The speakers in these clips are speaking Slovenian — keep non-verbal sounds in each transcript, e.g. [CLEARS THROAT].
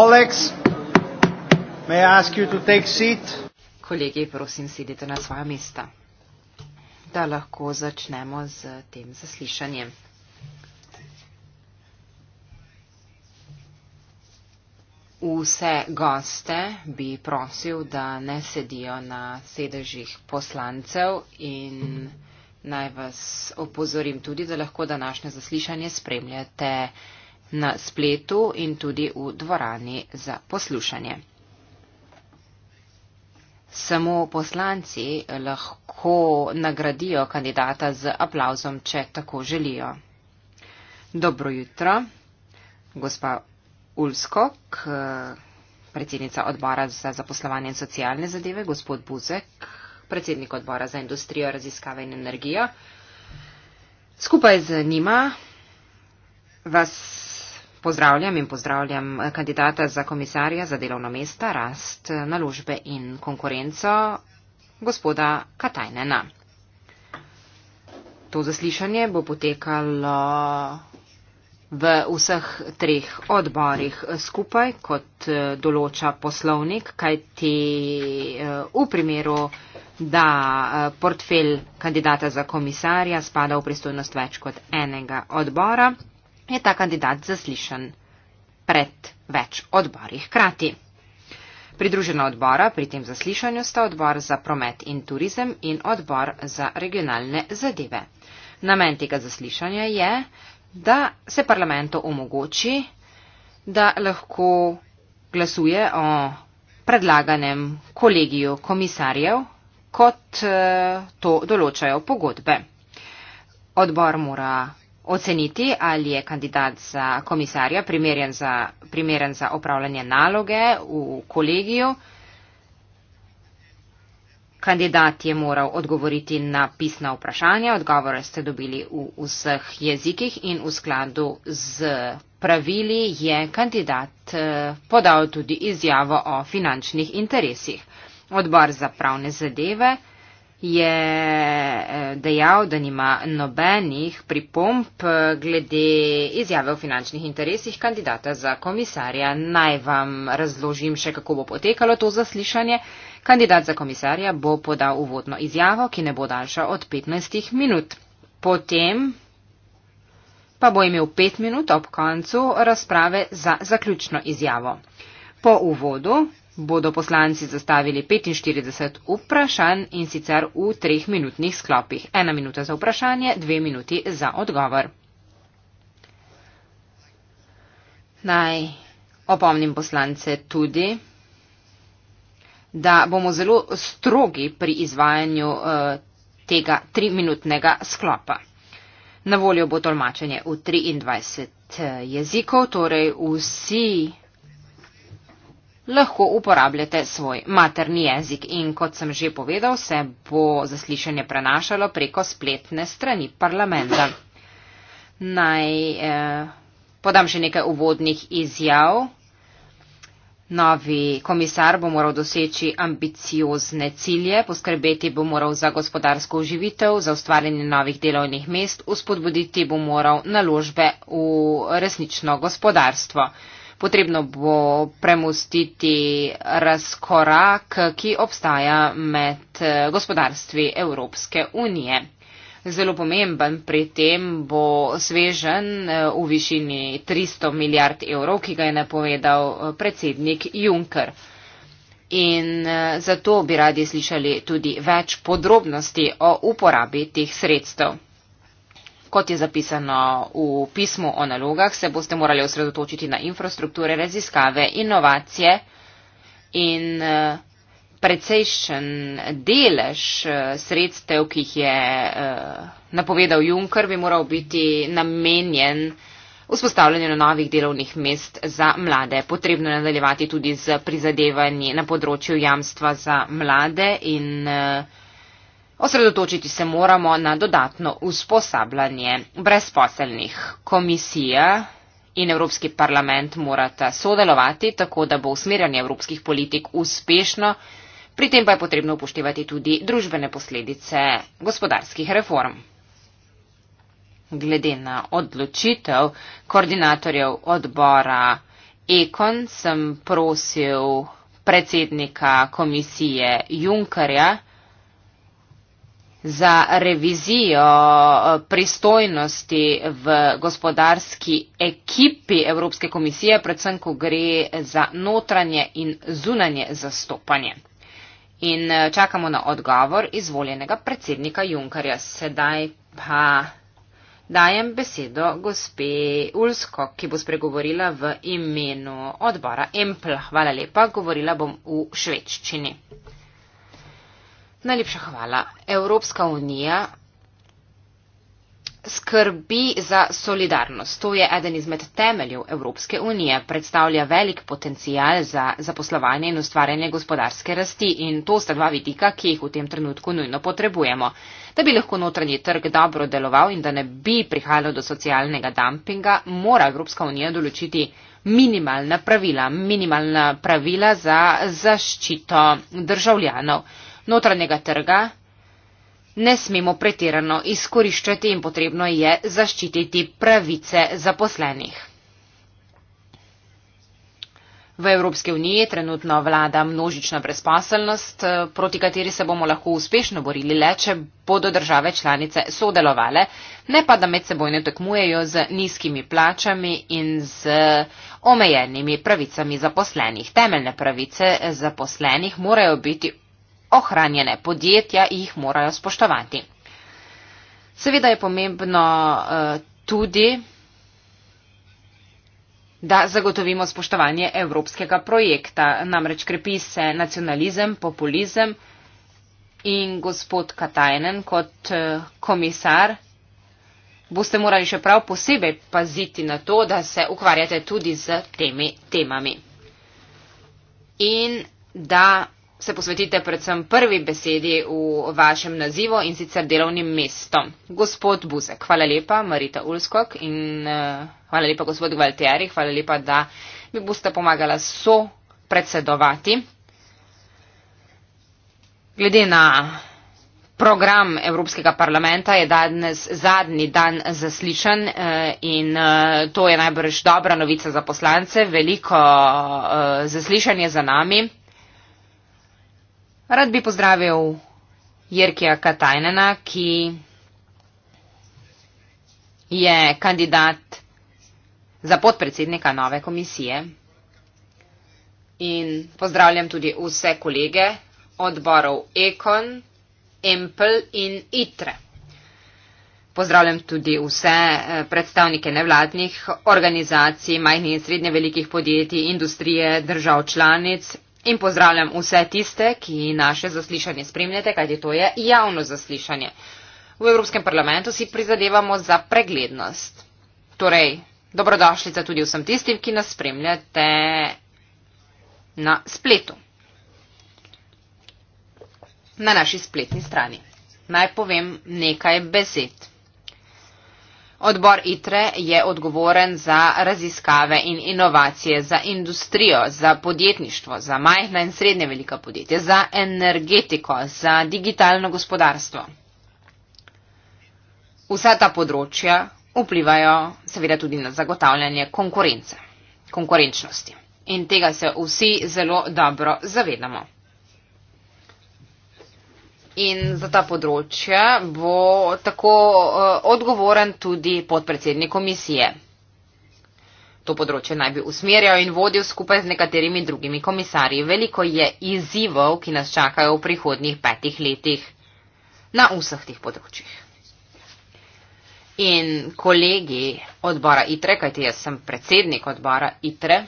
Colleagues, may I ask you to take seat? Kolegi, prosim, sedite na svoja mesta, da lahko začnemo z tem zaslišanjem. Vse goste bi prosil, da ne sedijo na sedežih poslancev in naj vas opozorim tudi, da lahko današnje zaslišanje spremljate na spletu in tudi v dvorani za poslušanje. Samo poslanci lahko nagradijo kandidata z aplauzom, če tako želijo. Dobro jutro, gospa Ulskok, predsednica odbora za zaposlovanje in socialne zadeve, gospod Buzek, predsednik odbora za industrijo, raziskave in energijo. Skupaj z njima vas Pozdravljam in pozdravljam eh, kandidata za komisarja za delovno mesta, rast eh, naložbe in konkurenco, gospoda Katajnena. To zaslišanje bo potekalo v vseh treh odborih eh, skupaj, kot določa poslovnik, kajti v primeru, da portfel kandidata za komisarja spada v pristojnost več kot enega odbora, je ta kandidat zaslišan pred več odbori hkrati. Pridružena odbora pri tem zaslišanju sta odbor za promet in turizem in odbor za regionalne zadeve. Namen tega zaslišanja je, da se parlamentu omogoči, da lahko glasuje o predlaganem kolegiju komisarjev, kot eh, to določajo pogodbe. Odbor mora oceniti, ali je kandidat za komisarja primeren za, primeren za opravljanje naloge v kolegiju. Kandidat je moral odgovoriti na pisna vprašanja, odgovore ste dobili v vseh jezikih in v skladu z pravili je kandidat eh, podal tudi izjavo o finančnih interesih. Odbor za pravne zadeve je eh, dejal, da nima nobenih pripomp eh, glede izjave o finančnih interesih kandidata za komisarja. Naj vam razložim še, kako bo potekalo to zaslišanje. Kandidat za komisarja bo podal uvodno izjavo, ki ne bo daljša od 15 minut. Potem pa bo imel 5 minut ob koncu razprave za zaključno izjavo. Po uvodu bodo poslanci zastavili 45 vprašanj in sicer v treh minutnih sklopih. Ena minuta za vprašanje, dve minuti za odgovor. Naj opomnim poslance tudi, da bomo zelo strogi pri izvajanju eh, tega triminutnega sklopa. Na voljo bo tolmačenje v 23 eh, jezikov, torej vsi lahko uporabljate svoj materni jezik in kot sem že povedal, se bo zaslišanje prenašalo preko spletne strani parlamenta. Naj eh, podam še nekaj uvodnih izjav. Novi komisar bo moral doseči ambiciozne cilje, poskrbeti bo moral za gospodarsko uživitev, za ustvarjanje novih delovnih mest, uspodbuditi bo moral naložbe v resnično gospodarstvo. Potrebno bo premustiti razkorak, ki obstaja med eh, gospodarstvi Evropske unije. Zelo pomemben pri tem bo svežen eh, v višini 300 milijard evrov, ki ga je napovedal eh, predsednik Juncker. In zato bi radi slišali tudi več podrobnosti o uporabi teh sredstev. Kot je zapisano v pismu o nalogah, se boste morali osredotočiti na infrastrukture, raziskave, inovacije in eh, precejšen delež eh, sredstev, ki jih je eh, napovedal Juncker, bi moral biti namenjen vzpostavljanju novih delovnih mest za mlade. Potrebno je nadaljevati tudi z prizadevanji na področju jamstva za mlade in uh, Osredotočiti se moramo na dodatno usposabljanje brezposelnih. Komisija in Evropski parlament morata sodelovati, tako da bo usmerjanje evropskih politik uspešno, pri tem pa je potrebno upoštevati tudi družbene posledice gospodarskih reform. Glede na odločitev koordinatorjev odbora Ekon sem prosil predsednika komisije Junkarja, za revizijo eh, pristojnosti v gospodarski ekipi Evropske komisije, predvsem ko gre za notranje in zunanje zastopanje. In eh, čakamo na odgovor izvoljenega predsednika Junkarja. Sedaj pa dajem besedo gospe Ulsko, ki bo spregovorila v imenu odbora Empl. Hvala lepa, govorila bom v švečini. Najlepša hvala. Evropska unija skrbi za solidarnost. To je eden izmed temeljev Evropske unije, predstavlja velik potencial za zaposlovanje in ustvarjanje gospodarske rasti in to sta dva vidika, ki jih v tem trenutku nujno potrebujemo. Da bi lahko notranji trg dobro deloval in da ne bi prihajalo do socialnega dumpinga, mora Evropska unija določiti minimalna pravila, minimalna pravila za zaščito državljanov notranjega trga ne smemo pretirano izkoriščati in potrebno je zaščititi pravice zaposlenih. V Evropske unije trenutno vlada množična brezposelnost, eh, proti kateri se bomo lahko uspešno borili le, če bodo države članice sodelovale, ne pa da med seboj ne tekmujejo z nizkimi plačami in z omejenimi pravicami zaposlenih. Temeljne pravice zaposlenih morajo biti ohranjene podjetja jih morajo spoštovati. Seveda je pomembno eh, tudi, da zagotovimo spoštovanje evropskega projekta. Namreč krepi se nacionalizem, populizem in gospod Katajnen kot eh, komisar. Boste morali še prav posebej paziti na to, da se ukvarjate tudi z temi temami. In da se posvetite predvsem prvi besedi v vašem nazivu in sicer delovnim mestom. Gospod Buzek, hvala lepa, Marita Ulskok in uh, hvala lepa, gospod Gvaltieri, hvala lepa, da mi boste pomagala so predsedovati. Glede na program Evropskega parlamenta je danes zadnji dan zaslišan eh, in eh, to je najbrž dobra novica za poslance. Veliko zaslišanje za nami. Rad bi pozdravil Jerkija Katajnena, ki je kandidat za podpredsednika nove komisije. In pozdravljam tudi vse kolege odborov Ekon, Empel in ITRE. Pozdravljam tudi vse eh, predstavnike nevladnih organizacij, majhnih in srednje velikih podjetij, industrije, držav članic In pozdravljam vse tiste, ki naše zaslišanje spremljate, kajti to je javno zaslišanje. V Evropskem parlamentu si prizadevamo za preglednost. Torej, dobrodošlica tudi vsem tistim, ki nas spremljate na spletu. Na naši spletni strani. Naj povem nekaj besed. Odbor ITRE je odgovoren za raziskave in inovacije, za industrijo, za podjetništvo, za majhna in srednje velika podjetja, za energetiko, za digitalno gospodarstvo. Vsa ta področja vplivajo seveda tudi na zagotavljanje konkurence, konkurenčnosti. In tega se vsi zelo dobro zavedamo. In za ta področja bo tako eh, odgovoren tudi podpredsednik komisije. To področje naj bi usmerjal in vodil skupaj z nekaterimi drugimi komisarji. Veliko je izzivov, ki nas čakajo v prihodnih petih letih na vseh tih področjih. In kolegi odbora ITRE, kajti jaz sem predsednik odbora ITRE,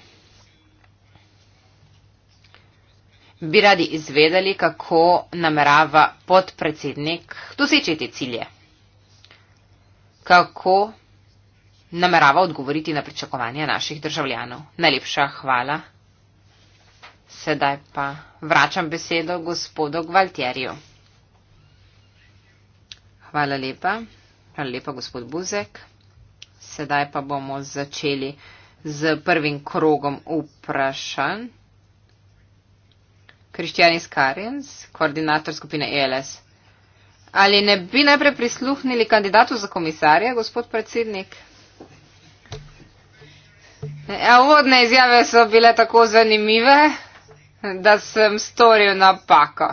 bi radi izvedeli, kako namerava podpredsednik doseči te cilje. Kako namerava odgovoriti na pričakovanja naših državljanov. Najlepša hvala. Sedaj pa vračam besedo gospodu Gvaltjerju. Hvala lepa. Hvala lepa, gospod Buzek. Sedaj pa bomo začeli z prvim krogom vprašanj. Krištjanis Karjens, koordinator skupine ELS. Ali ne bi najprej prisluhnili kandidatu za komisarja, gospod predsednik? Ja, uvodne izjave so bile tako zanimive, da sem storil napako.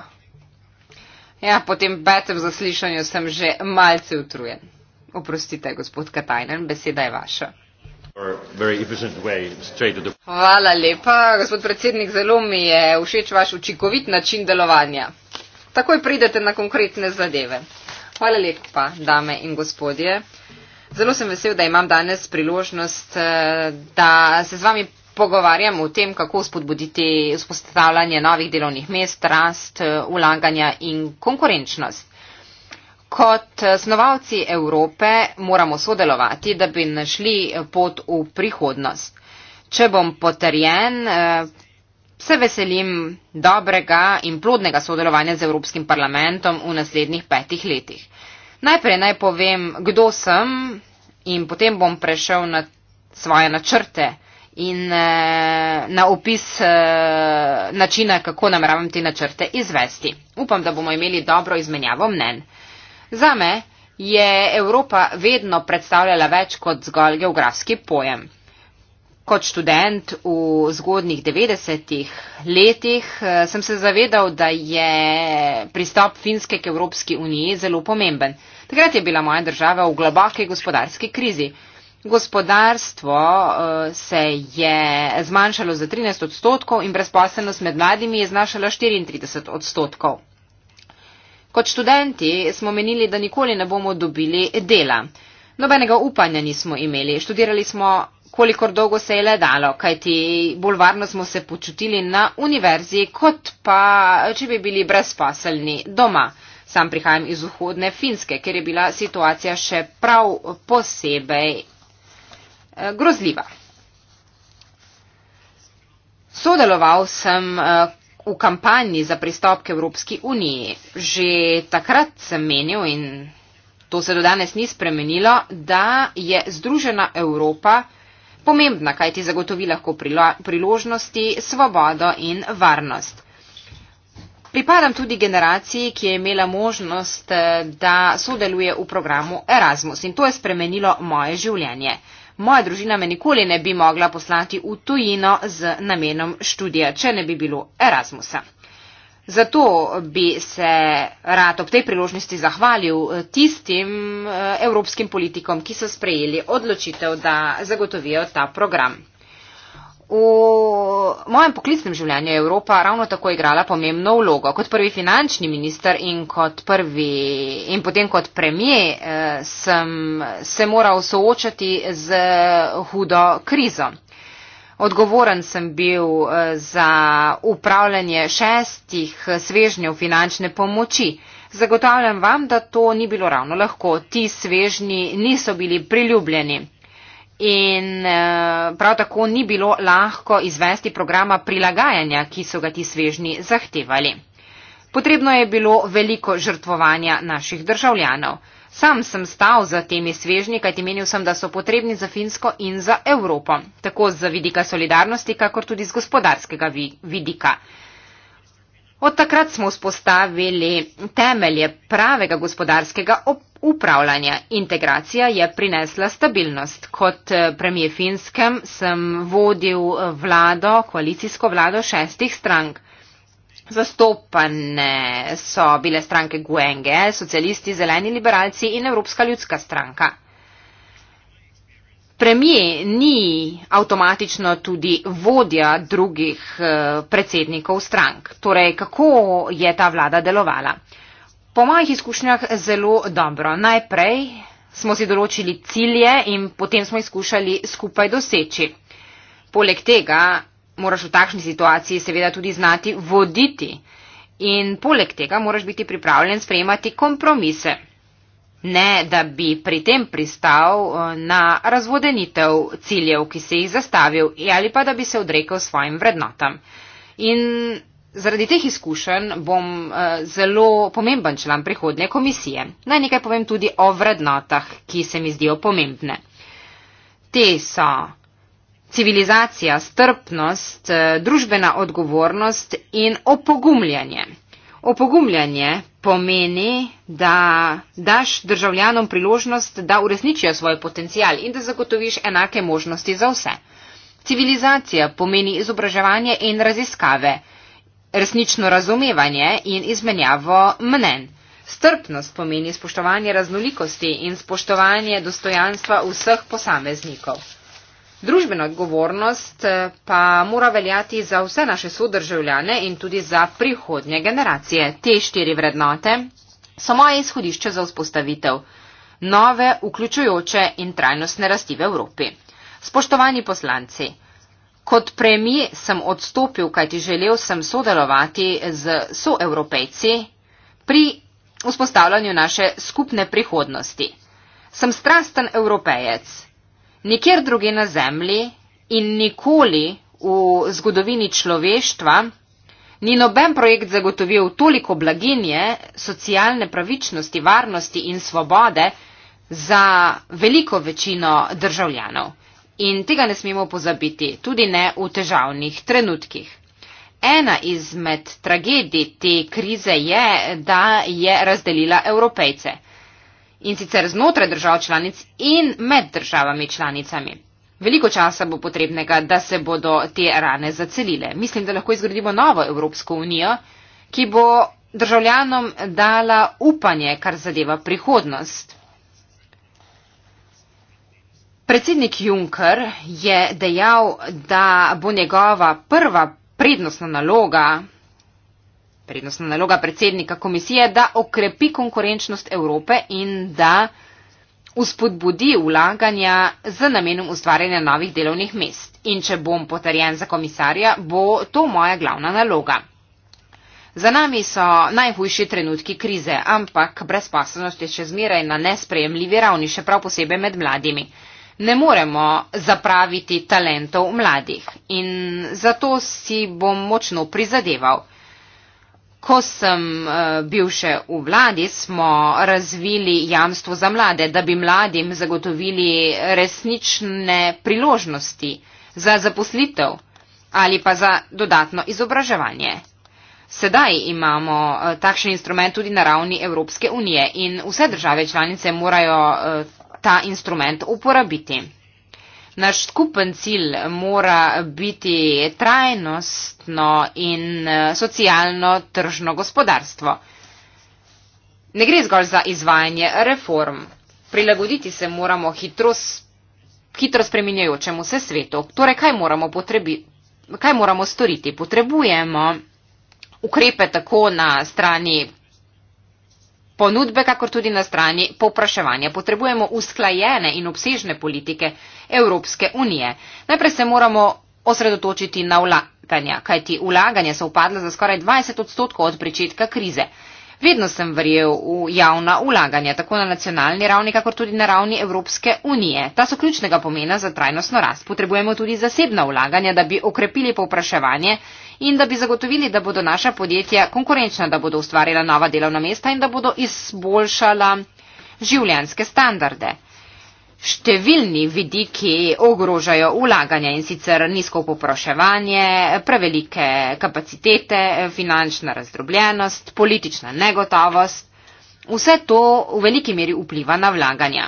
Ja, po tem petem zaslišanju sem že malce utrujen. Oprostite, gospod Katajnen, beseda je vaša. Hvala lepa, gospod predsednik, zelo mi je všeč vaš učinkovit način delovanja. Takoj pridete na konkretne zadeve. Hvala lepa, dame in gospodje. Zelo sem vesel, da imam danes priložnost, eh, da se z vami pogovarjam o tem, kako spodbuditi vzpostavljanje novih delovnih mest, rast, eh, ulaganja in konkurenčnost kot eh, snovalci Evrope moramo sodelovati, da bi našli eh, pot v prihodnost. Če bom potrjen, eh, se veselim dobrega in plodnega sodelovanja z Evropskim parlamentom v naslednjih petih letih. Najprej naj povem, kdo sem in potem bom prešel na svoje načrte in na opis načina, kako nameravam te načrte izvesti. Upam, da bomo imeli dobro izmenjavo mnen. Za me je Evropa vedno predstavljala več kot zgolj geografski pojem. Kot študent v zgodnih 90-ih letih eh, sem se zavedal, da je pristop Finske k Evropski uniji zelo pomemben. Takrat je bila moja država v globake gospodarske krizi. Gospodarstvo eh, se je zmanjšalo za 13 odstotkov in brezposelnost med mladimi je znašala 34 odstotkov. Kot študenti smo menili, da nikoli ne bomo dobili dela. Nobenega upanja nismo imeli. Študirali smo, kolikor dolgo se je le dalo, kajti bolj varno smo se počutili na univerzi, kot pa, če bi bili brezposelni doma. Sam prihajam iz vzhodne Finske, kjer je bila situacija še prav posebej eh, grozljiva. Sodeloval sem eh, v kampanji za pristop k Evropski uniji. Že takrat sem menil in to se do danes ni spremenilo, da je Združena Evropa pomembna, kaj ti zagotovi lahko priložnosti, svobodo in varnost. Pripadam tudi generaciji, ki je imela možnost, eh, da sodeluje v programu Erasmus in to je spremenilo moje življenje. Moja družina me nikoli ne bi mogla poslati v tujino z namenom študija, če ne bi bilo Erasmusa. Zato bi se rad ob tej priložnosti zahvalil eh, tistim eh, evropskim politikom, ki so sprejeli odločitev, da zagotovijo ta program. V mojem poklicnem življenju je Evropa ravno tako igrala pomembno vlogo. Kot prvi finančni minister in, kot prvi, in potem kot premije eh, sem se moral soočati z hudo krizo. Odgovoren sem bil eh, za upravljanje šestih eh, svežnjev finančne pomoči. Zagotavljam vam, da to ni bilo ravno lahko. Ti svežnji niso bili priljubljeni. In eh, prav tako ni bilo lahko izvesti programa prilagajanja, ki so ga ti svežni zahtevali. Potrebno je bilo veliko žrtvovanja naših državljanov. Sam sem stal za temi svežnji, kajti menil sem, da so potrebni za Finsko in za Evropo, tako z vidika solidarnosti, kakor tudi z gospodarskega vidika. Od takrat smo spostavili temelje pravega gospodarskega opravka upravljanja. Integracija je prinesla stabilnost. Kot eh, premije Finskem sem vodil eh, vlado, koalicijsko vlado šestih strank. Zastopane so bile stranke Guenge, socialisti, zeleni liberalci in Evropska ljudska stranka. Premije ni avtomatično tudi vodja drugih eh, predsednikov strank. Torej, kako je ta vlada delovala? Po mojih izkušnjah zelo dobro. Najprej smo si določili cilje in potem smo jih skušali skupaj doseči. Poleg tega moraš v takšni situaciji seveda tudi znati voditi in poleg tega moraš biti pripravljen sprejemati kompromise. Ne, da bi pri tem pristal eh, na razvodenitev ciljev, ki si jih zastavil, ali pa da bi se odrekel svojim vrednotam. In Zaradi teh izkušenj bom eh, zelo pomemben član prihodnje komisije. Naj nekaj povem tudi o vrednotah, ki se mi zdijo pomembne. Te so civilizacija, strpnost, eh, družbena odgovornost in opogumljanje. Opogumljanje pomeni, da daš državljanom priložnost, da uresničijo svoj potencial in da zagotoviš enake možnosti za vse. Civilizacija pomeni izobraževanje in raziskave resnično razumevanje in izmenjavo mnen. Strpnost pomeni spoštovanje raznolikosti in spoštovanje dostojanstva vseh posameznikov. Družbena odgovornost eh, pa mora veljati za vse naše sodržavljane in tudi za prihodnje generacije. Te štiri vrednote so moje izhodišče za vzpostavitev nove, vključujoče in trajnostne rasti v Evropi. Spoštovani poslanci, Kot premij sem odstopil, kajti želel sem sodelovati z soevropejci pri vzpostavljanju naše skupne prihodnosti. Sem strasten evropejec. Nikjer druge na zemlji in nikoli v zgodovini človeštva ni noben projekt zagotovil toliko blaginje, socialne pravičnosti, varnosti in svobode za veliko večino državljanov. In tega ne smemo pozabiti, tudi ne v težavnih trenutkih. Ena izmed tragedij te krize je, da je razdelila evropejce. In sicer znotraj držav članic in med državami članicami. Veliko časa bo potrebnega, da se bodo te rane zacelile. Mislim, da lahko izgradimo novo Evropsko unijo, ki bo državljanom dala upanje, kar zadeva prihodnost. Predsednik Juncker je dejal, da bo njegova prva prednostna naloga, prednostna naloga predsednika komisije, da okrepi konkurenčnost Evrope in da uspodbudi vlaganja z namenom ustvarjanja novih delovnih mest. In če bom potrjen za komisarja, bo to moja glavna naloga. Za nami so najhujši trenutki krize, ampak brezposobnost je še zmeraj na nesprejemljivi ravni, še prav posebej med mladimi ne moremo zapraviti talentov mladih in zato si bom močno prizadeval. Ko sem eh, bil še v vladi, smo razvili jamstvo za mlade, da bi mladim zagotovili resnične priložnosti za zaposlitev ali pa za dodatno izobraževanje. Sedaj imamo eh, takšen instrument tudi na ravni Evropske unije in vse države članice morajo eh, ta instrument uporabiti. Naš skupen cilj mora biti trajnostno in eh, socialno tržno gospodarstvo. Ne gre zgolj za izvajanje reform. Prilagoditi se moramo hitro, hitro spreminjajočemu se svetu. Torej, kaj moramo, potrebi, kaj moramo storiti? Potrebujemo ukrepe tako na strani ponudbe, kakor tudi na strani popraševanja. Potrebujemo usklajene in obsežne politike Evropske unije. Najprej se moramo osredotočiti na vlaganja, kajti vlaganja so upadla za skoraj 20 odstotkov od pričetka krize. Vedno sem verjel v javna ulaganja, tako na nacionalni ravni, kakor tudi na ravni Evropske unije. Ta so ključnega pomena za trajnostno rast. Potrebujemo tudi zasebna ulaganja, da bi okrepili povpraševanje in da bi zagotovili, da bodo naša podjetja konkurenčna, da bodo ustvarjala nova delovna mesta in da bodo izboljšala življanske standarde. Številni vidiki ogrožajo ulaganja in sicer nizko poproševanje, prevelike kapacitete, finančna razdrobljenost, politična negotovost. Vse to v veliki meri vpliva na vlaganja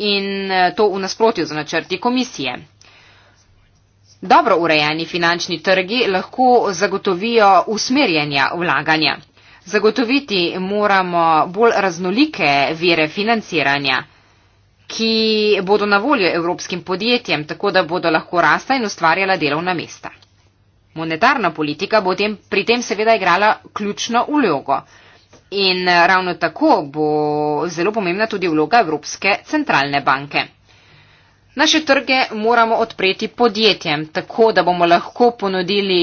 in eh, to v nasprotju z načrti komisije. Dobro urejeni finančni trgi lahko zagotovijo usmerjanja vlaganja. Zagotoviti moramo bolj raznolike vire financiranja ki bodo na voljo evropskim podjetjem, tako da bodo lahko rasta in ustvarjala delovna mesta. Monetarna politika bo tem, pri tem seveda igrala ključno vlogo in eh, ravno tako bo zelo pomembna tudi vloga Evropske centralne banke. Naše trge moramo odpreti podjetjem, tako da bomo lahko ponudili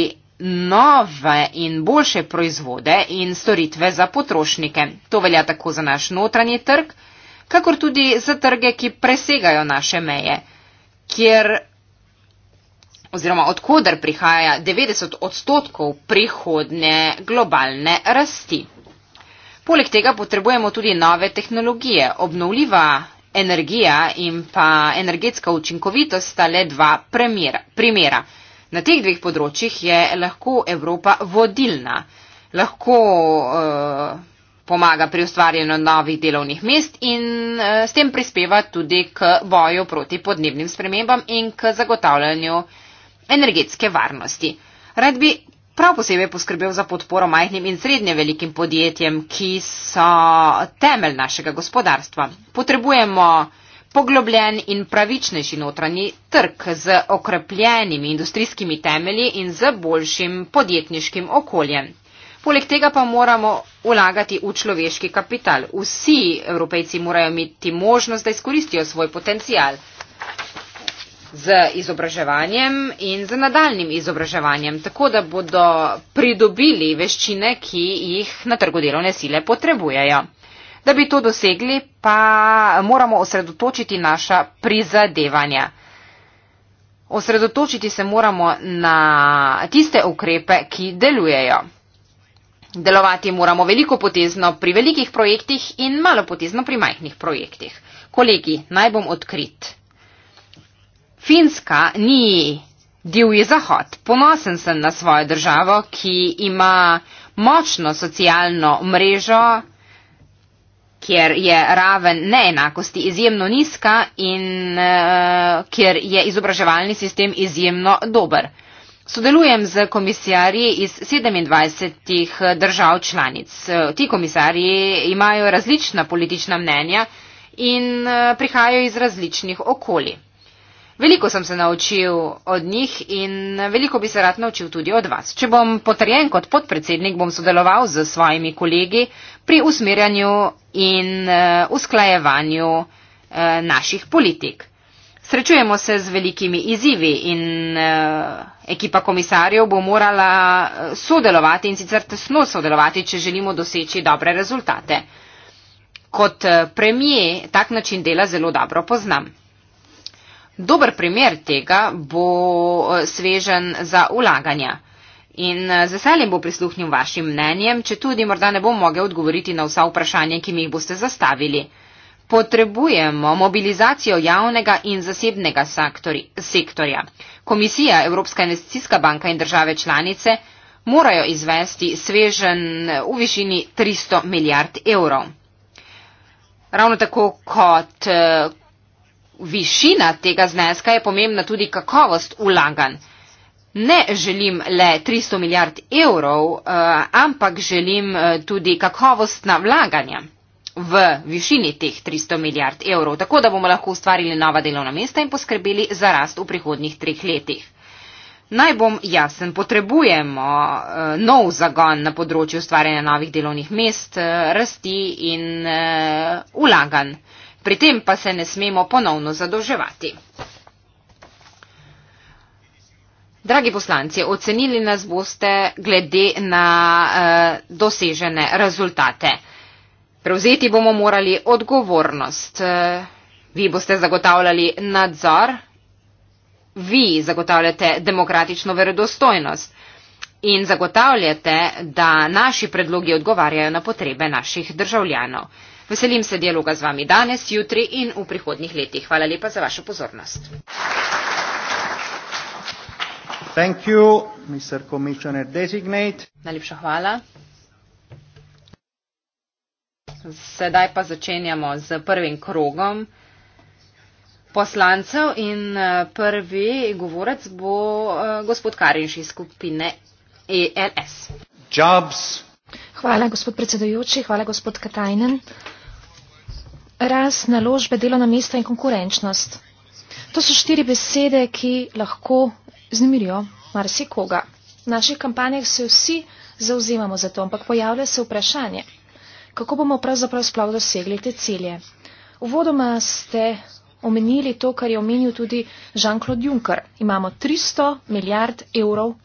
nove in boljše proizvode in storitve za potrošnike. To velja tako za naš notranji trg, kakor tudi za trge, ki presegajo naše meje, kjer oziroma odkuder prihaja 90 odstotkov prihodne globalne rasti. Poleg tega potrebujemo tudi nove tehnologije. Obnovljiva energija in pa energetska učinkovitost sta le dva primera. Na teh dveh področjih je lahko Evropa vodilna. Lahko, uh, pomaga pri ustvarjanju novih delovnih mest in eh, s tem prispeva tudi k boju proti podnebnim spremembam in k zagotavljanju energetske varnosti. Rad bi prav posebej poskrbel za podporo majhnim in srednje velikim podjetjem, ki so temelj našega gospodarstva. Potrebujemo poglobljen in pravičnejši notranji trg z okrepljenimi industrijskimi temelji in z boljšim podjetniškim okoljem. Poleg tega pa moramo vlagati v človeški kapital. Vsi evropejci morajo imeti možnost, da izkoristijo svoj potencial z izobraževanjem in z nadaljnim izobraževanjem, tako da bodo pridobili veščine, ki jih na trgu delovne sile potrebujejo. Da bi to dosegli, pa moramo osredotočiti naša prizadevanja. Osredotočiti se moramo na tiste ukrepe, ki delujejo. Delovati moramo veliko potezno pri velikih projektih in malo potezno pri majhnih projektih. Kolegi, naj bom odkrit. Finska ni divji zahod. Ponosen sem na svojo državo, ki ima močno socialno mrežo, kjer je raven neenakosti izjemno nizka in uh, kjer je izobraževalni sistem izjemno dober. Sodelujem z komisarji iz 27 eh, držav članic. Eh, ti komisarji imajo različna politična mnenja in eh, prihajajo iz različnih okolij. Veliko sem se naučil od njih in veliko bi se rad naučil tudi od vas. Če bom potrjen kot podpredsednik, bom sodeloval z svojimi kolegi pri usmerjanju in usklajevanju naših politik. Srečujemo se z velikimi izzivi in Ekipa komisarjev bo morala eh, sodelovati in sicer tesno sodelovati, če želimo doseči dobre rezultate. Kot eh, premije tak način dela zelo dobro poznam. Dober primer tega bo eh, svežen za ulaganja. In z veseljem bo prisluhnil vašim mnenjem, če tudi morda ne bom mogel odgovoriti na vsa vprašanja, ki mi jih boste zastavili. Potrebujemo mobilizacijo javnega in zasebnega saktori, sektorja. Komisija, Evropska investicijska banka in države članice morajo izvesti svežen v višini 300 milijard evrov. Ravno tako kot višina tega zneska je pomembna tudi kakovost ulagan. Ne želim le 300 milijard evrov, eh, ampak želim eh, tudi kakovostna vlaganja v višini teh 300 milijard evrov, tako da bomo lahko ustvarili nova delovna mesta in poskrbeli za rast v prihodnjih treh letih. Naj bom jasen, potrebujemo eh, nov zagon na področju ustvarjanja novih delovnih mest, eh, rasti in eh, ulagan. Pri tem pa se ne smemo ponovno zadolževati. Dragi poslanci, ocenili nas boste glede na e, dosežene rezultate. Prevzeti bomo morali odgovornost. Eh, vi boste zagotavljali nadzor, vi zagotavljate demokratično verodostojnost in zagotavljate, da naši predlogi odgovarjajo na potrebe naših državljanov. Veselim se dialoga z vami danes, jutri in v prihodnih letih. Hvala lepa za vašo pozornost. Najlepša hvala. Sedaj pa začenjamo z prvim krogom poslancev in eh, prvi govorec bo eh, gospod Karinš iz skupine ELS. Jobs. Hvala, gospod predsedujoči, hvala, gospod Katajnen. Raz, naložbe, delovna mesta in konkurenčnost. To so štiri besede, ki lahko znemirijo marsikoga. V naših kampanjah se vsi zauzemamo za to, ampak pojavlja se vprašanje kako bomo pravzaprav sploh dosegli te cilje. Uvodoma ste omenili to, kar je omenil tudi Jean-Claude Juncker. Imamo 300 milijard evrov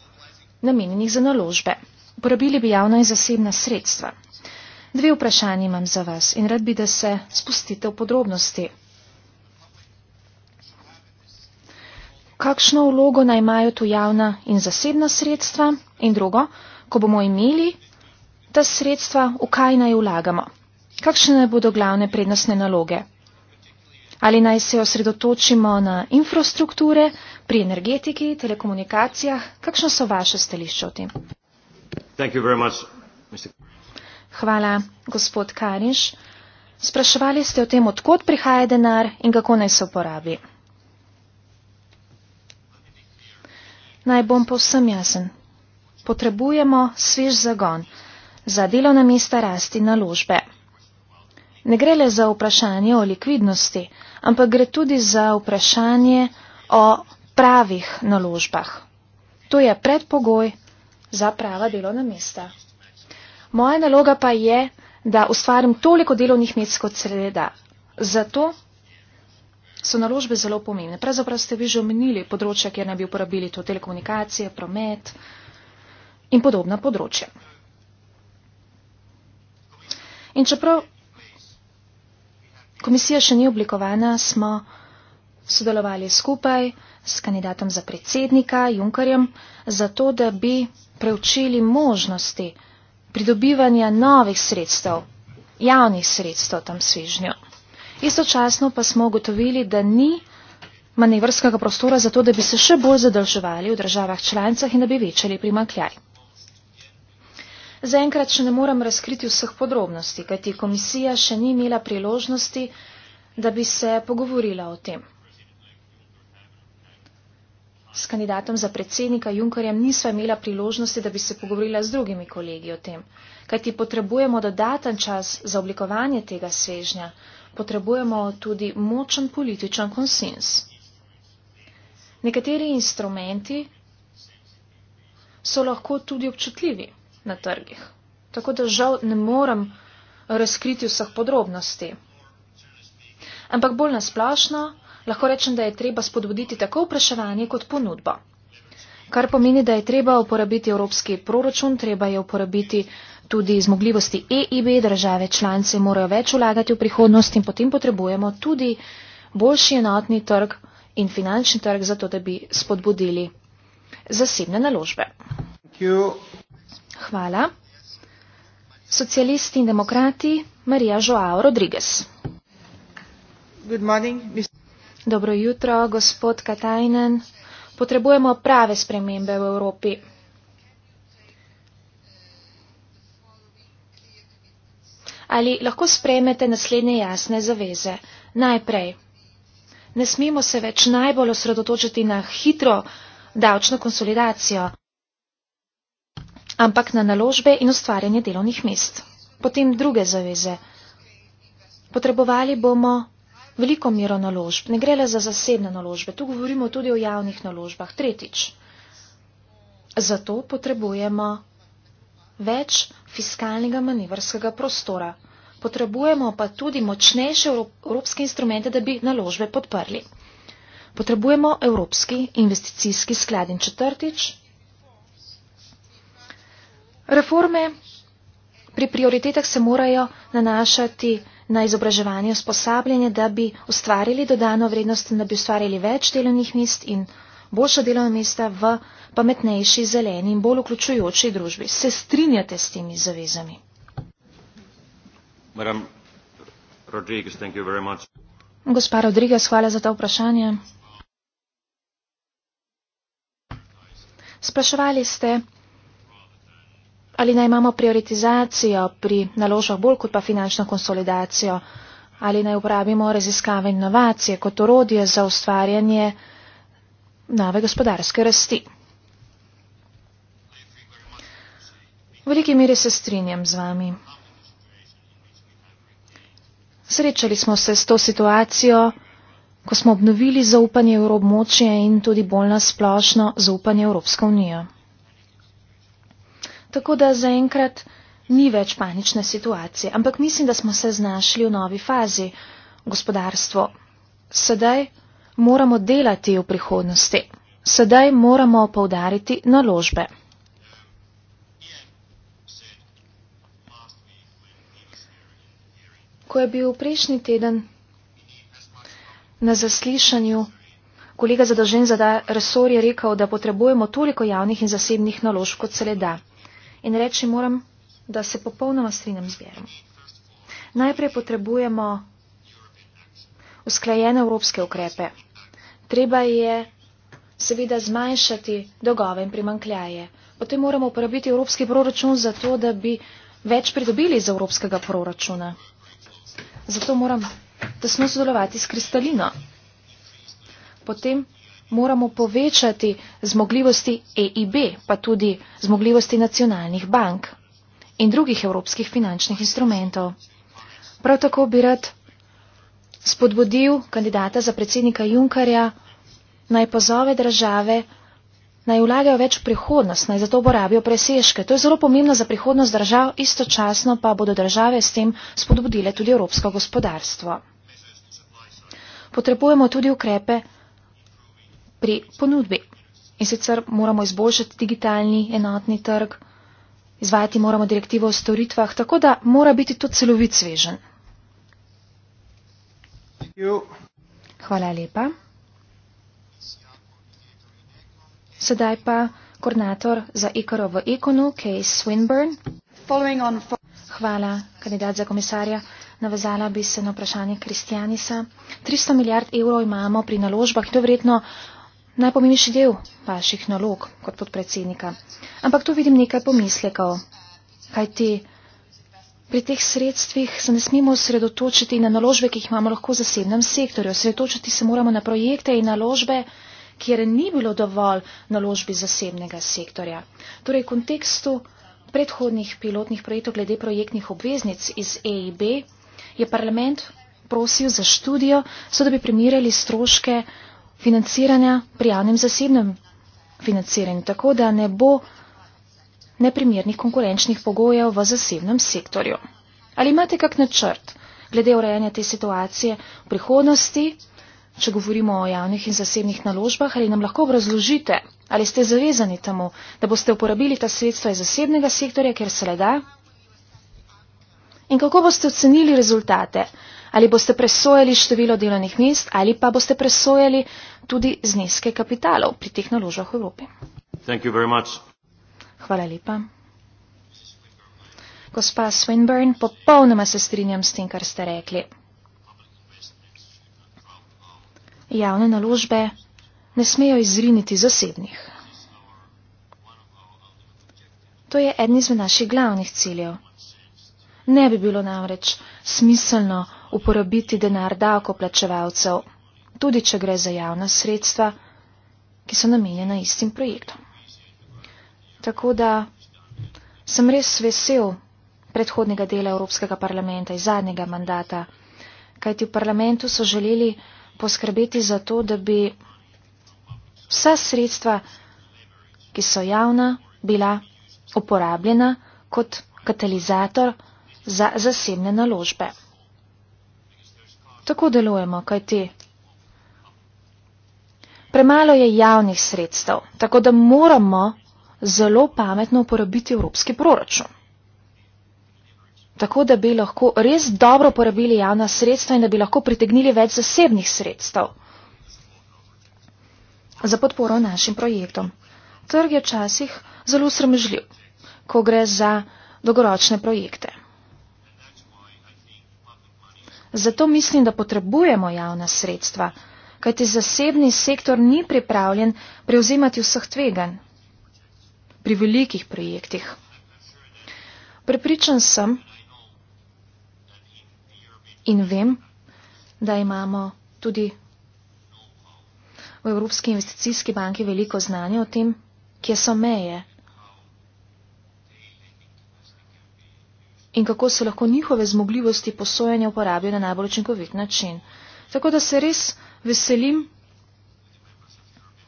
namenjenih za naložbe. Uporabili bi javna in zasebna sredstva. Dve vprašanje imam za vas in rad bi, da se spustite v podrobnosti. Kakšno vlogo naj imajo tu javna in zasebna sredstva? In drugo, ko bomo imeli ta sredstva v kaj naj vlagamo? Kakšne naj bodo glavne prednostne naloge? Ali naj se osredotočimo na infrastrukture, pri energetiki, telekomunikacijah? Kakšno so vaše stališče o tem? Hvala, gospod Kariš. Spraševali ste o tem, odkot prihaja denar in kako naj se uporabi. Naj bom povsem jasen. Potrebujemo svež zagon za delovna mesta rasti naložbe. Ne gre le za vprašanje o likvidnosti, ampak gre tudi za vprašanje o pravih naložbah. To je predpogoj za prava delovna mesta. Moja naloga pa je, da ustvarim toliko delovnih mest kot se le da. Zato so naložbe zelo pomembne. Pravzaprav ste vi že omenili področja, kjer naj bi uporabili to telekomunikacije, promet in podobna področja. In čeprav komisija še ni oblikovana, smo sodelovali skupaj s kandidatom za predsednika Junkarjem, zato da bi preučili možnosti pridobivanja novih sredstev, javnih sredstev tam svižnjo. Istočasno pa smo ugotovili, da ni manevrskega prostora za to, da bi se še bolj zadolževali v državah članicah in da bi večali primankljaj. Zaenkrat še ne morem razkriti vseh podrobnosti, kajti komisija še ni imela priložnosti, da bi se pogovorila o tem. S kandidatom za predsednika Junkerjem nisva imela priložnosti, da bi se pogovorila z drugimi kolegi o tem, kajti potrebujemo dodaten čas za oblikovanje tega svežnja, potrebujemo tudi močen političen konsens. Nekateri instrumenti so lahko tudi občutljivi na trgih. Tako da žal ne morem razkriti vseh podrobnosti. Ampak bolj nasplašno lahko rečem, da je treba spodbuditi tako vpraševanje kot ponudbo. Kar pomeni, da je treba uporabiti evropski proračun, treba je uporabiti tudi zmogljivosti EIB, države članice morajo več vlagati v prihodnost in potem potrebujemo tudi boljši enotni trg in finančni trg, zato da bi spodbudili zasebne naložbe. Thank you. Hvala. Socialisti in demokrati, Marija Joao Rodriguez. Good morning, Dobro jutro, gospod Katajnen. Potrebujemo prave spremembe v Evropi. Ali lahko sprejmete naslednje jasne zaveze? Najprej, ne smemo se več najbolj osredotočiti na hitro davčno konsolidacijo ampak na naložbe in ustvarjanje delovnih mest. Potem druge zaveze. Potrebovali bomo veliko mero naložb. Ne gre le za zasebne naložbe, tu govorimo tudi o javnih naložbah. Tretjič. Zato potrebujemo več fiskalnega manevrskega prostora. Potrebujemo pa tudi močnejše evropske instrumente, da bi naložbe podprli. Potrebujemo Evropski investicijski sklad in četrtič Reforme pri prioritetah se morajo nanašati na izobraževanje, usposabljanje, da bi ustvarili dodano vrednost in da bi ustvarili več delovnih mest in boljša delovna mesta v pametnejši, zeleni in bolj vključujoči družbi. Se strinjate s temi zavezami? Gospa Rodriguez, hvala za ta vprašanje. Spraševali ste, ali naj imamo prioritizacijo pri naložbah bolj kot pa finančno konsolidacijo, ali naj uporabimo raziskave in inovacije kot orodje za ustvarjanje nove gospodarske rasti. V veliki meri se strinjam z vami. Srečali smo se s to situacijo, ko smo obnovili zaupanje v območje in tudi bolj nasplošno zaupanje v Evropsko unijo. Tako da zaenkrat ni več panične situacije, ampak mislim, da smo se znašli v novi fazi gospodarstvo. Sedaj moramo delati v prihodnosti. Sedaj moramo povdariti naložbe. Ko je bil prejšnji teden na zaslišanju kolega zadolžen za resor je rekel, da potrebujemo toliko javnih in zasebnih naložb, kot se le da in reči moram, da se popolnoma strinjam z verom. Najprej potrebujemo usklajene evropske ukrepe. Treba je seveda zmanjšati dolgove in primankljaje. Potem moramo uporabiti evropski proračun za to, da bi več pridobili iz evropskega proračuna. Zato moram tesno sodelovati s kristalino. Potem moramo povečati zmogljivosti EIB, pa tudi zmogljivosti nacionalnih bank in drugih evropskih finančnih instrumentov. Prav tako bi rad spodbudil kandidata za predsednika Junkarja naj pozove države, naj vlagajo več v prihodnost, naj zato uporabijo presežke. To je zelo pomembno za prihodnost držav, istočasno pa bodo države s tem spodbudile tudi evropsko gospodarstvo. Potrebujemo tudi ukrepe, pri ponudbi. In sicer moramo izboljšati digitalni enotni trg, izvajati moramo direktivo o storitvah, tako da mora biti to celovit svežen. Hvala lepa. Sedaj pa koordinator za IKRO v Ekonu, Case Swinburne. Hvala, kandidat za komisarja. Navezala bi se na vprašanje Kristjanisa. 300 milijard evrov imamo pri naložbah in to je vredno najpomembnejši del vaših nalog kot podpredsednika. Ampak tu vidim nekaj pomislekov, kajti pri teh sredstvih se ne smemo osredotočiti na naložbe, ki jih imamo lahko v zasebnem sektorju. Osredotočiti se moramo na projekte in naložbe, kjer ni bilo dovolj naložbi zasebnega sektorja. Torej, v kontekstu predhodnih pilotnih projektov glede projektnih obveznic iz EIB je parlament prosil za študijo, so da bi primerjali stroške financiranja pri javnem zasebnem financiranju, tako da ne bo neprimernih konkurenčnih pogojev v zasebnem sektorju. Ali imate kak načrt glede urejanja te situacije v prihodnosti, če govorimo o javnih in zasebnih naložbah, ali nam lahko razložite, ali ste zavezani temu, da boste uporabili ta sredstva iz zasebnega sektorja, ker se le da? In kako boste ocenili rezultate? Ali boste presojali število delovnih mest, ali pa boste presojali tudi zneske kapitalov pri teh naložbah v Evropi. Hvala lepa. Gospa Swinburne, popolnoma se strinjam s tem, kar ste rekli. Javne naložbe ne smejo izriniti zasebnih. To je eden izmed naših glavnih ciljev. Ne bi bilo namreč smiselno uporabiti denar davkoplačevalcev tudi če gre za javna sredstva, ki so namenjena istim projektom. Tako da sem res vesel predhodnega dela Evropskega parlamenta iz zadnjega mandata, kajti v parlamentu so želeli poskrbeti za to, da bi vsa sredstva, ki so javna, bila uporabljena kot katalizator za zasebne naložbe. Tako delujemo, kajti Premalo je javnih sredstev, tako da moramo zelo pametno uporabiti evropski proračun. Tako da bi lahko res dobro uporabili javna sredstva in da bi lahko pritegnili več zasebnih sredstev za podporo našim projektom. Trg je včasih zelo sramežljiv, ko gre za dolgoročne projekte. Zato mislim, da potrebujemo javna sredstva kajti zasebni sektor ni pripravljen prevzemati vseh tveganj pri velikih projektih. Prepričan sem in vem, da imamo tudi v Evropski investicijski banki veliko znanja o tem, kje so meje in kako se lahko njihove zmogljivosti posojanja uporabijo na najbolj učinkovit način. Tako da se res veselim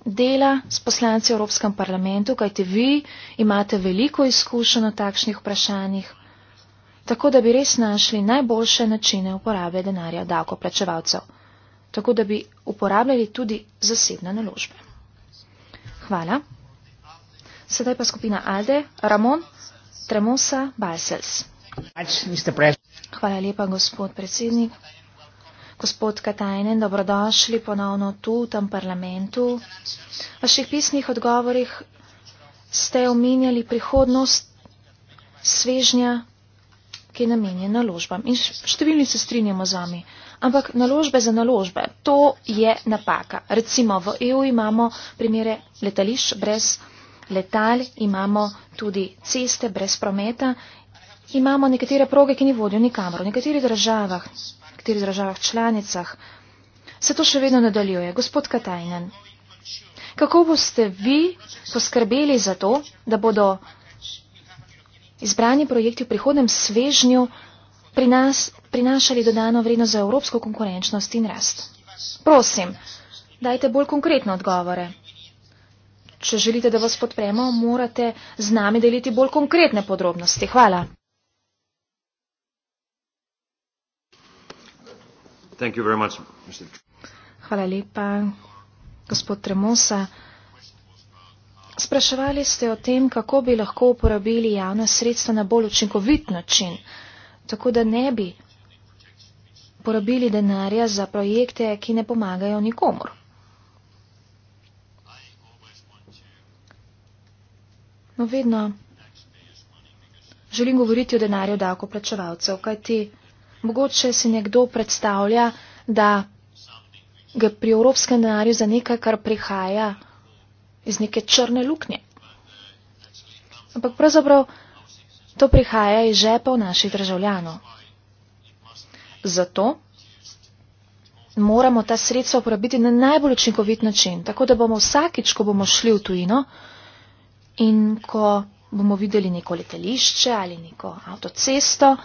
dela s poslanci v Evropskem parlamentu, kajte vi imate veliko izkušenj o takšnih vprašanjih, tako da bi res našli najboljše načine uporabe denarja davkoplačevalcev, tako da bi uporabljali tudi zasebne naložbe. Hvala. Sedaj pa skupina Alde, Ramon Tremosa Basels. Hvala lepa, gospod predsednik. Gospod Katajnen, dobrodošli ponovno tu, v tem parlamentu. V vaših pisnih odgovorih ste omenjali prihodnost svežnja, ki je namenjen naložbam. In številni se strinjamo z vami. Ampak naložbe za naložbe, to je napaka. Recimo v EU imamo primere letališč brez letal, imamo tudi ceste brez prometa, imamo nekatere proge, ki ni vodijo nikamor. V nekaterih državah nekaterih državah članicah, se to še vedno nadaljuje. Gospod Katajnen, kako boste vi poskrbeli za to, da bodo izbrani projekti v prihodnem svežnju pri nas, prinašali dodano vredno za evropsko konkurenčnost in rast? Prosim, dajte bolj konkretne odgovore. Če želite, da vas podpremo, morate z nami deliti bolj konkretne podrobnosti. Hvala. Hvala lepa, gospod Tremosa. Spraševali ste o tem, kako bi lahko uporabili javna sredstva na bolj učinkovit način, tako da ne bi porabili denarja za projekte, ki ne pomagajo nikomor. No, vedno želim govoriti o denarju davkoplačevalcev, kajti. Mogoče si nekdo predstavlja, da ga pri evropskem denarju za nekaj, kar prihaja iz neke črne luknje. Ampak pravzaprav to prihaja iz žepov naših državljanov. Zato moramo ta sredstva uporabiti na najbolj učinkovit način, tako da bomo vsakič, ko bomo šli v tujino in ko bomo videli neko letališče ali neko avtocesto,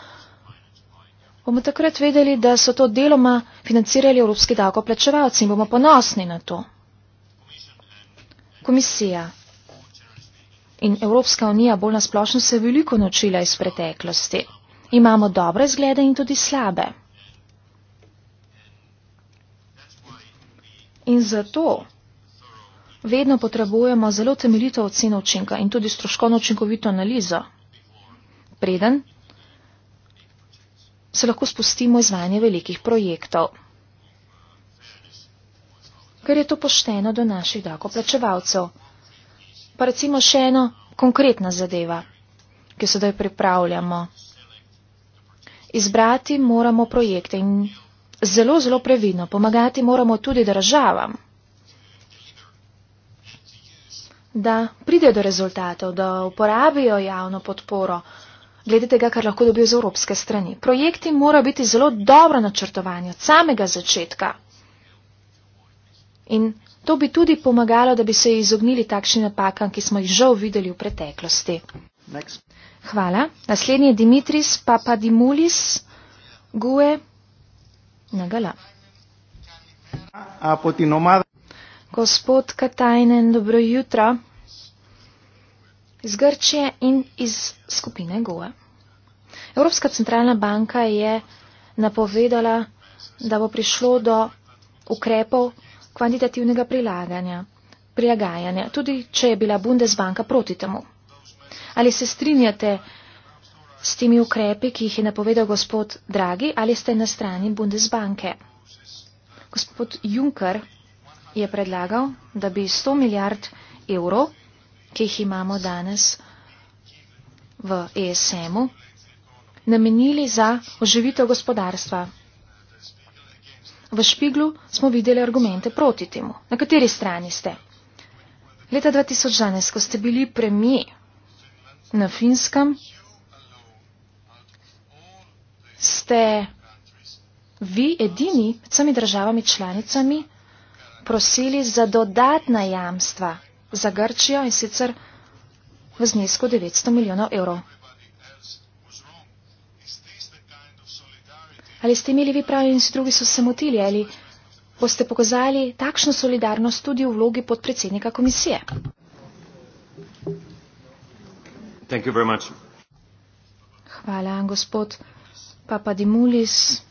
bomo takrat vedeli, da so to deloma financirali evropski davkoplačevalci in bomo ponosni na to. Komisija in Evropska unija bolj nasplošno se je veliko naučila iz preteklosti. Imamo dobre zglede in tudi slabe. In zato vedno potrebujemo zelo temeljito oceno učinka in tudi stroškovno učinkovito analizo. Preden se lahko spustimo izvanje velikih projektov. Ker je to pošteno do naših dakoplačevalcev. Pa recimo še eno konkretna zadeva, ki jo sedaj pripravljamo. Izbrati moramo projekte in zelo, zelo previdno pomagati moramo tudi državam, da pridejo do rezultatov, da uporabijo javno podporo glede tega, kar lahko dobijo z evropske strani. Projekti morajo biti zelo dobro načrtovani od samega začetka. In to bi tudi pomagalo, da bi se izognili takšnim napakam, ki smo jih žal videli v preteklosti. Next. Hvala. Naslednji je Dimitris Papadimulis Gue Nagala. Gospod Katajnen, dobro jutro iz Grčije in iz skupine Goa. E. Evropska centralna banka je napovedala, da bo prišlo do ukrepov kvantitativnega prilaganja, prilagajanja, tudi če je bila Bundesbanka proti temu. Ali se strinjate s temi ukrepi, ki jih je napovedal gospod Dragi, ali ste na strani Bundesbanke? Gospod Juncker je predlagal, da bi 100 milijard evrov ki jih imamo danes v ESM-u, namenili za oživitev gospodarstva. V špiglu smo videli argumente proti temu. Na kateri strani ste? Leta 2012, ko ste bili premije na Finskem, ste vi edini med samimi državami članicami prosili za dodatna jamstva za Grčijo in sicer v znesku 900 milijonov evrov. Ali ste imeli vi pravi in si drugi so se motili ali boste pokazali takšno solidarnost tudi v vlogi podpredsednika komisije? Hvala, gospod Papadimulis.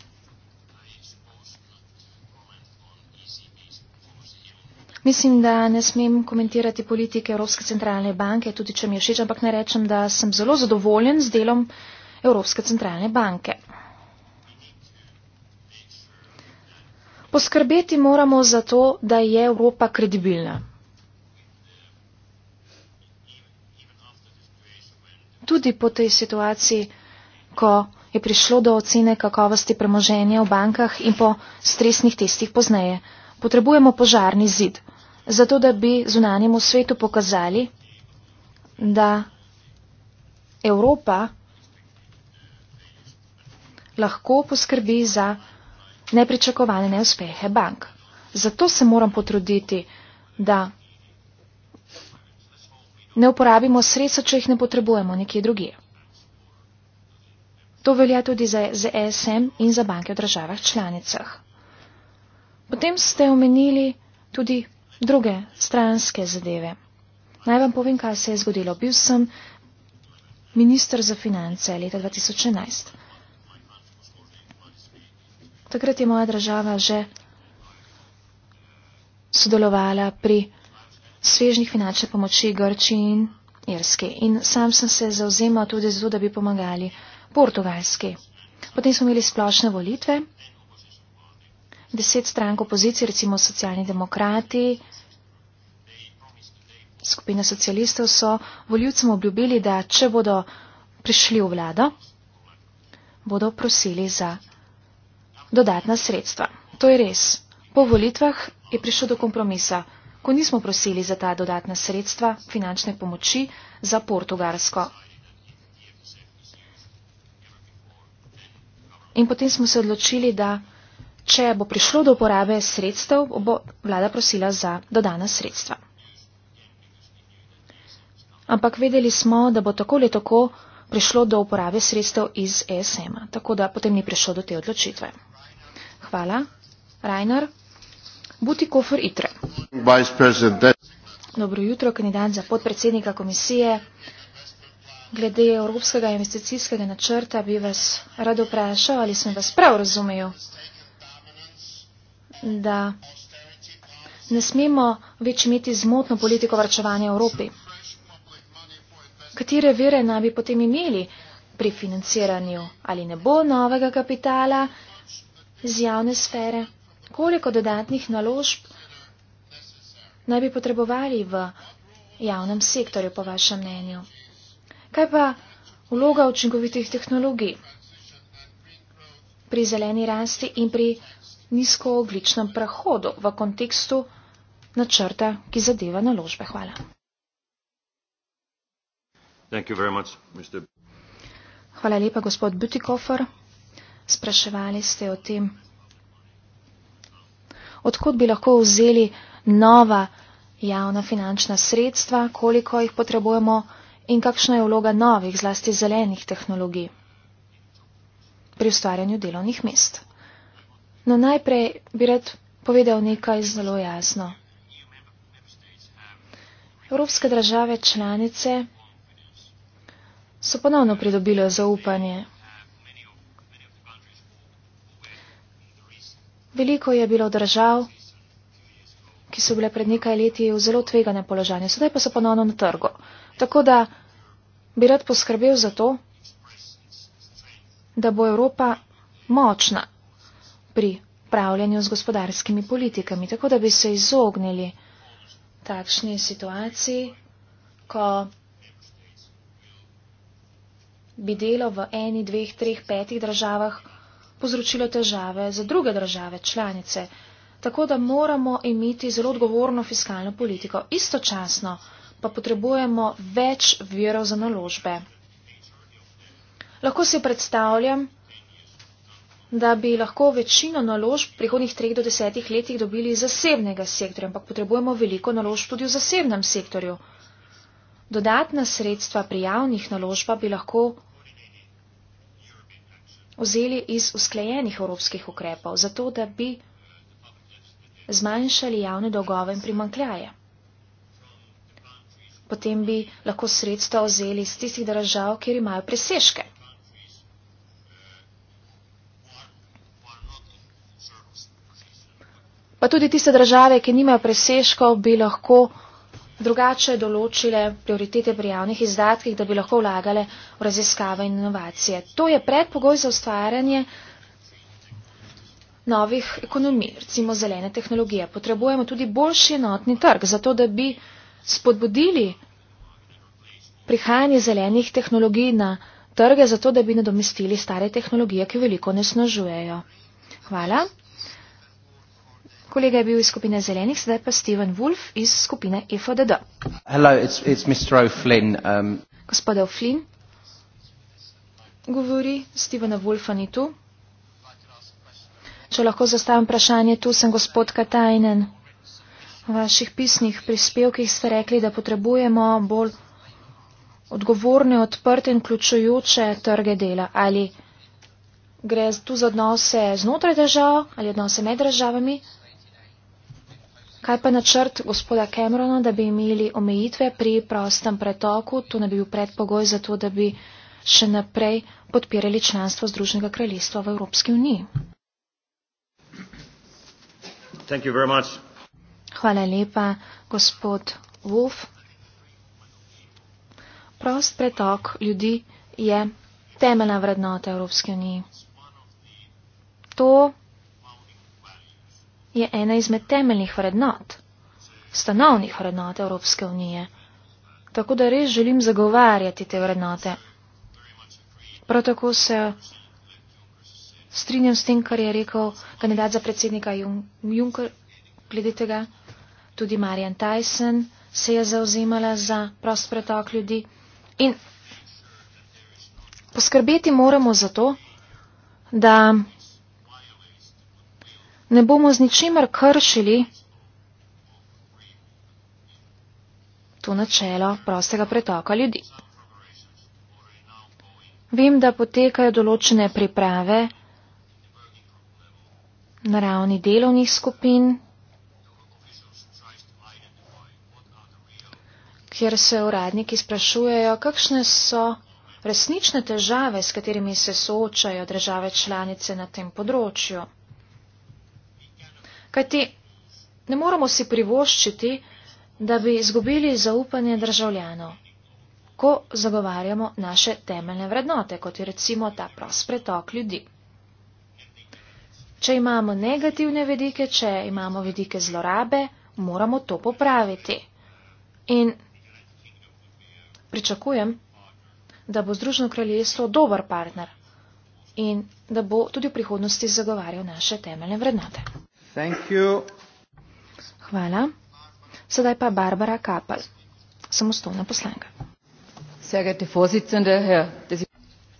Mislim, da ne smem komentirati politike Evropske centralne banke, tudi če mi je všeč, ampak ne rečem, da sem zelo zadovoljen z delom Evropske centralne banke. Poskrbeti moramo za to, da je Evropa kredibilna. Tudi po tej situaciji, ko je prišlo do ocene kakovosti premoženja v bankah in po stresnih testih pozneje potrebujemo požarni zid, zato da bi zunanjemu svetu pokazali, da Evropa lahko poskrbi za nepričakovane neuspehe bank. Zato se moram potruditi, da ne uporabimo sredstva, če jih ne potrebujemo nekje drugje. To velja tudi za ESM in za banke v državah članicah. Potem ste omenili tudi druge stranske zadeve. Naj vam povem, kaj se je zgodilo. Bil sem ministr za finance leta 2011. Takrat je moja država že sodelovala pri svežnih finančne pomoči Grčiji in Irski. In sam sem se zauzemal tudi za to, da bi pomagali Portugalski. Potem smo imeli splošne volitve deset strank opozicije, recimo socialni demokrati, skupina socialistov so voljivcem obljubili, da če bodo prišli v vlado, bodo prosili za dodatna sredstva. To je res. Po volitvah je prišlo do kompromisa, ko nismo prosili za ta dodatna sredstva finančne pomoči za Portugalsko. In potem smo se odločili, da Če bo prišlo do uporabe sredstev, bo vlada prosila za dodana sredstva. Ampak vedeli smo, da bo tako ali tako prišlo do uporabe sredstev iz ESM-a, tako da potem ni prišlo do te odločitve. Hvala. Rainer, Buti Kofer Itre. Dobro jutro, kandidat za podpredsednika komisije. Glede Evropskega investicijskega načrta bi vas rado vprašal, ali sem vas prav razumel da ne smemo več imeti zmotno politiko vrčevanja Evropi. Katere vere naj bi potem imeli pri financiranju ali ne bo novega kapitala iz javne sfere? Koliko dodatnih naložb naj bi potrebovali v javnem sektorju, po vašem mnenju? Kaj pa vloga učinkovitih tehnologij pri zeleni rasti in pri nizkoogličnem prehodu v kontekstu načrta, ki zadeva naložbe. Hvala. Much, Hvala lepa, gospod Butikofer. Spraševali ste o tem, odkud bi lahko vzeli nova javna finančna sredstva, koliko jih potrebujemo in kakšna je vloga novih, zlasti zelenih tehnologij pri ustvarjanju delovnih mest. No najprej bi rad povedal nekaj zelo jasno. Evropske države članice so ponovno pridobile zaupanje. Veliko je bilo držav, ki so bile pred nekaj leti v zelo tveganem položaju, sedaj pa so ponovno na trgu. Tako da bi rad poskrbel za to, da bo Evropa močna pri pravljanju z gospodarskimi politikami, tako da bi se izognili takšni situaciji, ko bi delo v eni, dveh, treh, petih državah povzročilo težave za druge države članice. Tako da moramo imeti zelo odgovorno fiskalno politiko. Istočasno pa potrebujemo več virov za naložbe. Lahko si predstavljam, da bi lahko večino naložb v prihodnih treh do desetih letih dobili iz zasebnega sektorja, ampak potrebujemo veliko naložb tudi v zasebnem sektorju. Dodatna sredstva pri javnih naložbah bi lahko vzeli iz usklejenih evropskih ukrepov, zato da bi zmanjšali javne dolgove in primankljaje. Potem bi lahko sredstva vzeli iz tistih držav, kjer imajo preseške. pa tudi tiste države, ki nimajo preseškov, bi lahko drugače določile prioritete pri javnih izdatkih, da bi lahko vlagale v raziskave in inovacije. To je predpogoj za ustvarjanje novih ekonomij, recimo zelene tehnologije. Potrebujemo tudi boljši enotni trg, zato da bi spodbudili prihajanje zelenih tehnologij na trge, zato da bi nadomestili stare tehnologije, ki veliko ne snažujejo. Hvala. Kolega je bil iz skupine zelenih, zdaj pa Steven Wolf iz skupine FDD. Hello, it's, it's O'Flynn, um... Gospoda O'Flynn govori, Stevena Wolfa ni tu. Če lahko zastavim vprašanje, tu sem gospod Katajnen. V vaših pisnih prispevkih ste rekli, da potrebujemo bolj odgovorne, odprte in vključujoče trge dela. Ali gre tu za odnose znotraj držav ali odnose med državami? Kaj pa načrt gospoda Camerona, da bi imeli omejitve pri prostem pretoku, to ne bi bil predpogoj za to, da bi še naprej podpirali članstvo Združnega kraljestva v Evropski uniji? Hvala lepa, gospod Wolf. Prost pretok ljudi je temeljna vrednota Evropske unije. To je ena izmed temeljnih vrednot, stanovnih vrednot Evropske unije. Tako da res želim zagovarjati te vrednote. Prav tako se strinjam s tem, kar je rekel kandidat za predsednika Juncker, glede tega, tudi Marian Tyson se je zauzemala za prost pretok ljudi. In poskrbeti moramo za to, da ne bomo z ničimer kršili to načelo prostega pretoka ljudi. Vem, da potekajo določene priprave na ravni delovnih skupin, kjer se uradniki sprašujejo, kakšne so resnične težave, s katerimi se soočajo države članice na tem področju. Kajti ne moramo si privoščiti, da bi izgubili zaupanje državljanov, ko zagovarjamo naše temeljne vrednote, kot je recimo ta prost pretok ljudi. Če imamo negativne vedike, če imamo vedike zlorabe, moramo to popraviti. In pričakujem, da bo Združeno kraljestvo dober partner in da bo tudi v prihodnosti zagovarjal naše temeljne vrednote. Hvala. Sedaj pa Barbara Kapal, samostojna poslanka.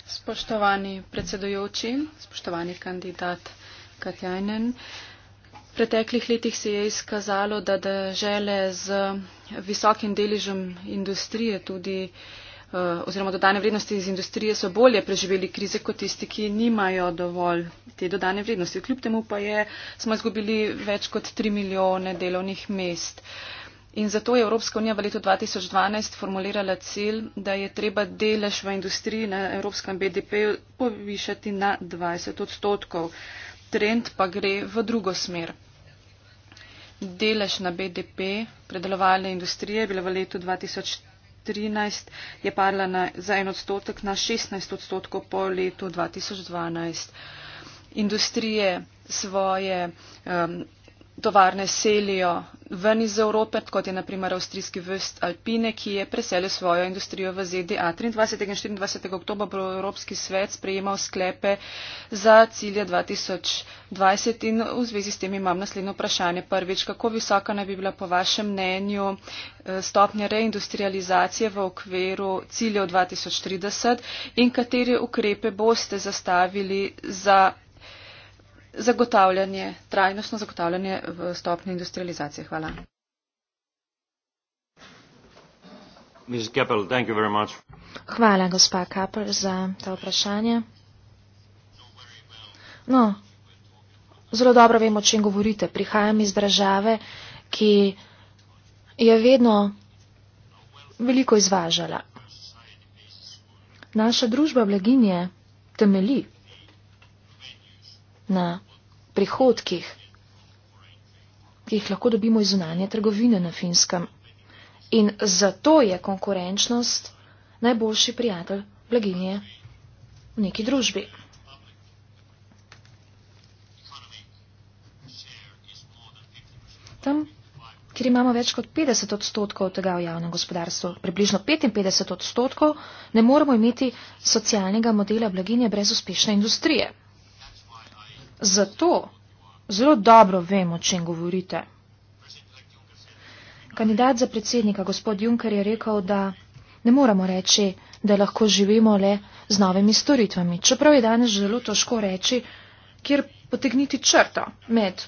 Spoštovani predsedujoči, spoštovani kandidat Katjajnen. V preteklih letih se je izkazalo, da, da žele z visokim deležem industrije tudi. Uh, Eh, oziroma dodane vrednosti iz industrije so bolje preživeli krize kot tisti, ki nimajo dovolj te dodane vrednosti. Kljub temu pa je, smo izgubili več kot 3 milijone delovnih mest. In zato je Evropska unija v letu 2012 formulirala cilj, da je treba delež v industriji na evropskem BDP-ju povišati na 20 odstotkov. Trend pa gre v drugo smer. Delež na BDP predelovalne industrije je bila v letu 2014. 2013 je padla na, za en odstotek na 16 odstotkov po letu 2012. Industrije svoje um, tovarne selijo ven iz Evrope, kot je naprimer avstrijski vrst Alpine, ki je preselil svojo industrijo v ZDA. 23. in 24. oktober bo Evropski svet sprejemal sklepe za cilje 2020 in v zvezi s tem imam naslednjo vprašanje. Prvič, kako visoka naj bi bila po vašem mnenju eh, stopnja reindustrializacije v okviru ciljev 2030 in katere ukrepe boste zastavili za zagotavljanje, trajnostno zagotavljanje v stopni industrializacije. Hvala. Kappel, Hvala, gospa Kapel, za ta vprašanje. No, zelo dobro vemo, o čem govorite. Prihajam iz države, ki je vedno veliko izvažala. Naša družba blaginje temeli na prihodkih, ki jih lahko dobimo iz zunanje trgovine na finskem. In zato je konkurenčnost najboljši prijatelj blaginje v neki družbi. Tam, kjer imamo več kot 50 odstotkov tega v javnem gospodarstvu, približno 55 odstotkov, ne moremo imeti socialnega modela blaginje brez uspešne industrije. Zato zelo dobro vem, o čem govorite. Kandidat za predsednika, gospod Juncker, je rekel, da ne moramo reči, da lahko živimo le z novimi storitvami. Čeprav je danes zelo težko reči, kjer potegniti črto med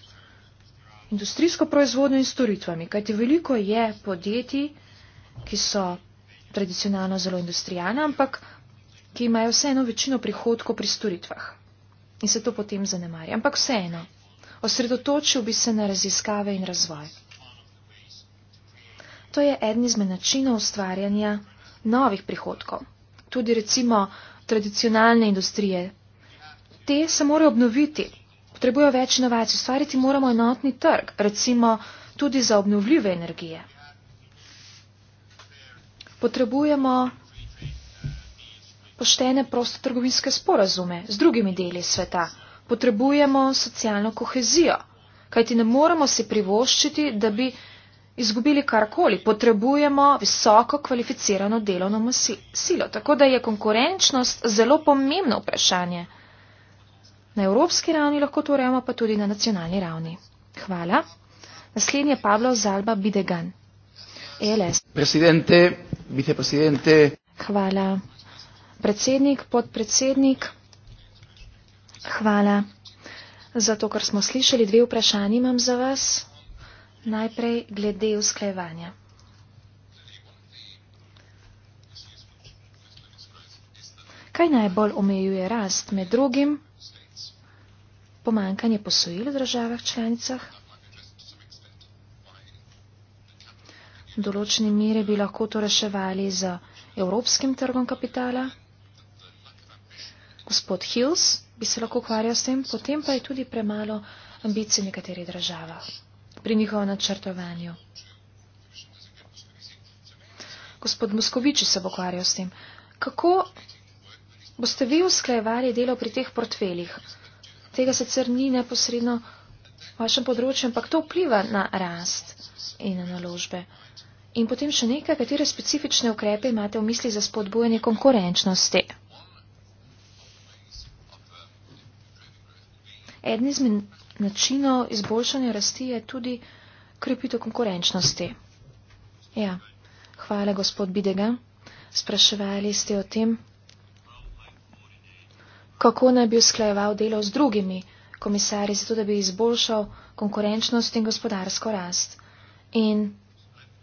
industrijsko proizvodnjo in storitvami. Kajti veliko je podjetij, ki so tradicionalno zelo industrijalna, ampak ki imajo vseeno večino prihodkov pri storitvah in se to potem zanemarja. Ampak vseeno, osredotočil bi se na raziskave in razvoj. To je eden izmed načinov ustvarjanja novih prihodkov. Tudi recimo tradicionalne industrije. Te se morajo obnoviti, potrebujejo več inovacij, ustvariti moramo enotni trg, recimo tudi za obnovljive energije. Potrebujemo poštene prostotrgovinske sporazume z drugimi deli sveta. Potrebujemo socialno kohezijo, kajti ne moremo si privoščiti, da bi izgubili karkoli. Potrebujemo visoko kvalificirano delovno silo. Tako da je konkurenčnost zelo pomembno vprašanje. Na evropski ravni lahko to urejamo, pa tudi na nacionalni ravni. Hvala. Naslednji je Pavlo Zalba Bidegan. ELS. Presidente, viceprezidente. Hvala. Predsednik, podpredsednik, hvala za to, kar smo slišali. Dve vprašanje imam za vas. Najprej glede usklajevanja. Kaj najbolj omejuje rast med drugim? Pomankanje posojil v državah članicah? V določeni mire bi lahko to reševali z evropskim trgom kapitala? gospod Hills bi se lahko ukvarjal s tem, potem pa je tudi premalo ambicij v nekaterih državah pri njihovem načrtovanju. Gospod Moskoviči se bo ukvarjal s tem. Kako boste vi usklajevali delo pri teh portfeljih? Tega sicer ni neposredno v vašem področju, ampak to vpliva na rast in na naložbe. In potem še nekaj, katere specifične ukrepe imate v misli za spodbujanje konkurenčnosti. Eden izmed načinov izboljšanja rasti je tudi krepitev konkurenčnosti. Ja, hvala gospod Bidega. Spraševali ste o tem, kako naj bi usklajeval delo z drugimi komisarji, zato da bi izboljšal konkurenčnost in gospodarsko rast. In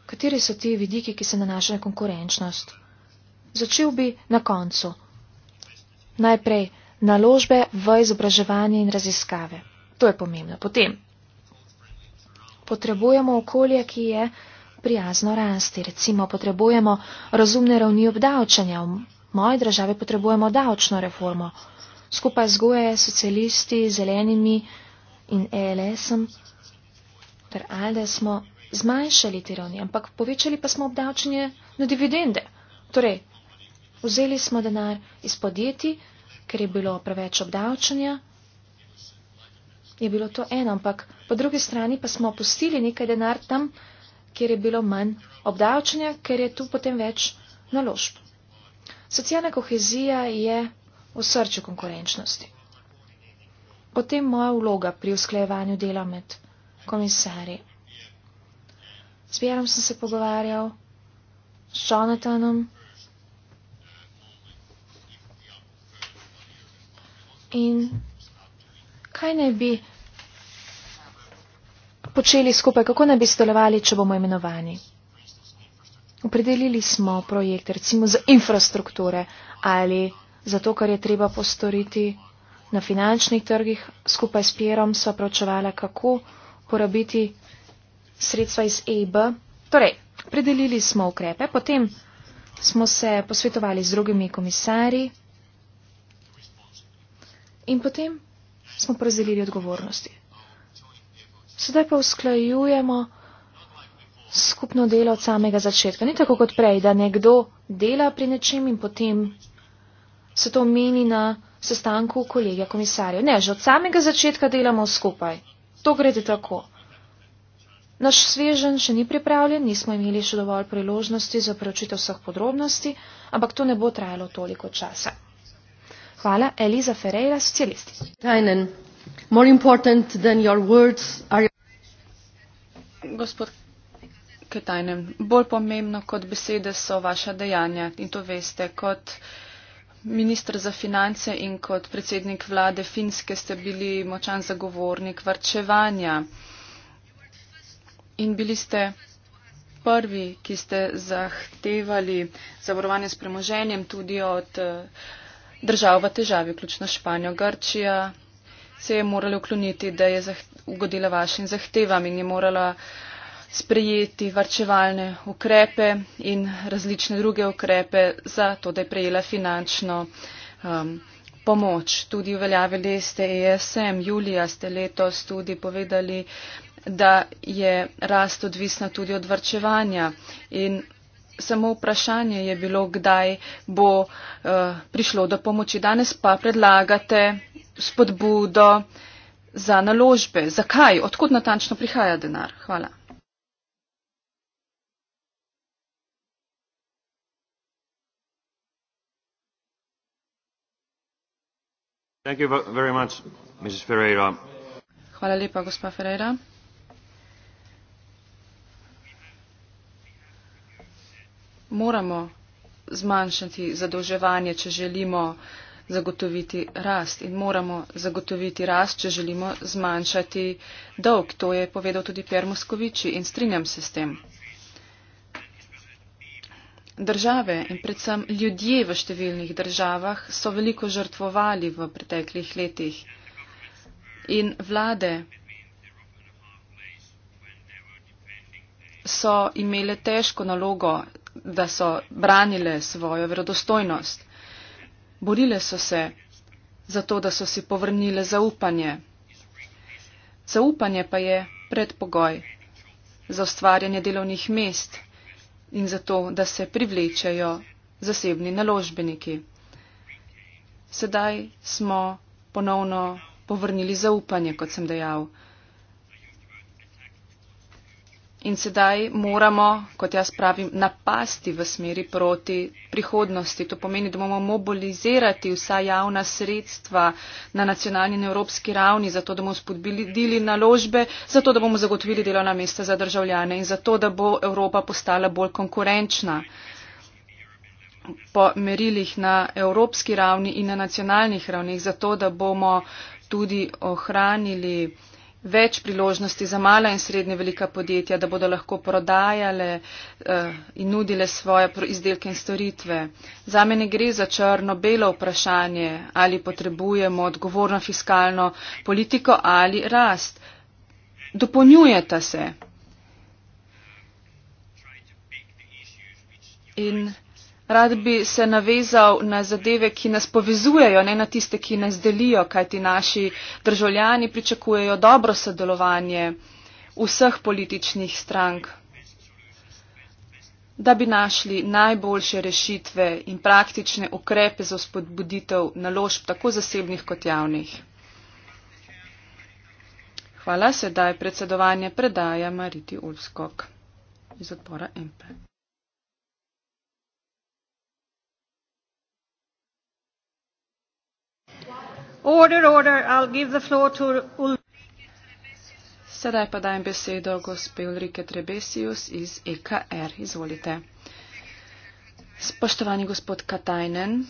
kateri so ti vidiki, ki se nanašajo na konkurenčnost? Začel bi na koncu. Najprej naložbe v izobraževanje in raziskave. To je pomembno. Potem potrebujemo okolje, ki je prijazno rasti. Recimo potrebujemo razumne ravni obdavčanja. V moji državi potrebujemo davčno reformo. Skupaj z goje, socialisti, zelenimi in ELS-om ter ALDE smo zmanjšali te ravni, ampak povečali pa smo obdavčanje na dividende. Torej, vzeli smo denar iz podjetij, ker je bilo preveč obdavčanja, je bilo to eno, ampak po drugi strani pa smo opustili nekaj denar tam, kjer je bilo manj obdavčanja, ker je tu potem več naložb. Socialna kohezija je v srču konkurenčnosti. Potem moja vloga pri usklajevanju dela med komisarji. S Pierom sem se pogovarjal, s Jonathanom. In kaj ne bi počeli skupaj, kako ne bi stolovali, če bomo imenovani? Opredelili smo projekt recimo za infrastrukture ali za to, kar je treba postoriti na finančnih trgih. Skupaj s Pierom so pravčevala, kako porabiti sredstva iz EIB. Torej, predelili smo ukrepe, potem smo se posvetovali z drugimi komisarji. In potem smo prezelili odgovornosti. Sedaj pa usklajujemo skupno delo od samega začetka. Ni tako kot prej, da nekdo dela pri nečem in potem se to meni na sestanku kolegija komisarja. Ne, že od samega začetka delamo skupaj. To gre tako. Naš svežen še ni pripravljen, nismo imeli še dovolj priložnosti za preučitev vseh podrobnosti, ampak to ne bo trajalo toliko časa. Pascuala, Elisa Ferreira, Socialistisch. Tainen, more important than your words are your Gospod Ketajnem, bolj pomembno kot besede so vaša dejanja in to veste. Kot ministr za finance in kot predsednik vlade Finske ste bili močan zagovornik varčevanja in bili ste prvi, ki ste zahtevali zavarovanje s premoženjem tudi od uh, držav v težavi, vključno Španijo, Grčija, se je morala ukloniti, da je ugodila vašim zahtevam in je morala sprejeti varčevalne ukrepe in različne druge ukrepe za to, da je prejela finančno um, pomoč. Tudi uveljavili ste ESM, julija ste letos tudi povedali, da je rast odvisna tudi od varčevanja in samo vprašanje je bilo, kdaj bo uh, prišlo do pomoči. Danes pa predlagate spodbudo za naložbe. Zakaj? Odkud natančno prihaja denar? Hvala. Hvala lepa, gospa Ferreira. moramo zmanjšati zadolževanje, če želimo zagotoviti rast in moramo zagotoviti rast, če želimo zmanjšati dolg. To je povedal tudi Per Moskoviči in strinjam se s tem. Države in predvsem ljudje v številnih državah so veliko žrtvovali v preteklih letih in vlade so imele težko nalogo, da so branile svojo verodostojnost. Borile so se za to, da so si povrnile zaupanje. Zaupanje pa je predpogoj za ustvarjanje delovnih mest in za to, da se privlečejo zasebni naložbeniki. Sedaj smo ponovno povrnili zaupanje, kot sem dejal in sedaj moramo, kot jaz pravim, napasti v smeri proti prihodnosti. To pomeni, da moramo mobilizirati vsa javna sredstva na nacionalni in evropski ravni, zato da bomo spodbudili naložbe, zato da bomo zagotovili delovna mesta za državljane in zato da bo Evropa postala bolj konkurenčna po merilih na evropski ravni in na nacionalnih ravnih, zato da bomo tudi ohranili uh, več priložnosti za mala in srednje velika podjetja, da bodo lahko prodajale uh, in nudile svoje izdelke in storitve. Za mene gre za črno-belo vprašanje, ali potrebujemo odgovorno fiskalno politiko ali rast. Dopolnjujeta se. In Rad bi se navezal na zadeve, ki nas povezujejo, ne na tiste, ki nas delijo, kajti naši državljani pričakujejo dobro sodelovanje vseh političnih strank, da bi našli najboljše rešitve in praktične ukrepe za spodbuditev naložb tako zasebnih kot javnih. Hvala, sedaj predsedovanje predaja Mariti Ulskog iz odbora MPN. Order, order, I'll give the floor to Ul Sedaj pa dajem besedo gospe Ulrike Trebesius iz EKR. Izvolite. Spoštovani gospod Katajnen,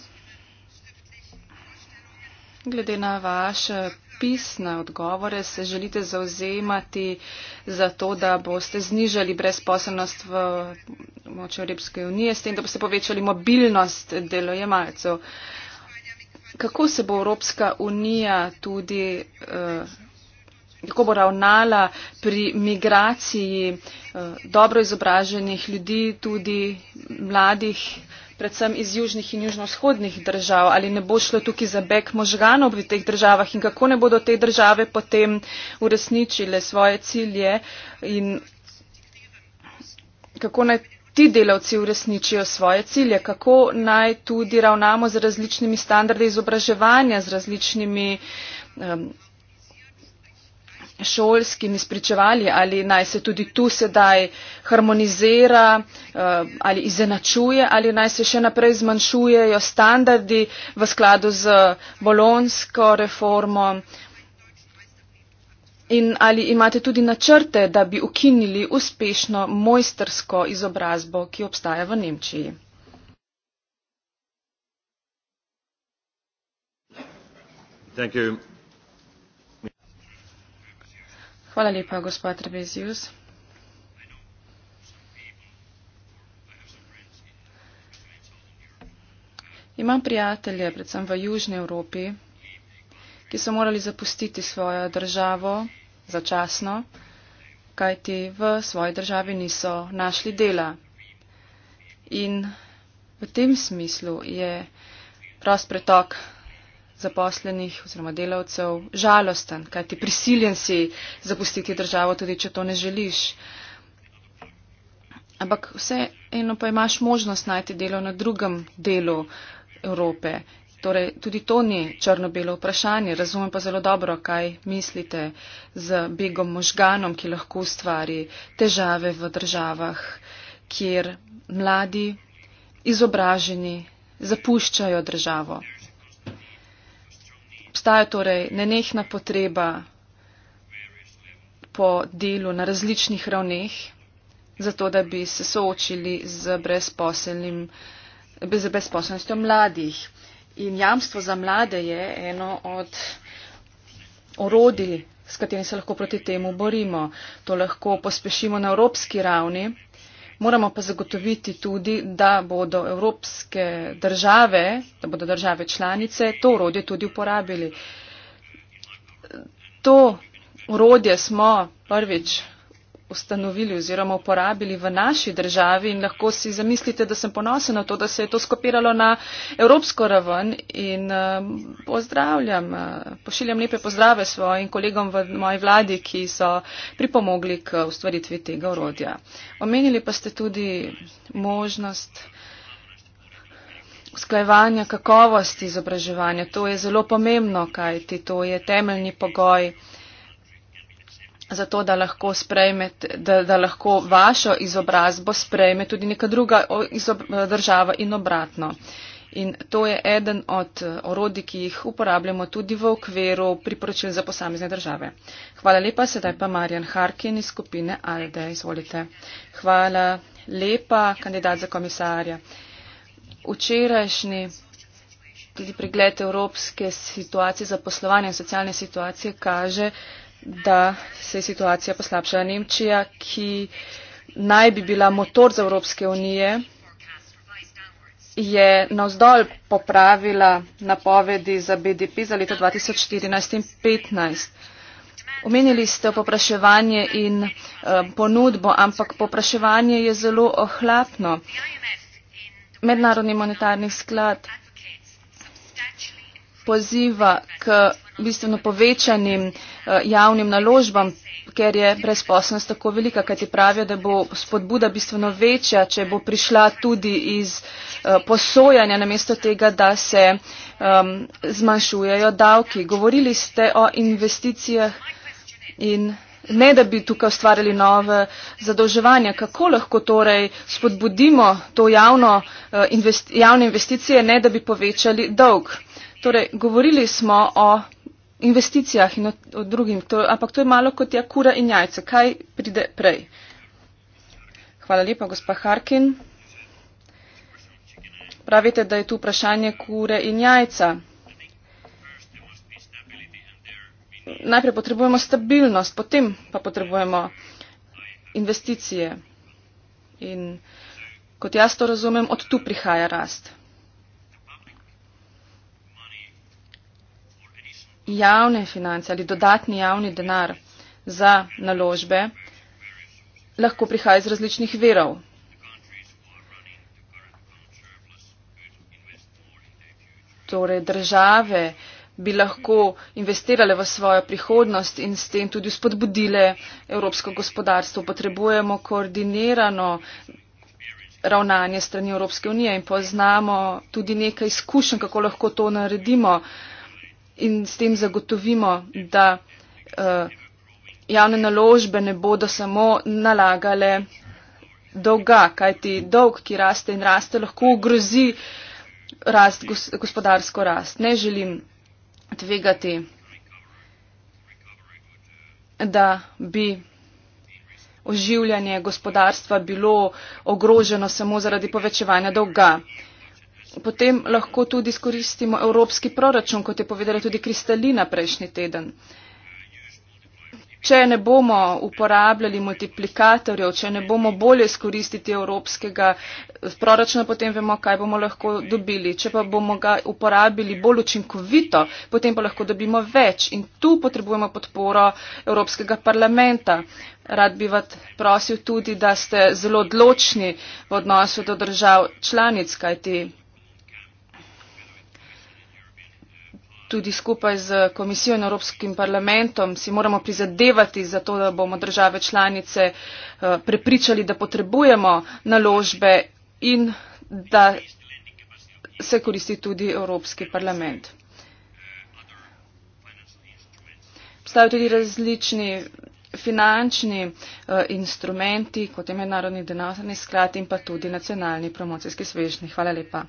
glede na vaše pisne odgovore se želite zauzemati za to, da boste znižali brezposobnost v moči Evropske unije, s tem, da boste povečali mobilnost delojemalcev kako se bo Evropska unija tudi, eh, kako bo ravnala pri migraciji eh, dobro izobraženih ljudi, tudi mladih, predvsem iz južnih in južno-vzhodnih držav, ali ne bo šlo tukaj za beg možganov v teh državah in kako ne bodo te države potem uresničile svoje cilje in kako naj ti delavci uresničijo svoje cilje, kako naj tudi ravnamo z različnimi standardi izobraževanja, z različnimi um, šolskimi spričevali, ali naj se tudi tu sedaj harmonizira um, ali izenačuje, ali naj se še naprej zmanjšujejo standardi v skladu z bolonsko reformo. Um, In ali imate tudi načrte, da bi ukinili uspešno mojstersko izobrazbo, ki obstaja v Nemčiji? Hvala lepa, gospod Trebezius. Imam prijatelje, predvsem v Južni Evropi, ki so morali zapustiti svojo državo začasno, kajti v svoji državi niso našli dela. In v tem smislu je prost pretok zaposlenih oziroma delavcev žalosten, kajti prisiljen si zapustiti državo, tudi če to ne želiš. Ampak vse eno pa imaš možnost najti delo na drugem delu Evrope Torej, tudi to ni črno-belo vprašanje. Razumem pa zelo dobro, kaj mislite z begom možganom, ki lahko ustvari težave v državah, kjer mladi, izobraženi, zapuščajo državo. Obstaja torej nenehna potreba po delu na različnih ravneh, zato da bi se soočili z brezposelnim. Bez brezposobnostjo mladih. In jamstvo za mlade je eno od orodij, s katerim se lahko proti temu borimo. To lahko pospešimo na evropski ravni. Moramo pa zagotoviti tudi, da bodo evropske države, da bodo države članice to urodje tudi uporabili. To urodje smo prvič ustanovili oziroma uporabili v naši državi in lahko si zamislite, da sem ponosen na to, da se je to skopiralo na evropsko raven in um, pozdravljam, uh, pošiljam lepe pozdrave svojim kolegom v moji vladi, ki so pripomogli k ustvaritvi tega urodja. Omenili pa ste tudi možnost usklajevanja kakovosti izobraževanja. To je zelo pomembno, kajti to je temeljni pogoj zato da lahko, da, da lahko vašo izobrazbo sprejme tudi neka druga država in obratno. In to je eden od eh, orodij, ki jih uporabljamo tudi v okviru priporočil za posamezne države. Hvala lepa, sedaj pa Marjan Harkin iz skupine ALDE. Izvolite. Hvala lepa, kandidat za komisarja. Včerajšnji tudi pregled evropske situacije za poslovanje in socialne situacije kaže, da se je situacija poslabšala. Nemčija, ki naj bi bila motor za Evropske unije, je navzdolj popravila napovedi za BDP za leto 2014 in 2015. Omenili ste popraševanje in eh, ponudbo, ampak popraševanje je zelo ohlapno. Mednarodni monetarni sklad poziva k bistveno povečanim eh, javnim naložbam, ker je brezposobnost tako velika, kajti pravijo, da bo spodbuda bistveno večja, če bo prišla tudi iz eh, posojanja, namesto tega, da se um, zmanjšujejo davki. Govorili ste o investicijah in ne da bi tukaj ustvarjali nove zadolževanja. Kako lahko torej spodbudimo to javno, eh, invest, javne investicije, ne da bi povečali dolg? Torej, govorili smo o investicijah in o, o drugim, to, ampak to je malo kot ja kura in jajce. Kaj pride prej? Hvala lepa, gospa Harkin. Pravite, da je tu vprašanje kure in jajca. Najprej potrebujemo stabilnost, potem pa potrebujemo investicije. In kot jaz to razumem, od tu prihaja rast. javne finance ali dodatni javni denar za naložbe lahko prihaja iz različnih verov. Torej države bi lahko investirale v svojo prihodnost in s tem tudi spodbudile evropsko gospodarstvo. Potrebujemo koordinirano ravnanje strani Evropske unije in poznamo tudi nekaj izkušenj, kako lahko to naredimo in s tem zagotovimo, da uh, javne naložbe ne bodo samo nalagale dolga, kajti dolg, ki raste in raste, lahko ogrozi rast, gospodarsko rast. Ne želim tvegati, da bi oživljanje gospodarstva bilo ogroženo samo zaradi povečevanja dolga. Uh, potem lahko tudi izkoristimo evropski proračun, kot je povedala tudi Kristalina prejšnji teden. Če ne bomo uporabljali multiplikatorjev, če ne bomo bolje izkoristiti evropskega eh, proračuna, potem vemo, kaj bomo lahko dobili. Če pa bomo ga uporabili bolj učinkovito, potem pa lahko dobimo več. In tu potrebujemo podporo Evropskega parlamenta. Rad bi vas prosil tudi, da ste zelo odločni v odnosu do držav članic, kajti tudi skupaj z komisijo in Evropskim parlamentom si moramo prizadevati za to, da bomo države članice eh, prepričali, da potrebujemo naložbe in da se koristi tudi Evropski parlament. Obstajajo tudi različni finančni uh, instrumenti, kot je mednarodni denarni sklad in pa tudi nacionalni promocijski svežni. Hvala lepa.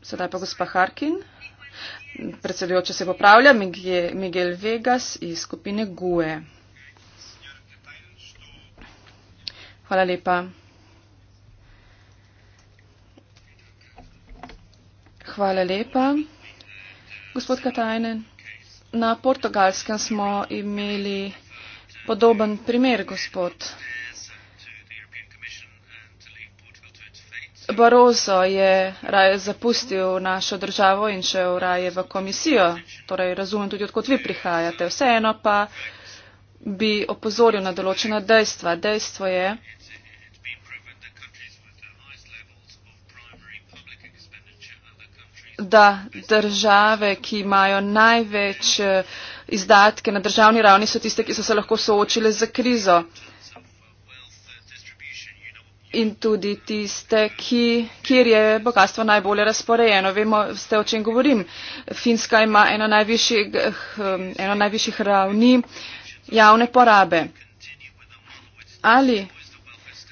Sedaj pa gospa Harkin. Predsedujoče se popravlja Miguel Vegas iz skupine GUE. Hvala lepa. Hvala lepa, gospod Katajnen. Na portugalskem smo imeli podoben primer, gospod. Barozo je raje zapustil našo državo in šel raje v komisijo. Torej, razumem tudi, odkot vi prihajate. Vseeno pa bi opozoril na določena dejstva. Dejstvo je, da države, ki imajo največ eh, izdatke na državni ravni, so tiste, ki so se lahko soočile z krizo in tudi tiste, ki, kjer je bogatstvo najbolje razporejeno. Vemo, ste o čem govorim. Finska ima eno najvišjih, hm, eno najvišjih ravni javne porabe. Ali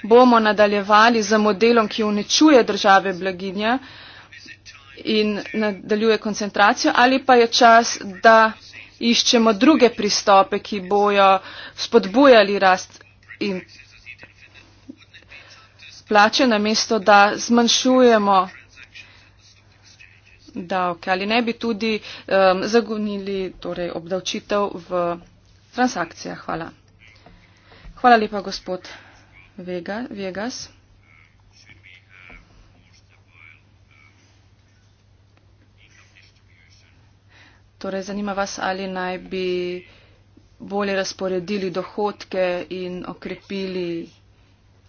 bomo nadaljevali z modelom, ki uničuje države blaginja in nadaljuje koncentracijo, ali pa je čas, da iščemo druge pristope, ki bojo spodbujali rast in plače, namesto da zmanjšujemo davke. Ali ne bi tudi um, zagonili torej, obdavčitev v transakcijah? Hvala. Hvala lepa, gospod Vega, Vegas. Torej, zanima vas, ali naj bi bolje razporedili dohodke in okrepili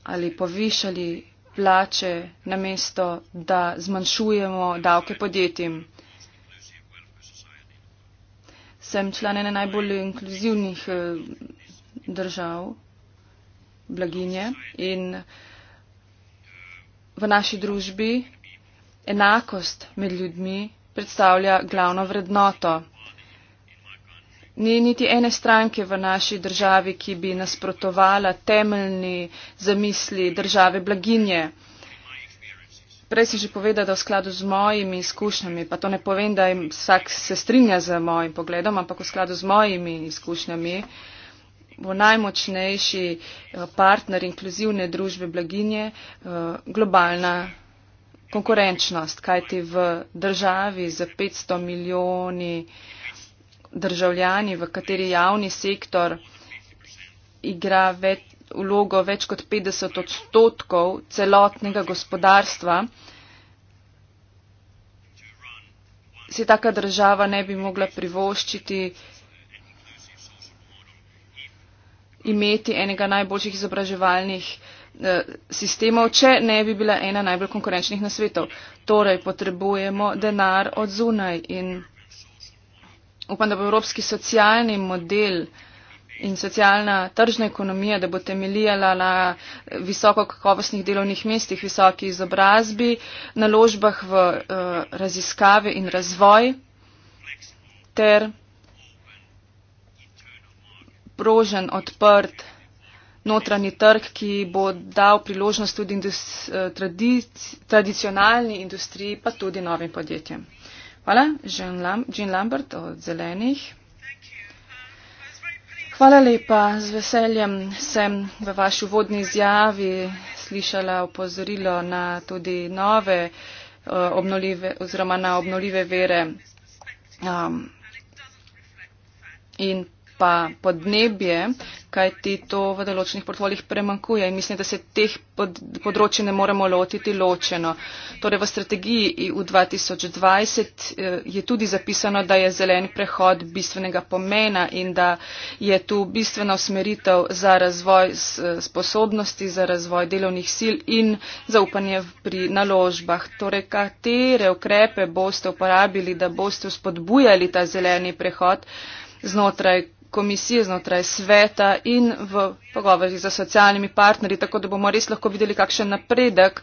ali povišali plače namesto, da zmanjšujemo davke podjetjem. Sem član ene najbolj inkluzivnih eh, držav, blaginje in v naši družbi enakost med ljudmi predstavlja glavno vrednoto ni niti ene stranke v naši državi, ki bi nasprotovala temeljni zamisli države blaginje. Prej sem že povedal, da v skladu z mojimi izkušnjami, pa to ne povem, da jim vsak se strinja z mojim pogledom, ampak v skladu z mojimi izkušnjami bo najmočnejši eh, partner inkluzivne družbe blaginje eh, globalna konkurenčnost, kajti v državi za 500 milijoni državljani, v kateri javni sektor igra več, vlogo več kot 50 odstotkov celotnega gospodarstva, se taka država ne bi mogla privoščiti imeti enega najboljših izobraževalnih eh, sistemov, če ne bi bila ena najbolj konkurenčnih na svetu. Torej, potrebujemo denar od zunaj in upam, da bo evropski socialni model in socialna tržna ekonomija, da bo temelijala na visoko kakovostnih delovnih mestih, visoki izobrazbi, naložbah v uh, raziskave in razvoj ter prožen, odprt notranji trg, ki bo dal priložnost tudi indus, eh, tradic, tradicionalni industriji, pa tudi novim podjetjem. Hvala. Jean Lambert od zelenih. Hvala lepa. Z veseljem sem v vaši vodni izjavi slišala opozorilo na tudi nove eh, obnoljive oziroma na obnoljive vere. Um, in pa podnebje, kaj ti to v določenih portfolih premankuje in mislim, da se teh pod, področji ne moremo lotiti ločeno. Torej v strategiji EU 2020 eh, je tudi zapisano, da je zelen prehod bistvenega pomena in da je tu bistvena usmeritev za razvoj eh, sposobnosti, za razvoj delovnih sil in zaupanje pri naložbah. Torej, katere ukrepe boste uporabili, da boste spodbujali ta zeleni prehod znotraj komisije znotraj sveta in v pogovorih za socialnimi partnerji, tako da bomo res lahko videli kakšen napredek,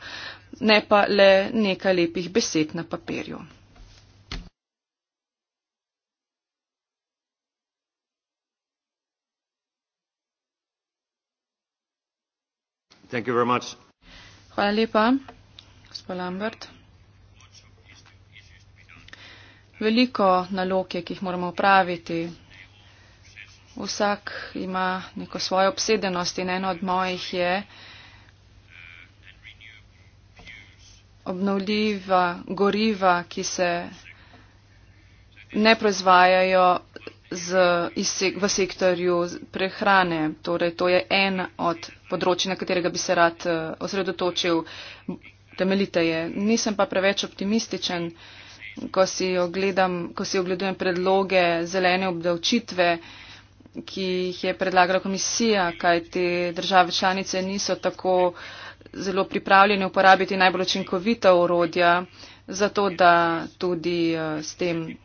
ne pa le nekaj lepih besed na papirju. Hvala lepa, gospod Lambert. Veliko nalog je, ki jih moramo upraviti. Vsak ima neko svojo obsedenost in eno od mojih je obnovljiva goriva, ki se ne proizvajajo z, iz, v sektorju prehrane. Torej, to je en od področji, na katerega bi se rad eh, osredotočil temeliteje. Nisem pa preveč optimističen, ko si ogledam, ko si ogledujem predloge zelene obdavčitve ki jih je predlagala komisija, kaj te države članice niso tako zelo pripravljene uporabiti najbolj učinkovita orodja, zato da tudi eh, s tem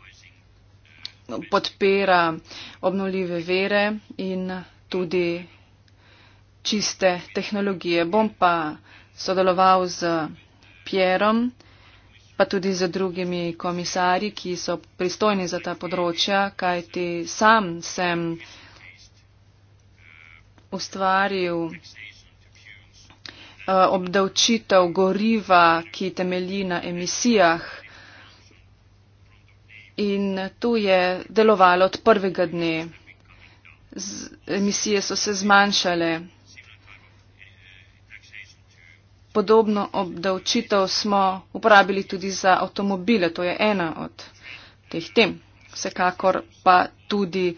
no, podpira obnoljive vere in tudi čiste tehnologije. Bom pa sodeloval z Pierom, pa tudi z drugimi komisarji, ki so pristojni za ta področja, kajti sam sem ustvaril eh, obdavčitev goriva, ki temelji na emisijah. In tu je delovalo od prvega dne. Z, emisije so se zmanjšale. Podobno obdavčitev smo uporabili tudi za avtomobile. To je ena od teh tem. Vsekakor pa tudi uh,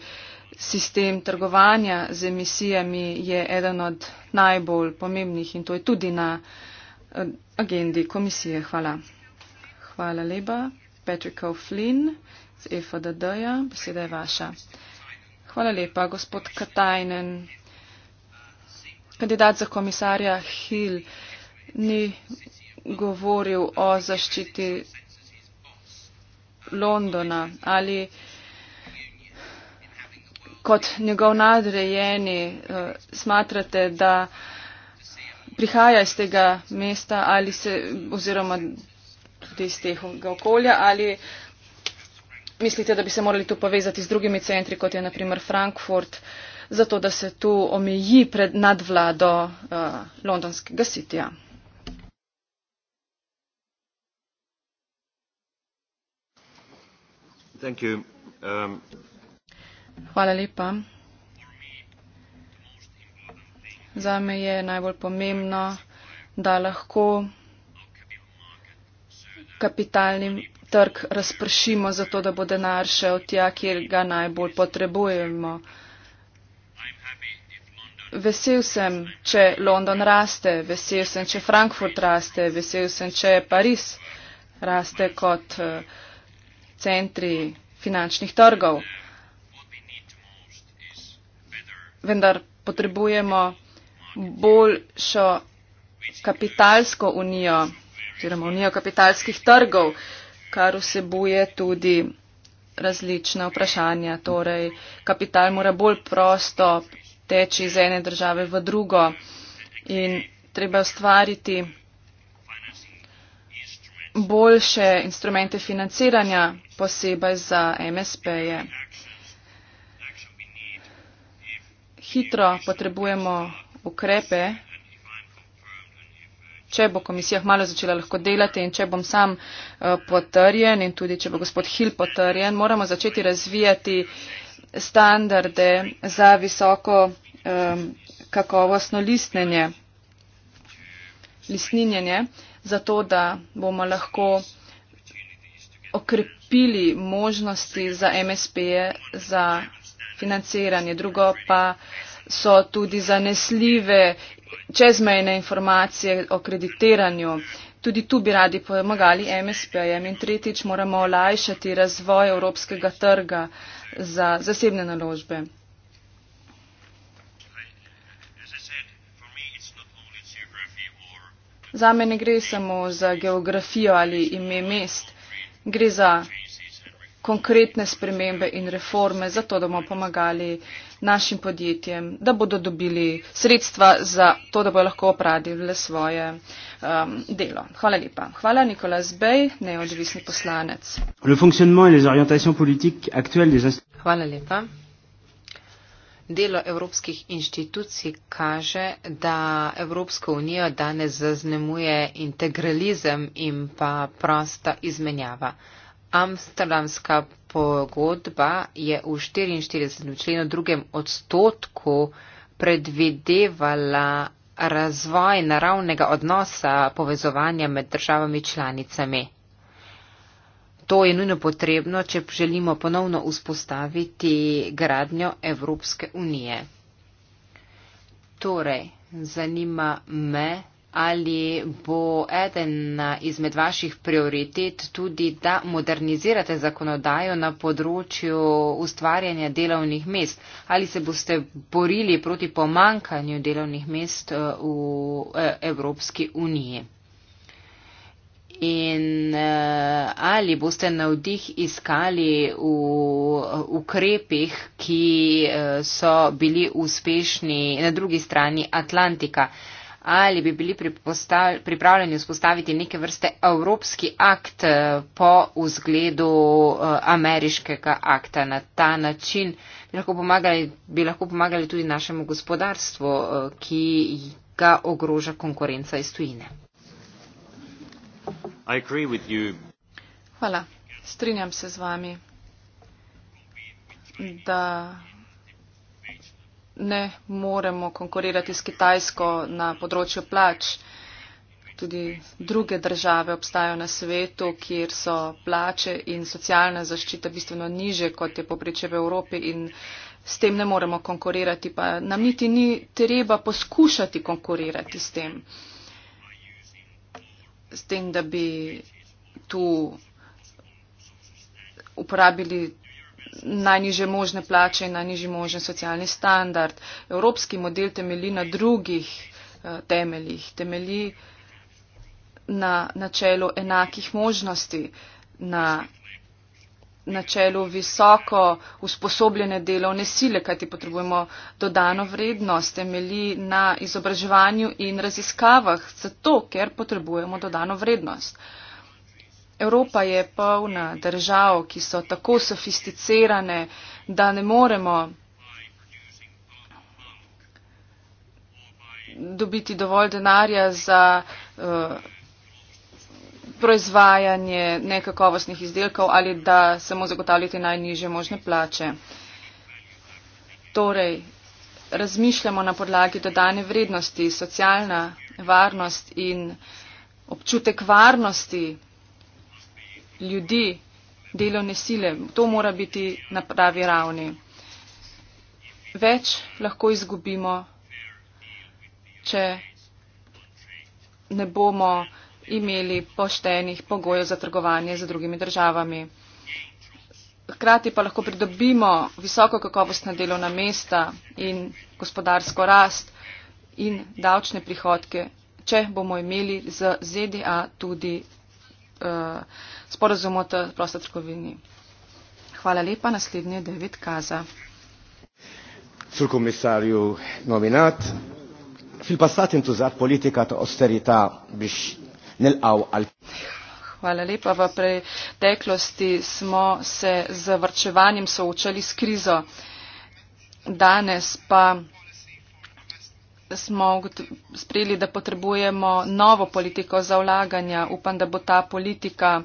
sistem trgovanja z emisijami je eden od najbolj pomembnih in to je tudi na eh, agendi komisije. Hvala. Hvala lepa. Patrick O'Flynn z FDD-ja, beseda je vaša. Hvala lepa, gospod Katajnen. Kandidat za komisarja Hill ni govoril o zaščiti Londona ali kot njegov nadrejeni eh, smatrate, da prihaja iz tega mesta ali se oziroma tudi iz tega okolja ali mislite, da bi se morali tu povezati z drugimi centri, kot je naprimer Frankfurt, zato da se tu omeji pred nadvlado uh, eh, londonskega sitja. Um, Hvala lepa. Zame je najbolj pomembno, da lahko kapitalni trg razpršimo, zato da bo denar šel tja, kjer ga najbolj potrebujemo. Vesel sem, če London raste, vesel sem, če Frankfurt raste, vesel sem, če Pariz raste kot eh, centri finančnih trgov. vendar potrebujemo boljšo kapitalsko unijo oziroma unijo kapitalskih trgov, kar vsebuje tudi različna vprašanja. Torej, kapital mora bolj prosto teči iz ene države v drugo in treba ustvariti boljše instrumente financiranja, posebej za MSP-je hitro potrebujemo ukrepe, če bo komisija hmalo začela lahko delati in če bom sam eh, potrjen in tudi če bo gospod Hill potrjen, moramo začeti razvijati standarde za visoko um, kakovostno listnenje, listninjenje, zato da bomo lahko okrepili možnosti za MSP-je za financiranje. Drugo pa uh, so tudi zanesljive čezmejne informacije o kreditiranju. Tudi tu bi radi pomagali MSP-jem in tretjič moramo olajšati razvoj evropskega trga za zasebne naložbe. Zame ne gre samo za geografijo ali ime mest, gre za konkretne spremembe in reforme, zato da bomo pomagali našim podjetjem, da bodo dobili sredstva za to, da bodo lahko opravili svoje um, delo. Hvala lepa. Hvala Nikolas Bej, neodvisni poslanec. Hvala lepa. Delo evropskih inštitucij kaže, da Evropsko unijo danes zaznemuje integralizem in pa prosta izmenjava. Amsterdamska pogodba je v 44. členu drugem odstotku predvidevala razvoj naravnega odnosa povezovanja med državami članicami. To je nujno potrebno, če želimo ponovno vzpostaviti gradnjo Evropske unije. Torej, zanima me, ali bo eden izmed vaših prioritet tudi, da modernizirate zakonodajo na področju ustvarjanja delovnih mest, ali se boste borili proti pomankanju delovnih mest eh, v eh, Evropski uniji. In eh, ali boste na vdih iskali v ukrepih, ki so bili uspešni na drugi strani Atlantika ali bi bili pripravljeni vzpostaviti neke vrste evropski akt eh, po vzgledu eh, ameriškega akta na ta način. Bi lahko pomagali, bi lahko pomagali tudi našemu gospodarstvu, eh, ki ga ogroža konkurenca iz tujine. Hvala. Strinjam se z vami, da ne moremo konkurirati s Kitajsko na področju plač. Tudi druge države obstajajo na svetu, kjer so plače in socialna zaščita bistveno niže, kot je poprečje v Evropi in s tem ne moremo konkurirati, pa nam niti ni treba poskušati konkurirati s tem. S tem, da bi tu uporabili najniže možne plače in najniže možen socialni standard. Evropski model temelji na drugih eh, temeljih, temelji na načelu enakih možnosti, na načelu visoko usposobljene delovne sile, kajti potrebujemo dodano vrednost, temelji na izobraževanju in raziskavah, zato ker potrebujemo dodano vrednost. Uh, Evropa je polna držav, ki so tako sofisticirane, da ne moremo dobiti dovolj denarja za uh, proizvajanje nekakovostnih izdelkov ali da samo zagotavljate najniže možne plače. Torej, razmišljamo na podlagi dodane vrednosti, socialna varnost in občutek varnosti ljudi, delovne sile. To mora biti na pravi ravni. Več lahko izgubimo, če ne bomo imeli poštenih pogojev za trgovanje z drugimi državami. Hkrati pa lahko pridobimo visoko kakovostna delovna mesta in gospodarsko rast in davčne prihodke, če bomo imeli z ZDA tudi Eh, sporozum o prosti trgovini. Hvala lepa. Naslednji je David Kaza. Sul commissario nominat, fil passato entusiasta politica austerità, bis nel au al. Hvala lepa. V preteklosti smo se z vrčevanjem soočali s krizo. Danes pa smo sprejeli, da potrebujemo novo politiko za vlaganja. Upam, da bo ta politika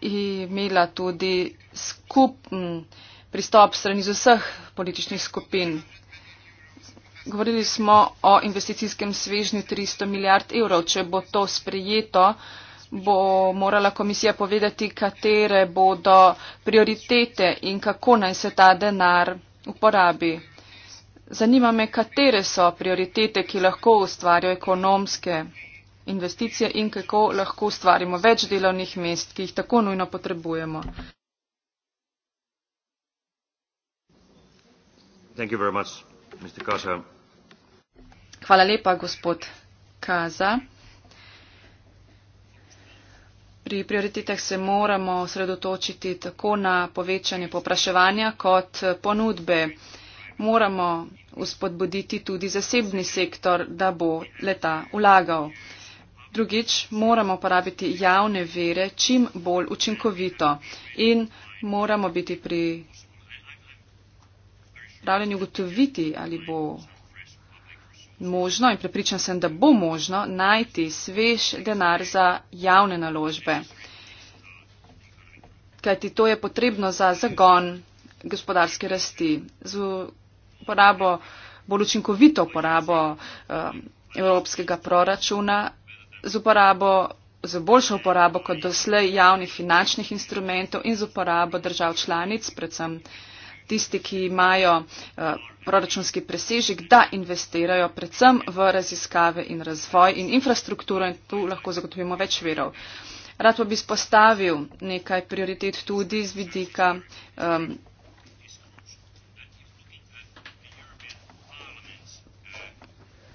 imela tudi skupen pristop strani z vseh političnih skupin. Govorili smo o investicijskem svežnju 300 milijard evrov. Če bo to sprejeto, bo morala komisija povedati, katere bodo prioritete in kako naj se ta denar uporabi. Zanima me, katere so prioritete, ki lahko ustvarjajo ekonomske investicije in kako lahko ustvarimo več delovnih mest, ki jih tako nujno potrebujemo. Much, Hvala lepa, gospod Kaza. Pri prioritetah se moramo sredotočiti tako na povečanje popraševanja kot ponudbe moramo uspodbuditi tudi zasebni sektor, da bo leta ulagal. Drugič, moramo uporabiti javne vere čim bolj učinkovito in moramo biti pri pravljenju gotoviti, ali bo možno in prepričan sem, da bo možno najti svež denar za javne naložbe. Kajti to je potrebno za zagon gospodarske rasti. Z porabo, bolj učinkovito porabo um, evropskega proračuna, z uporabo, z boljšo uporabo kot doslej javnih finančnih instrumentov in z uporabo držav članic, predvsem tisti, ki imajo uh, proračunski presežek, da investirajo predvsem v raziskave in razvoj in infrastrukturo in tu lahko zagotovimo več verov. Rad pa bi spostavil nekaj prioritet tudi z vidika um,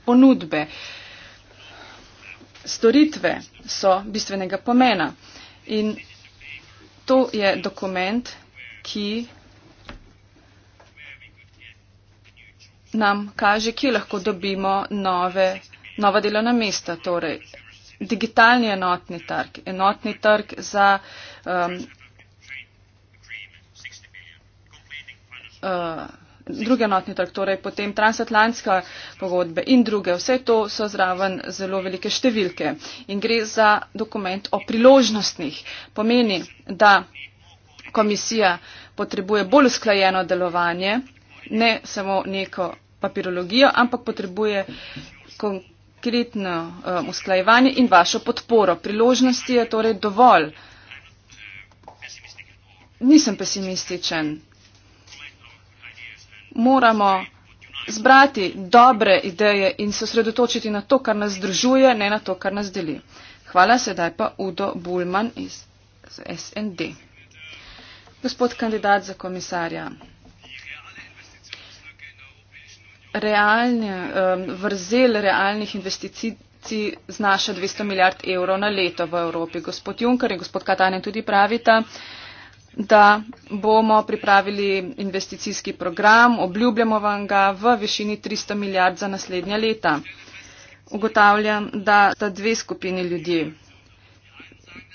ponudbe. Storitve so bistvenega pomena in to je dokument, ki nam kaže, kje lahko dobimo nove, nova delovna mesta, torej digitalni enotni trg, enotni trg za um, uh, druge notni trg, torej potem transatlantska pogodbe in druge. Vse to so zraven zelo velike številke in gre za dokument o priložnostnih. Pomeni, da komisija potrebuje bolj usklajeno delovanje, ne samo neko papirologijo, ampak potrebuje konkretno um, usklajevanje in vašo podporo. Priložnosti je torej dovolj. Nisem pesimističen moramo zbrati dobre ideje in se osredotočiti na to, kar nas združuje, ne na to, kar nas deli. Hvala sedaj pa Udo Bulman iz SND. Gospod kandidat za komisarja. Realni, um, vrzel realnih investicij znaša 200 milijard evrov na leto v Evropi. Gospod Juncker in gospod Katanen tudi pravita, da bomo pripravili investicijski program, obljubljamo vam ga v višini 300 milijard za naslednja leta. Ugotavljam, da sta dve skupini ljudi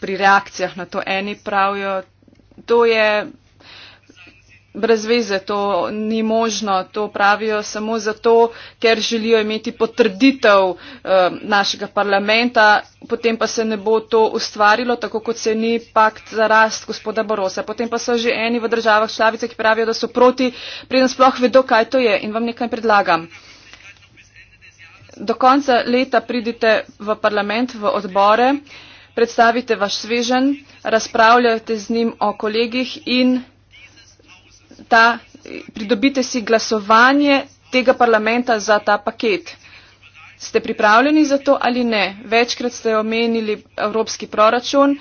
pri reakcijah na to eni pravijo, to je brez veze, to ni možno, to pravijo samo zato, ker želijo imeti potrditev eh, našega parlamenta, potem pa se ne bo to ustvarilo, tako kot se ni pakt za rast gospoda Barosa. Potem pa so že eni v državah šlavice, ki pravijo, da so proti, preden sploh vedo, kaj to je in vam nekaj predlagam. Do konca leta pridite v parlament, v odbore, predstavite vaš svežen, razpravljate z njim o kolegih in ta, pridobite si glasovanje tega parlamenta za ta paket. Ste pripravljeni za to ali ne? Večkrat ste omenili evropski proračun,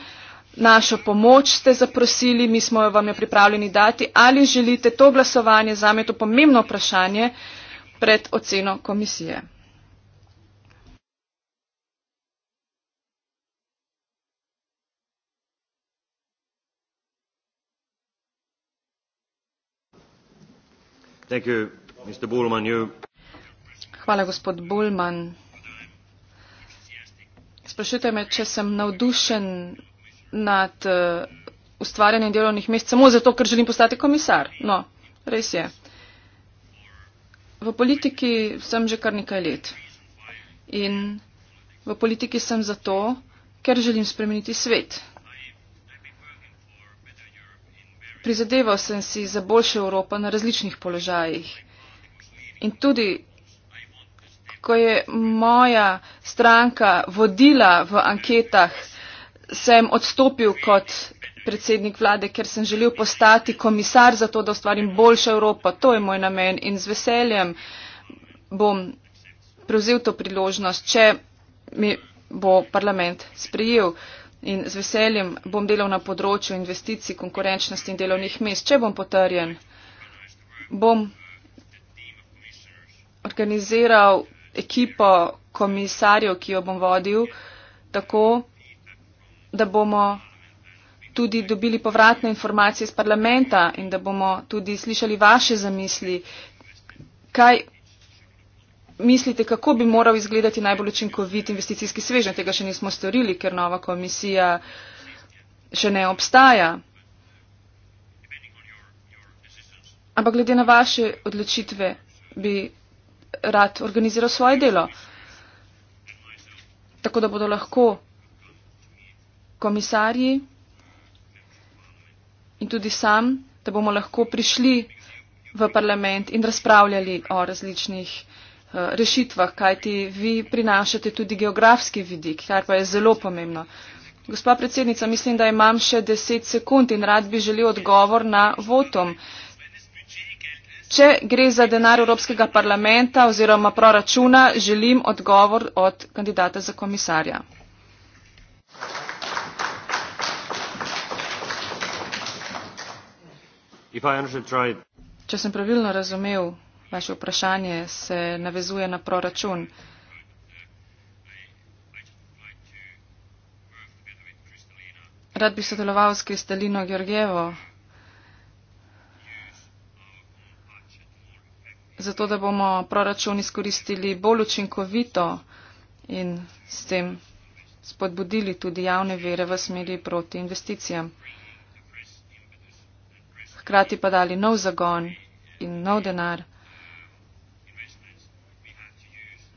našo pomoč ste zaprosili, mi smo jo vam jo pripravljeni dati. Ali želite to glasovanje, zame je to pomembno vprašanje, pred oceno komisije? Sprašujte me, če sem navdušen nad uh, ustvarjanjem delovnih mest samo zato, ker želim postati komisar. No, res je. V politiki sem že kar nekaj let. In v politiki sem zato, ker želim spremeniti svet. Prizadeval sem si za boljšo Evropo na različnih položajih. In tudi, ko je moja stranka vodila v anketah, sem odstopil kot predsednik vlade, ker sem želel postati komisar za to, da ustvarim boljšo Evropo. To je moj namen in z veseljem bom prevzel to priložnost, če mi bo parlament sprejel in z veseljem bom delal na področju investicij, konkurenčnosti in delovnih mest. Če bom potrjen, bom organiziral ekipo komisarjev, ki jo bom vodil, tako, da bomo tudi dobili povratne informacije iz parlamenta in da bomo tudi slišali vaše zamisli, kaj mislite, kako bi moral izgledati najbolj učinkovit investicijski svežen? Tega še nismo storili, ker nova komisija še ne obstaja. Ampak glede na vaše odločitve bi rad organiziral svoje delo, tako da bodo lahko komisarji in tudi sam, da bomo lahko prišli v parlament in razpravljali o različnih Eh, rešitvah, kajti vi prinašate tudi geografski vidik, kar pa je zelo pomembno. Gospa predsednica, mislim, da imam še deset sekund in rad bi želel odgovor na votom. Če gre za denar Evropskega parlamenta oziroma proračuna, želim odgovor od kandidata za komisarja. Če sem pravilno razumel, Vaše vprašanje se navezuje na proračun. Rad bi sodeloval s Kristalino Georgievo, zato da bomo proračun izkoristili bolj učinkovito in s tem spodbudili tudi javne vere v smeri proti investicijam. Hkrati pa dali nov zagon in nov denar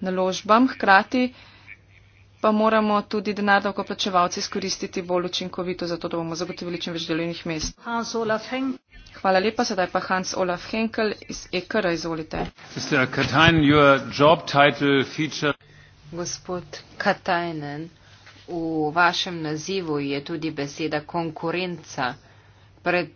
naložbam, hkrati pa moramo tudi denar davkoplačevalci izkoristiti bolj učinkovito, zato da bomo zagotovili čim več delovnih mest. Hvala lepa, sedaj pa Hans Olaf Henkel iz EKR, izvolite. Gospod Katajnen, v vašem nazivu je tudi beseda konkurenca. Pred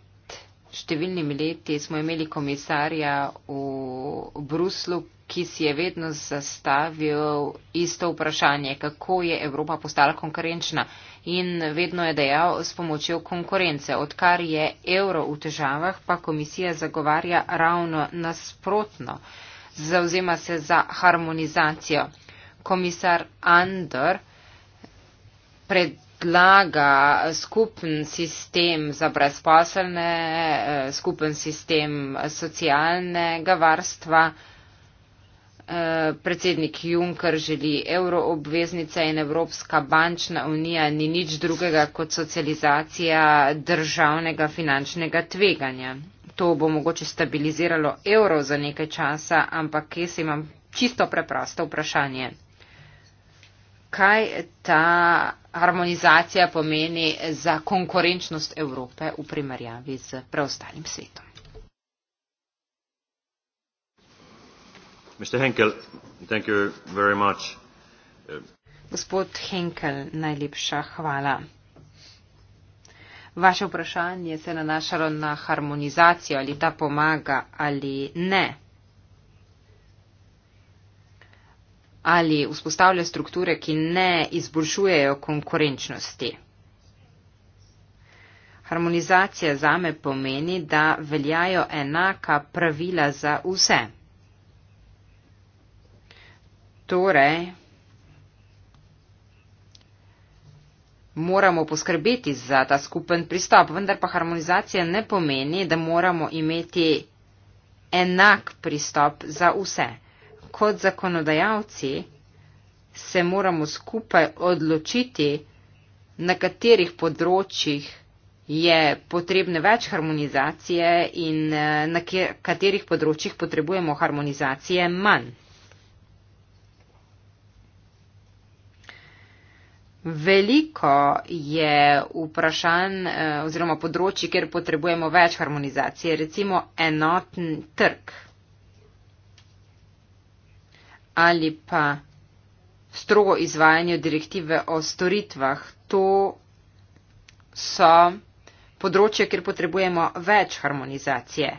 številnimi leti smo imeli komisarja v Bruslu, ki si je vedno zastavil isto vprašanje, kako je Evropa postala konkurenčna in vedno je dejal s pomočjo konkurence. Odkar je evro v težavah, pa komisija zagovarja ravno nasprotno, zauzema se za harmonizacijo. Komisar Andor pred Predlaga skupen sistem za brezposelne, eh, skupen sistem socialnega varstva. Eh, predsednik Juncker želi euroobveznice in Evropska bančna unija ni nič drugega kot socializacija državnega finančnega tveganja. To bo mogoče stabiliziralo evro za nekaj časa, ampak jaz imam čisto preprosto vprašanje. Kaj ta harmonizacija pomeni za konkurenčnost Evrope v primerjavi z preostalim svetom? Gospod Henkel, najlepša hvala. Vaše vprašanje se nanašalo na harmonizacijo, ali ta pomaga ali ne. Ali vzpostavlja strukture, ki ne izboljšujejo konkurenčnosti. Harmonizacija zame pomeni, da veljajo enaka pravila za vse. Torej, moramo poskrbeti za ta skupen pristop, vendar pa harmonizacija ne pomeni, da moramo imeti enak pristop za vse. Kot zakonodajalci se moramo skupaj odločiti, na katerih področjih je potrebne več harmonizacije in eh, na katerih področjih potrebujemo harmonizacije manj. Veliko je vprašanj eh, oziroma področji, kjer potrebujemo več harmonizacije, recimo enoten trg ali pa strogo izvajanje direktive o storitvah. To so področje, kjer potrebujemo več harmonizacije.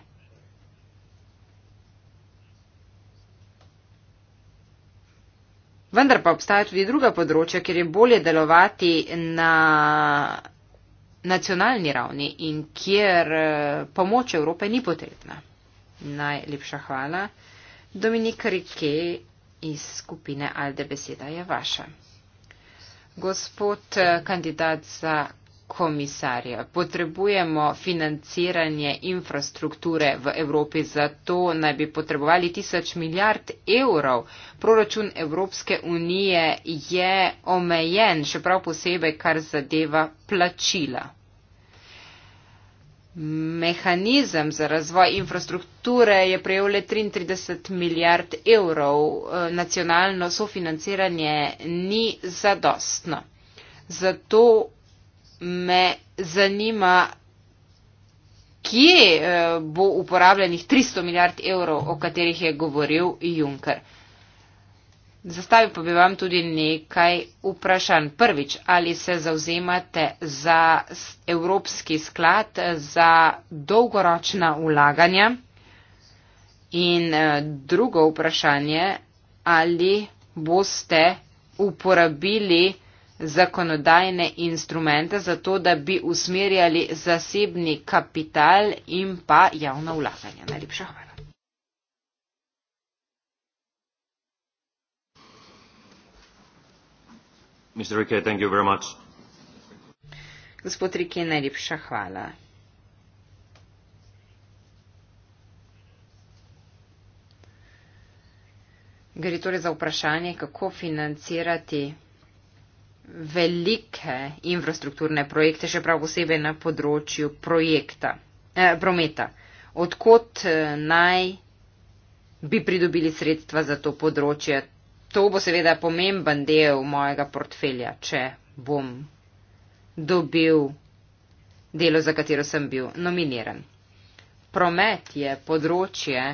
Vendar pa obstaja tudi druga področja, kjer je bolje delovati na nacionalni ravni in kjer eh, pomoč Evrope ni potrebna. Najlepša hvala. Dominik Rike iz skupine Alde Beseda je vaša. Gospod eh, kandidat za komisarja. Potrebujemo financiranje infrastrukture v Evropi, zato naj bi potrebovali tisoč milijard evrov. Proračun Evropske unije je omejen, še prav posebej, kar zadeva plačila. Mehanizem za razvoj infrastrukture je prejel le 33 milijard evrov, nacionalno sofinanciranje ni zadostno. Zato me zanima, kje eh, bo uporabljenih 300 milijard evrov, o katerih je govoril Juncker. Zastavil pa bi vam tudi nekaj vprašanj. Prvič, ali se zauzemate za Evropski sklad za dolgoročna ulaganja? In eh, drugo vprašanje, ali boste uporabili zakonodajne instrumente za to, da bi usmerjali zasebni kapital in pa javna vlaganja. Najlepša hvala. Gospod Rike, najlepša hvala. Gre torej za vprašanje, kako financirati velike infrastrukturne projekte, še prav posebej na področju projekta, eh, prometa. Odkot eh, naj bi pridobili sredstva za to področje? To bo seveda pomemben del mojega portfelja, če bom dobil delo, za katero sem bil nominiran. Promet je področje,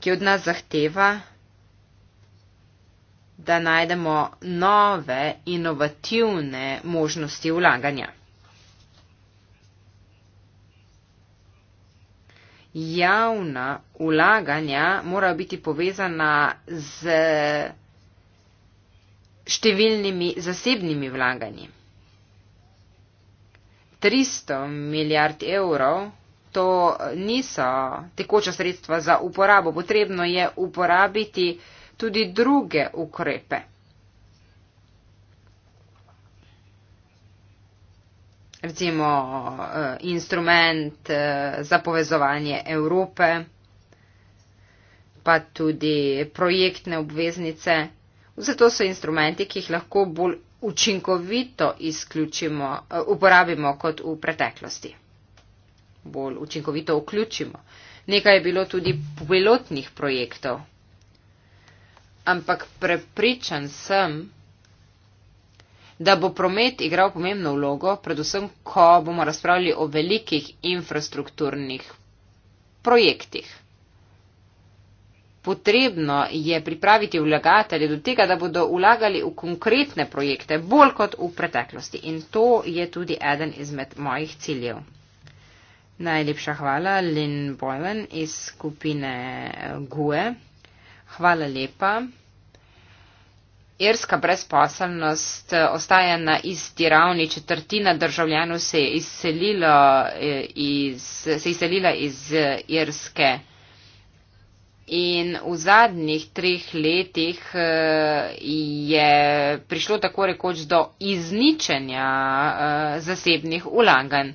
ki od nas zahteva da najdemo nove inovativne možnosti vlaganja. Javna vlaganja morajo biti povezana z številnimi zasebnimi vlaganji. 300 milijard evrov to niso tekoča sredstva za uporabo. Potrebno je uporabiti tudi druge ukrepe. Recimo eh, instrument eh, za povezovanje Evrope, pa tudi projektne obveznice. Vse to so instrumenti, ki jih lahko bolj učinkovito eh, uporabimo kot v preteklosti. Bolj učinkovito vključimo. Nekaj je bilo tudi pilotnih projektov, ampak prepričan sem, da bo promet igral pomembno vlogo, predvsem, ko bomo razpravljali o velikih infrastrukturnih projektih. Potrebno je pripraviti vlagatelje do tega, da bodo vlagali v konkretne projekte bolj kot v preteklosti. In to je tudi eden izmed mojih ciljev. Najlepša hvala Lynn Boylan iz skupine eh, GUE. Hvala lepa. Irska brezposelnost eh, ostaja na isti ravni, četrtina državljanov se je eh, izselila iz, se eh, izselila iz Irske. In v zadnjih treh letih je prišlo tako rekoč do izničenja zasebnih ulaganj.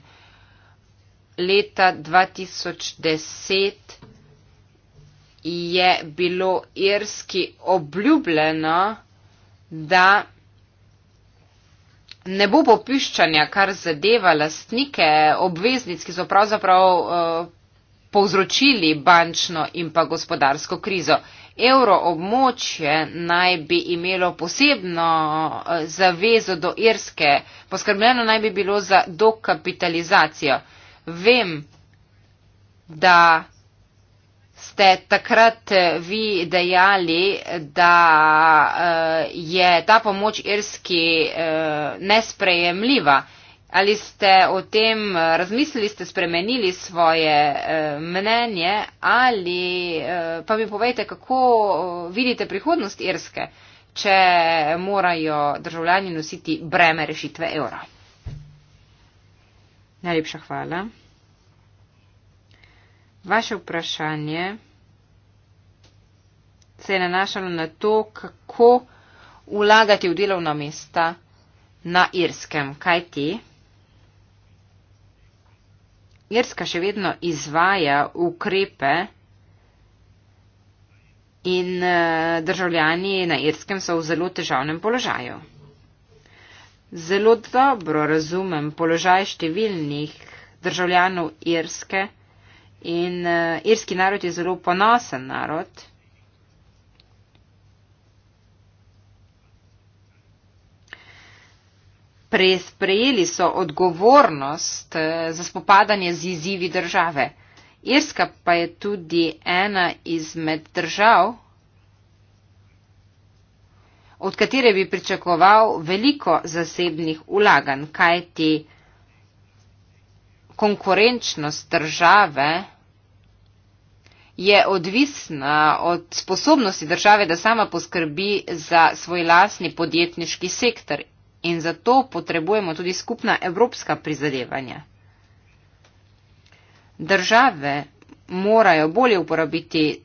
Leta 2010 je bilo Irski obljubljeno, da ne bo popiščanja, kar zadeva lastnike obveznic, ki so pravzaprav eh, povzročili bančno in pa gospodarsko krizo. Euroobmočje naj bi imelo posebno eh, zavezo do Irske, poskrbljeno naj bi bilo za dokapitalizacijo. Vem, da ste takrat eh, vi dejali, da eh, je ta pomoč irski eh, nesprejemljiva. Ali ste o tem razmislili, ste spremenili svoje mnenje ali pa mi povejte, kako vidite prihodnost irske, če morajo državljani nositi breme rešitve evra. Najlepša hvala. Vaše vprašanje se je nanašalo na to, kako vlagati v delovna mesta na Irskem. Kaj ti? Irska še vedno izvaja ukrepe in eh, državljani na Irskem so v zelo težavnem položaju. Zelo dobro razumem položaj številnih državljanov Irske, In uh, irski narod je zelo ponosen narod. Sprejeli so odgovornost eh, za spopadanje z izzivi države. Irska pa je tudi ena izmed držav, od katere bi pričakoval veliko zasebnih ulaganj, kajti konkurenčnost države je odvisna od sposobnosti države, da sama poskrbi za svoj lasni podjetniški sektor in zato potrebujemo tudi skupna evropska prizadevanja. Države morajo bolje uporabiti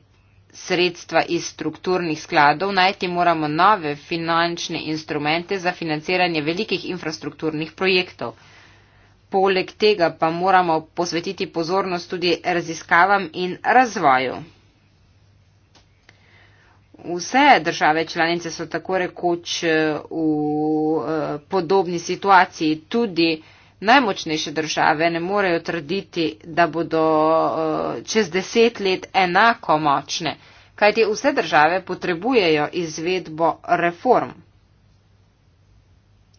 sredstva iz strukturnih skladov, najti moramo nove finančne instrumente za financiranje velikih infrastrukturnih projektov. Poleg tega pa moramo posvetiti pozornost tudi raziskavam in razvoju. Vse države članice so tako rekoč eh, v eh, podobni situaciji, tudi najmočnejše države ne morejo trditi, da bodo eh, čez deset let enako močne, kajti vse države potrebujejo izvedbo reform.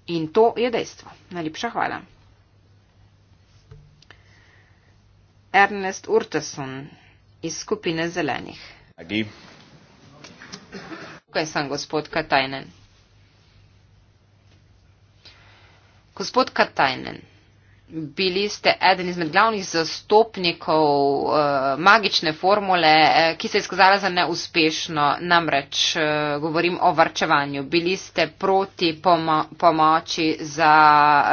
In to je dejstvo. Najlepša hvala. Ernest Urteson iz skupine Zelenih. Adi. Tukaj sem, gospod Katajnen. Gospod Katajnen, bili ste eden izmed glavnih zastopnikov uh, magične formule, uh, ki se je izkazala za neuspešno, namreč uh, govorim o varčevanju. Bili ste proti pomo pomoči za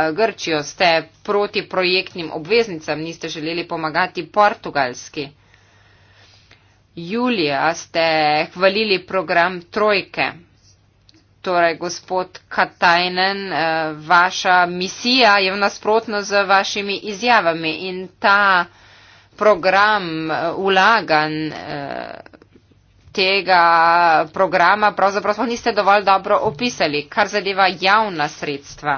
uh, Grčijo, ste proti projektnim obveznicam, niste želeli pomagati portugalski. Julija ste hvalili program Trojke torej gospod Katajnen, eh, vaša misija je v nasprotno z vašimi izjavami in ta program eh, ulagan eh, tega programa pravzaprav niste dovolj dobro opisali, kar zadeva javna sredstva.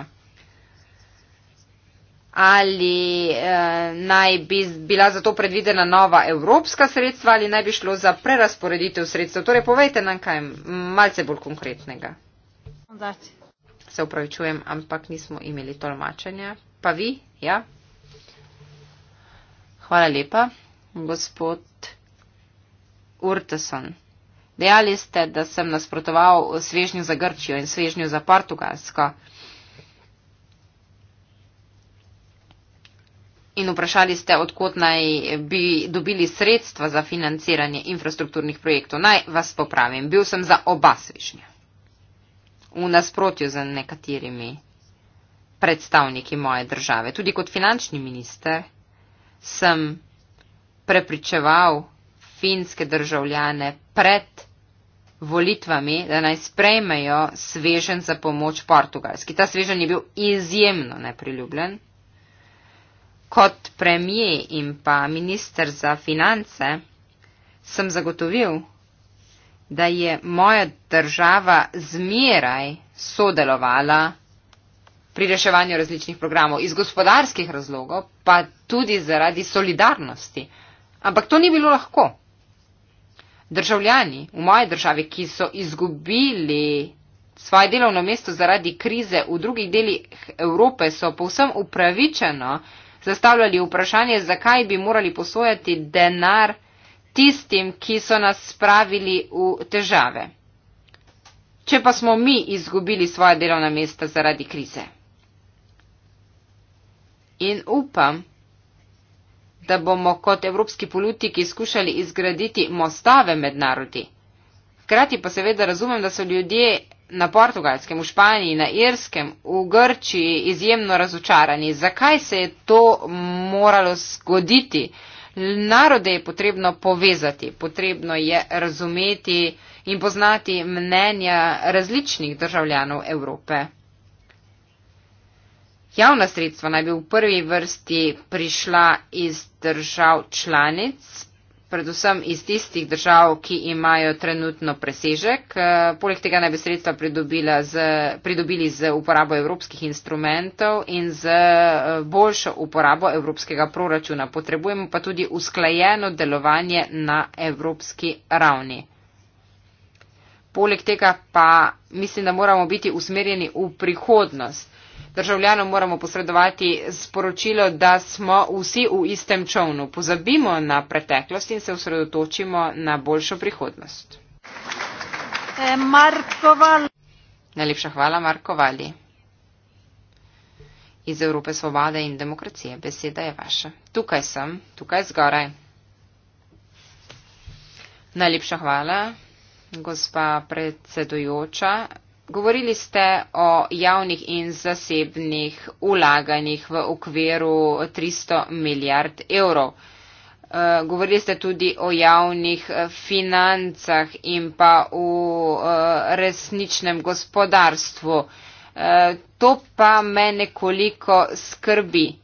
Ali eh, naj bi bila za to predvidena nova evropska sredstva ali naj bi šlo za prerasporeditev sredstva? Torej, povejte nam kaj malce bolj konkretnega. Zdravci. Se upravičujem, ampak nismo imeli tolmačenja. Pa vi, ja? Hvala lepa, gospod Urteson. Dejali ste, da sem nasprotoval svežnju za Grčijo in svežnju za Portugalsko. In vprašali ste, odkot naj bi dobili sredstva za financiranje infrastrukturnih projektov. Naj vas popravim, bil sem za oba svežnja v nasprotju z nekaterimi predstavniki moje države. Tudi kot finančni minister sem prepričeval finske državljane pred volitvami, da naj sprejmejo svežen za pomoč portugalski. Ta svežen je bil izjemno nepriljubljen. Kot premije in pa minister za finance sem zagotovil, da je moja država zmeraj sodelovala pri reševanju različnih programov iz gospodarskih razlogov, pa tudi zaradi solidarnosti. Ampak to ni bilo lahko. Državljani v moji državi, ki so izgubili svoje delovno mesto zaradi krize v drugih delih Evrope, so povsem upravičeno zastavljali vprašanje, zakaj bi morali posojati denar tistim, ki so nas spravili v težave. Če pa smo mi izgubili svoje delovna mesta zaradi krize. In upam, da bomo kot evropski politiki skušali izgraditi mostove med narodi. Hkrati pa seveda razumem, da so ljudje na portugalskem, v Španiji, na irskem, v Grčiji izjemno razočarani. Zakaj se je to moralo zgoditi? Narode je potrebno povezati, potrebno je razumeti in poznati mnenja različnih državljanov Evrope. Javna sredstva naj bi v prvi vrsti prišla iz držav članic, predvsem iz tistih držav, ki imajo trenutno presežek. Eh, poleg tega naj bi sredstva z, pridobili z uporabo evropskih instrumentov in z eh, boljšo uporabo evropskega proračuna. Potrebujemo pa tudi usklajeno delovanje na evropski ravni. Poleg tega pa mislim, da moramo biti usmerjeni v prihodnost državljanom moramo posredovati sporočilo, da smo vsi v istem čovnu. Pozabimo na preteklost in se osredotočimo na boljšo prihodnost. Eh, Najlepša hvala, Marko Vali. Iz Evrope svobode in demokracije. Beseda je vaša. Tukaj sem, tukaj zgoraj. Najlepša hvala, gospa predsedujoča. Govorili ste o javnih in zasebnih ulaganjih v okviru 300 milijard evrov. Eh, govorili ste tudi o javnih eh, financah in pa o eh, resničnem gospodarstvu. To pa me nekoliko skrbi.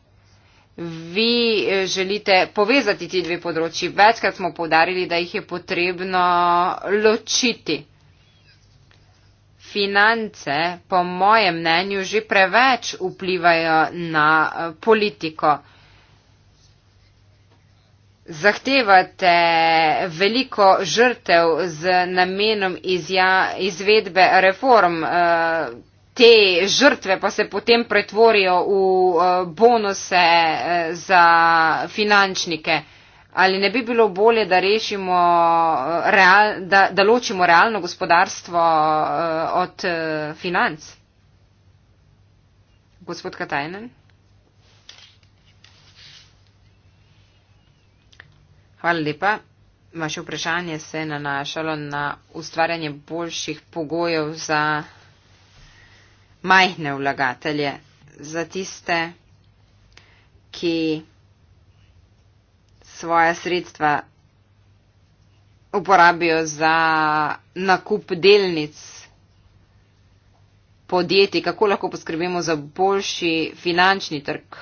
Vi želite povezati ti dve področji. Večkrat smo podarili, da jih je potrebno ločiti finance, po mojem mnenju, že preveč vplivajo na eh, politiko. Zahtevate veliko žrtev z namenom izja, izvedbe reform. Eh, te žrtve pa se potem pretvorijo v eh, bonuse za finančnike. Ali ne bi bilo bolje, da, rešimo, eh, real, da, da ločimo realno gospodarstvo uh, od uh, financ? Gospod Katajnen? Hvala lepa. Vaše vprašanje se je nanašalo na ustvarjanje boljših pogojev za majhne vlagatelje, za tiste, ki svoje sredstva uporabijo za nakup delnic podjetij, kako lahko poskrbimo za boljši finančni trg.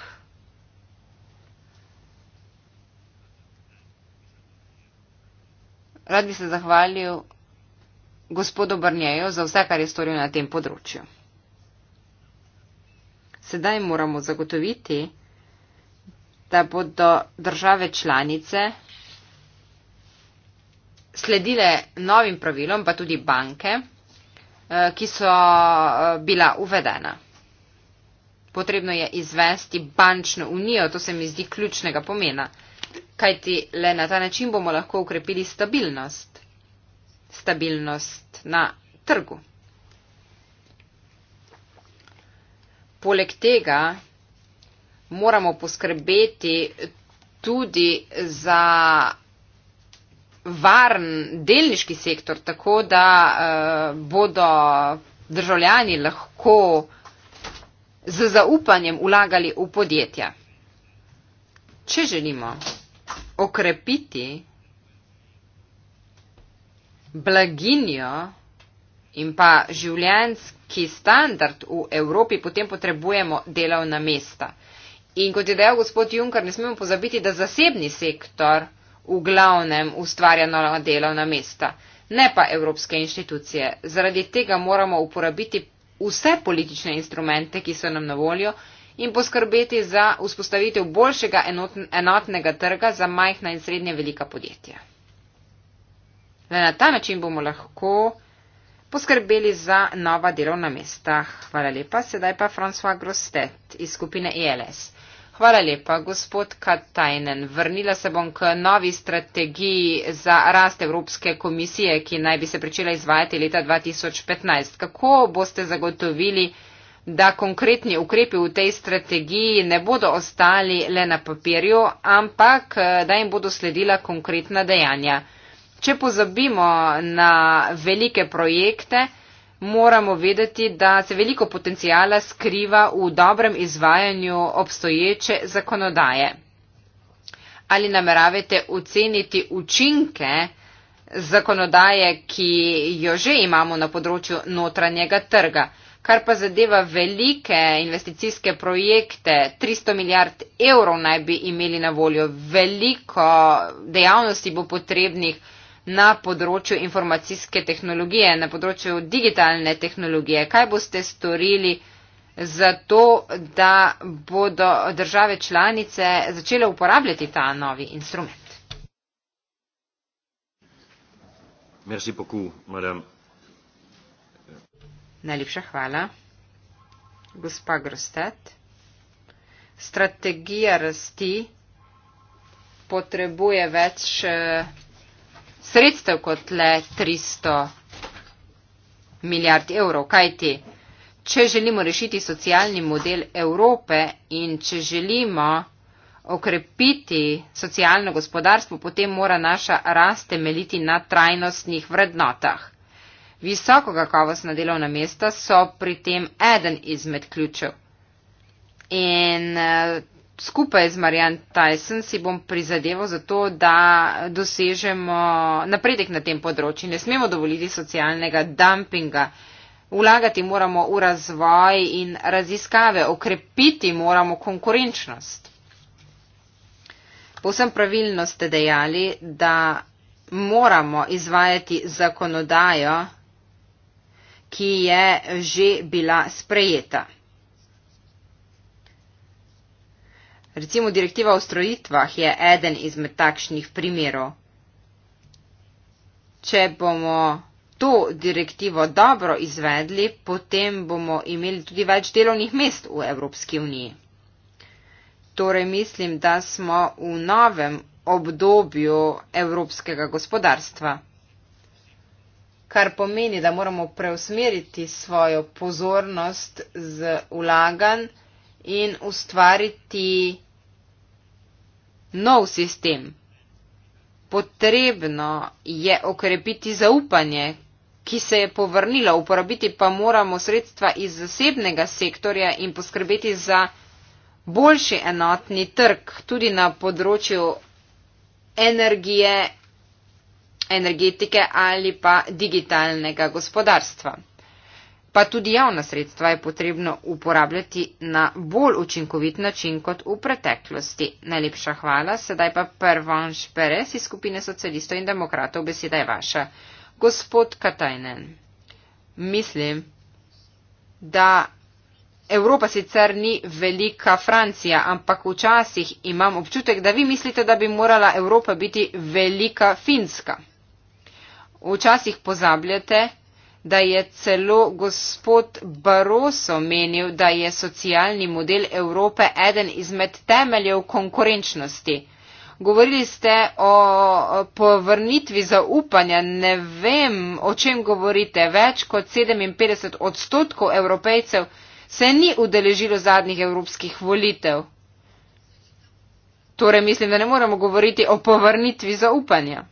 Rad bi se zahvalil gospodu Brnjeju za vse, kar je storil na tem področju. Sedaj moramo zagotoviti, da bodo države članice sledile novim pravilom, pa tudi banke, eh, ki so eh, bila uvedena. Potrebno je izvesti bančno unijo, to se mi zdi ključnega pomena, kajti le na ta način bomo lahko ukrepili stabilnost, stabilnost na trgu. Poleg tega moramo poskrbeti tudi za varen delniški sektor, tako da uh, bodo državljani lahko z zaupanjem vlagali v podjetja. Če želimo okrepiti blaginjo in pa življenjski standard v Evropi, potem potrebujemo delovna mesta. In kot je dejal gospod Juncker, ne smemo pozabiti, da zasebni sektor v glavnem ustvarja nova delovna mesta, ne pa evropske inštitucije. Zaradi tega moramo uporabiti vse politične instrumente, ki so nam na voljo in poskrbeti za vzpostavitev boljšega enotnega trga za majhna in srednje velika podjetja. Le na ta način bomo lahko poskrbeli za nova delovna mesta. Hvala lepa, sedaj pa François Grostet iz skupine ELS. Hvala lepa, gospod Katajnen. Vrnila se bom k novi strategiji za rast Evropske komisije, ki naj bi se pričela izvajati leta 2015. Kako boste zagotovili, da konkretni ukrepi v tej strategiji ne bodo ostali le na papirju, ampak da jim bodo sledila konkretna dejanja? Če pozabimo na velike projekte, moramo vedeti, da se veliko potencijala skriva v dobrem izvajanju obstoječe zakonodaje. Ali nameravate oceniti učinke zakonodaje, ki jo že imamo na področju notranjega trga? Kar pa zadeva velike investicijske projekte, 300 milijard evrov naj bi imeli na voljo, veliko dejavnosti bo potrebnih na področju informacijske tehnologije, na področju digitalne tehnologije. Kaj boste storili za to, da bodo države članice začele uporabljati ta novi instrument? Merci beaucoup, madame. Najlepša hvala. Gospa Grostet, strategija rasti potrebuje več eh, sredstev kot le 300 milijard evrov. Kajti, če želimo rešiti socialni model Evrope in če želimo okrepiti socialno gospodarstvo, potem mora naša rast temeljiti na trajnostnih vrednotah. Visoko kakovostna delovna mesta so pri tem eden izmed ključev. In eh, skupaj z Marian Tyson si bom prizadeval za to, da dosežemo napredek na tem področju. Ne smemo dovoliti socialnega dumpinga. Vlagati moramo v razvoj in raziskave, okrepiti moramo konkurenčnost. Povsem pravilno ste dejali, da moramo izvajati zakonodajo, ki je že bila sprejeta. Recimo direktiva o strojitvah je eden izmed takšnih primerov. Če bomo to direktivo dobro izvedli, potem bomo imeli tudi več delovnih mest v Evropski uniji. Torej mislim, da smo v novem obdobju evropskega gospodarstva, kar pomeni, da moramo preusmeriti svojo pozornost z ulagan in ustvariti nov sistem. Potrebno je okrepiti zaupanje, ki se je povrnilo, uporabiti pa moramo sredstva iz zasebnega sektorja in poskrbeti za boljši enotni trg tudi na področju energije, energetike ali pa digitalnega gospodarstva pa tudi javna sredstva je potrebno uporabljati na bolj učinkovit način kot v preteklosti. Najlepša hvala, sedaj pa Pervanš Perez iz skupine socialistov in demokratov, beseda je vaša. Gospod Katajnen, mislim, da Evropa sicer ni velika Francija, ampak včasih imam občutek, da vi mislite, da bi morala Evropa biti velika Finska. Včasih pozabljate, da je celo gospod Barroso menil, da je socialni model Evrope eden izmed temeljev konkurenčnosti. Govorili ste o povrnitvi zaupanja, ne vem, o čem govorite. Več kot 57 odstotkov evropejcev se ni udeležilo zadnjih evropskih volitev. Torej mislim, da ne moramo govoriti o povrnitvi zaupanja.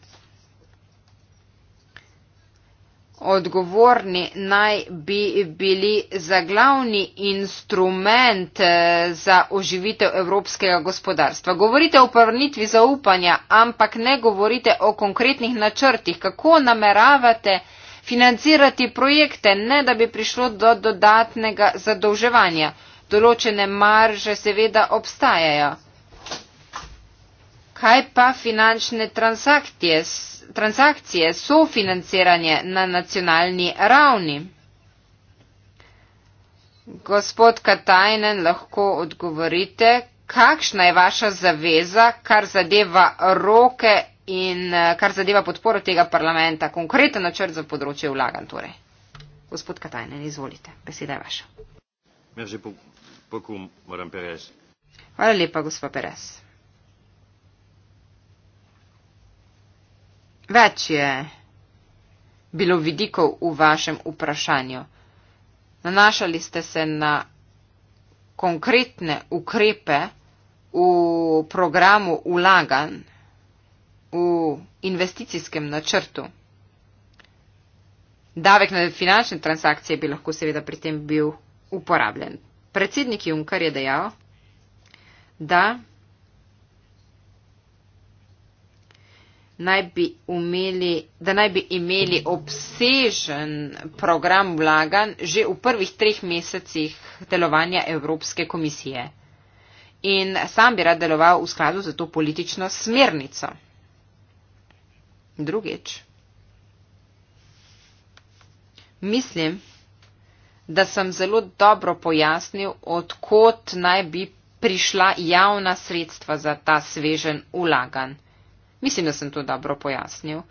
odgovorni naj bi bili za glavni instrument eh, za oživitev evropskega gospodarstva. Govorite o povrnitvi zaupanja, ampak ne govorite o konkretnih načrtih, kako nameravate financirati projekte, ne da bi prišlo do dodatnega zadolževanja. Določene marže seveda obstajajo. Kaj pa finančne transakcije, transakcije so financiranje na nacionalni ravni? Gospod Katajnen, lahko odgovorite, kakšna je vaša zaveza, kar zadeva roke in eh, kar zadeva podporo tega parlamenta, konkreten načrt za področje vlagan torej? Gospod Katajnen, izvolite, beseda je vaša. Hvala lepa, gospod Perez. Več je bilo vidikov v vašem vprašanju. Nanašali ste se na konkretne ukrepe v programu ulagan v investicijskem načrtu. Davek na finančne transakcije bi lahko seveda pri tem bil uporabljen. Predsednik Juncker je dejal, da naj bi umeli, da naj bi imeli obsežen program vlagan že v prvih treh mesecih delovanja Evropske komisije. In sam bi rad deloval v skladu za to politično smernico. Drugič. Mislim, da sem zelo dobro pojasnil, odkot naj bi prišla javna sredstva za ta svežen vlagan. Mislim, da sem to dobro pojasnil.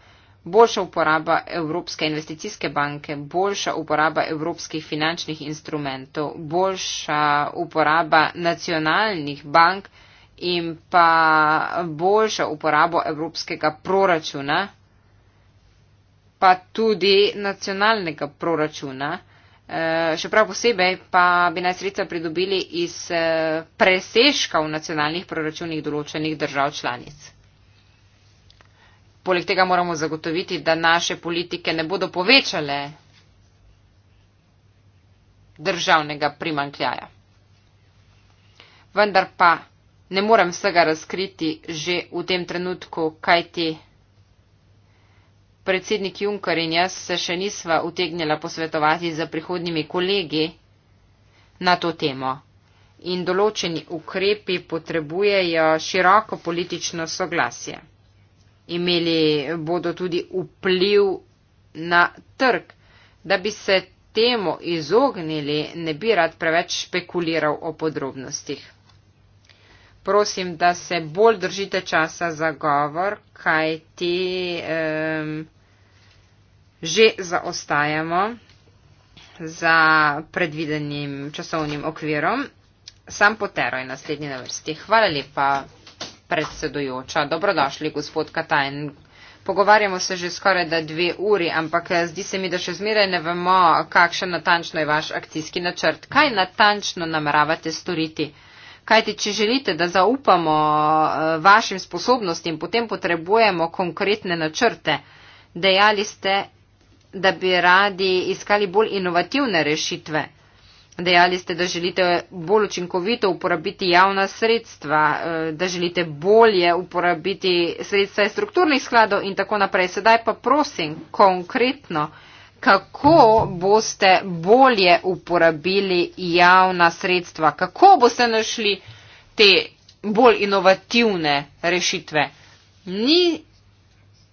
Boljša uporaba Evropske investicijske banke, boljša uporaba evropskih finančnih instrumentov, boljša uporaba nacionalnih bank in pa boljša uporaba evropskega proračuna, pa tudi nacionalnega proračuna. Eh, še prav posebej pa bi naj sredstva pridobili iz eh, presežka v nacionalnih proračunih določenih držav članic. Poleg tega moramo zagotoviti, da naše politike ne bodo povečale državnega primankljaja. Vendar pa ne morem vsega razkriti že v tem trenutku, kaj ti predsednik Juncker in jaz se še nisva utegnila posvetovati za prihodnimi kolegi na to temo. In določeni ukrepi potrebujejo široko politično soglasje imeli bodo tudi vpliv na trg. Da bi se temu izognili, ne bi rad preveč špekuliral o podrobnostih. Prosim, da se bolj držite časa za govor, kaj ti um, že zaostajamo za predvidenim časovnim okvirom. Sam potero je naslednji na vrsti. Hvala lepa predsedujoča. Dobrodošli, gospod Katajn. Pogovarjamo se že skoraj da dve uri, ampak eh, zdi se mi, da še zmeraj ne vemo, kakšen natančno je vaš akcijski načrt. Kaj natančno nameravate storiti? Kajti, če želite, da zaupamo eh, vašim sposobnostim, potem potrebujemo konkretne načrte. Dejali ste, da bi radi iskali bolj inovativne rešitve. Dejali ste, da želite bolj učinkovito uporabiti javna sredstva, eh, da želite bolje uporabiti sredstva iz strukturnih skladov in tako naprej. Sedaj pa prosim konkretno, kako boste bolje uporabili javna sredstva, kako boste našli te bolj inovativne rešitve. Ni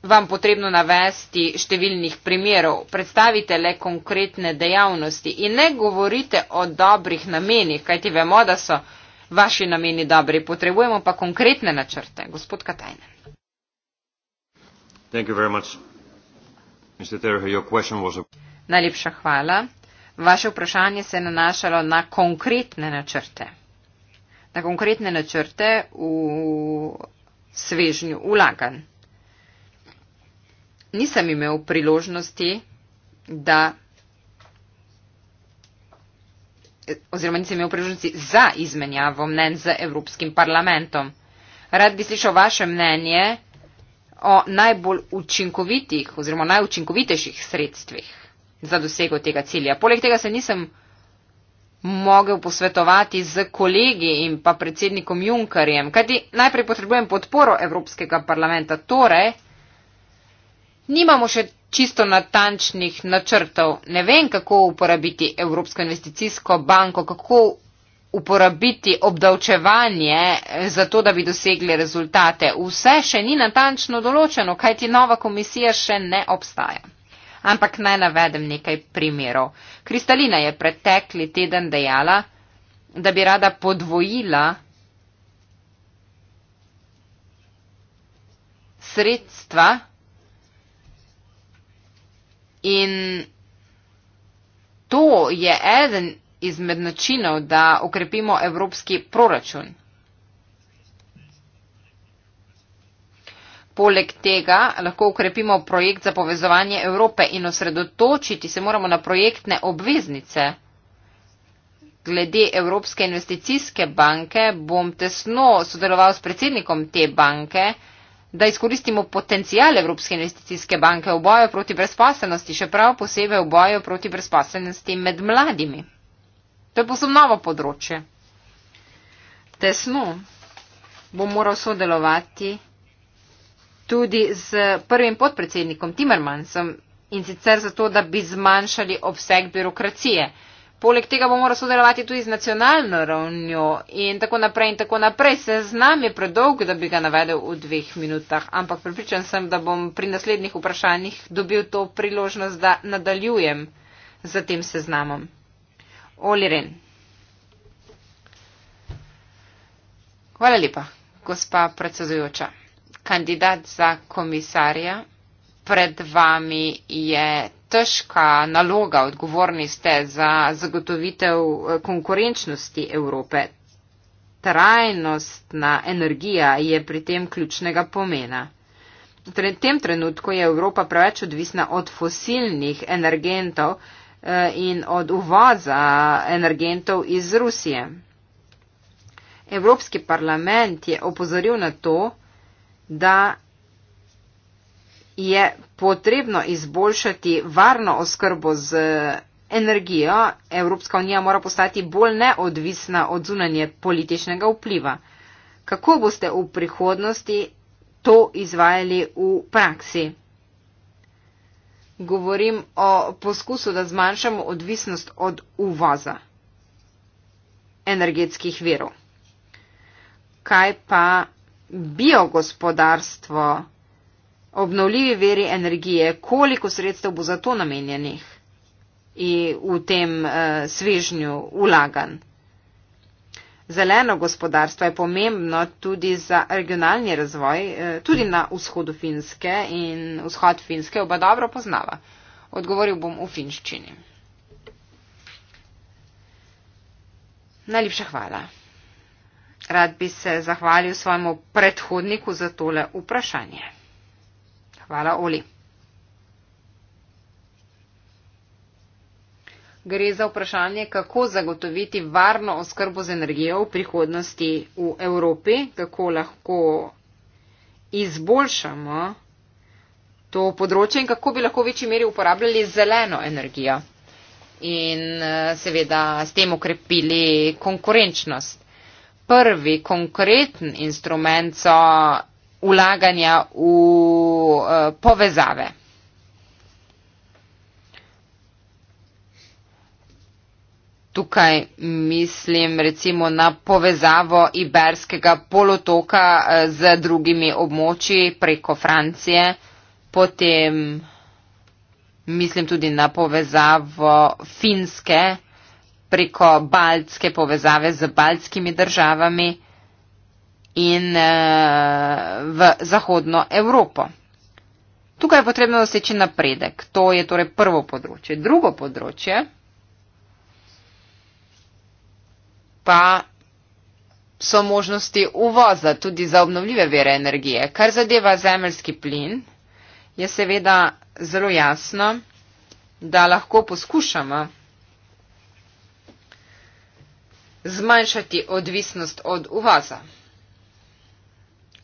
vam potrebno navesti številnih primerov. Predstavite le konkretne dejavnosti in ne govorite o dobrih namenih, kajti vemo, da so vaši nameni dobri. Potrebujemo pa konkretne načrte. Gospod Katajne. Najlepša hvala. Vaše vprašanje se je nanašalo na konkretne načrte. Na konkretne načrte v svežnju ulaganj nisem imel priložnosti, da, oziroma nisem imel priložnosti za izmenjavo mnen z Evropskim parlamentom. Rad bi slišal vaše mnenje o najbolj učinkovitih oziroma najučinkovitejših sredstvih za dosego tega cilja. Poleg tega se nisem mogel posvetovati z kolegi in pa predsednikom Junkarjem, kajti najprej potrebujem podporo Evropskega parlamenta, torej Nimamo še čisto natančnih načrtov. Ne vem, kako uporabiti Evropsko investicijsko banko, kako uporabiti obdavčevanje eh, za to, da bi dosegli rezultate. Vse še ni natančno določeno, kaj ti nova komisija še ne obstaja. Ampak naj navedem nekaj primerov. Kristalina je pretekli teden dejala, da bi rada podvojila sredstva, In to je eden izmed načinov, da okrepimo evropski proračun. Poleg tega lahko ukrepimo projekt za povezovanje Evrope in osredotočiti se moramo na projektne obveznice. Glede Evropske investicijske banke bom tesno sodeloval s predsednikom te banke da izkoristimo potencijal Evropske investicijske banke v boju proti brezposelnosti, še prav posebej v boju proti brezposelnosti med mladimi. To je posebno novo področje. Tesno bo moral sodelovati tudi z prvim podpredsednikom Timmermansom in sicer zato, da bi zmanjšali obseg birokracije. Poleg tega bo moral sodelovati tudi z nacionalno ravnjo in tako naprej in tako naprej. Se znam je predolg, da bi ga navedel v dveh minutah, ampak pripričan sem, da bom pri naslednjih vprašanjih dobil to priložnost, da nadaljujem z tem seznamom. Oli Ren. Hvala lepa, gospa predsedujoča. Kandidat za komisarja. Pred vami je težka naloga, odgovorni ste za zagotovitev eh, konkurenčnosti Evrope. Trajnostna energija je pri tem ključnega pomena. V tem trenutku je Evropa preveč odvisna od fosilnih energentov eh, in od uvoza energentov iz Rusije. Evropski parlament je opozoril na to, da je potrebno izboljšati varno oskrbo z energijo, Evropska unija mora postati bolj neodvisna od zunanje političnega vpliva. Kako boste v prihodnosti to izvajali v praksi? Govorim o poskusu, da zmanjšamo odvisnost od uvoza energetskih verov. Kaj pa biogospodarstvo? obnovljivi veri energije, koliko sredstev bo za to namenjenih in v tem uh, svežnju ulagan. Zeleno gospodarstvo je pomembno tudi za regionalni razvoj, uh, tudi na vzhodu Finske in vzhod Finske oba dobro poznava. Odgovoril bom v finščini. Najlepša hvala. Rad bi se zahvalil svojemu predhodniku za tole vprašanje. Hvala, Oli. Gre za vprašanje, kako zagotoviti varno oskrbo z energijo v prihodnosti v Evropi, kako lahko izboljšamo to področje in kako bi lahko v večji meri uporabljali zeleno energijo in eh, seveda s tem ukrepili konkurenčnost. Prvi konkreten instrument so ulaganja v Eh, povezave. Tukaj mislim recimo na povezavo Iberskega polotoka eh, z drugimi območji preko Francije, potem mislim tudi na povezavo Finske preko Baltske povezave z Baltskimi državami in eh, v Zahodno Evropo. Tukaj je potrebno doseči napredek. To je torej prvo področje. Drugo področje pa so možnosti uvoza tudi za obnovljive vere energije. Kar zadeva zemljski plin, je seveda zelo jasno, da lahko poskušamo zmanjšati odvisnost od uvoza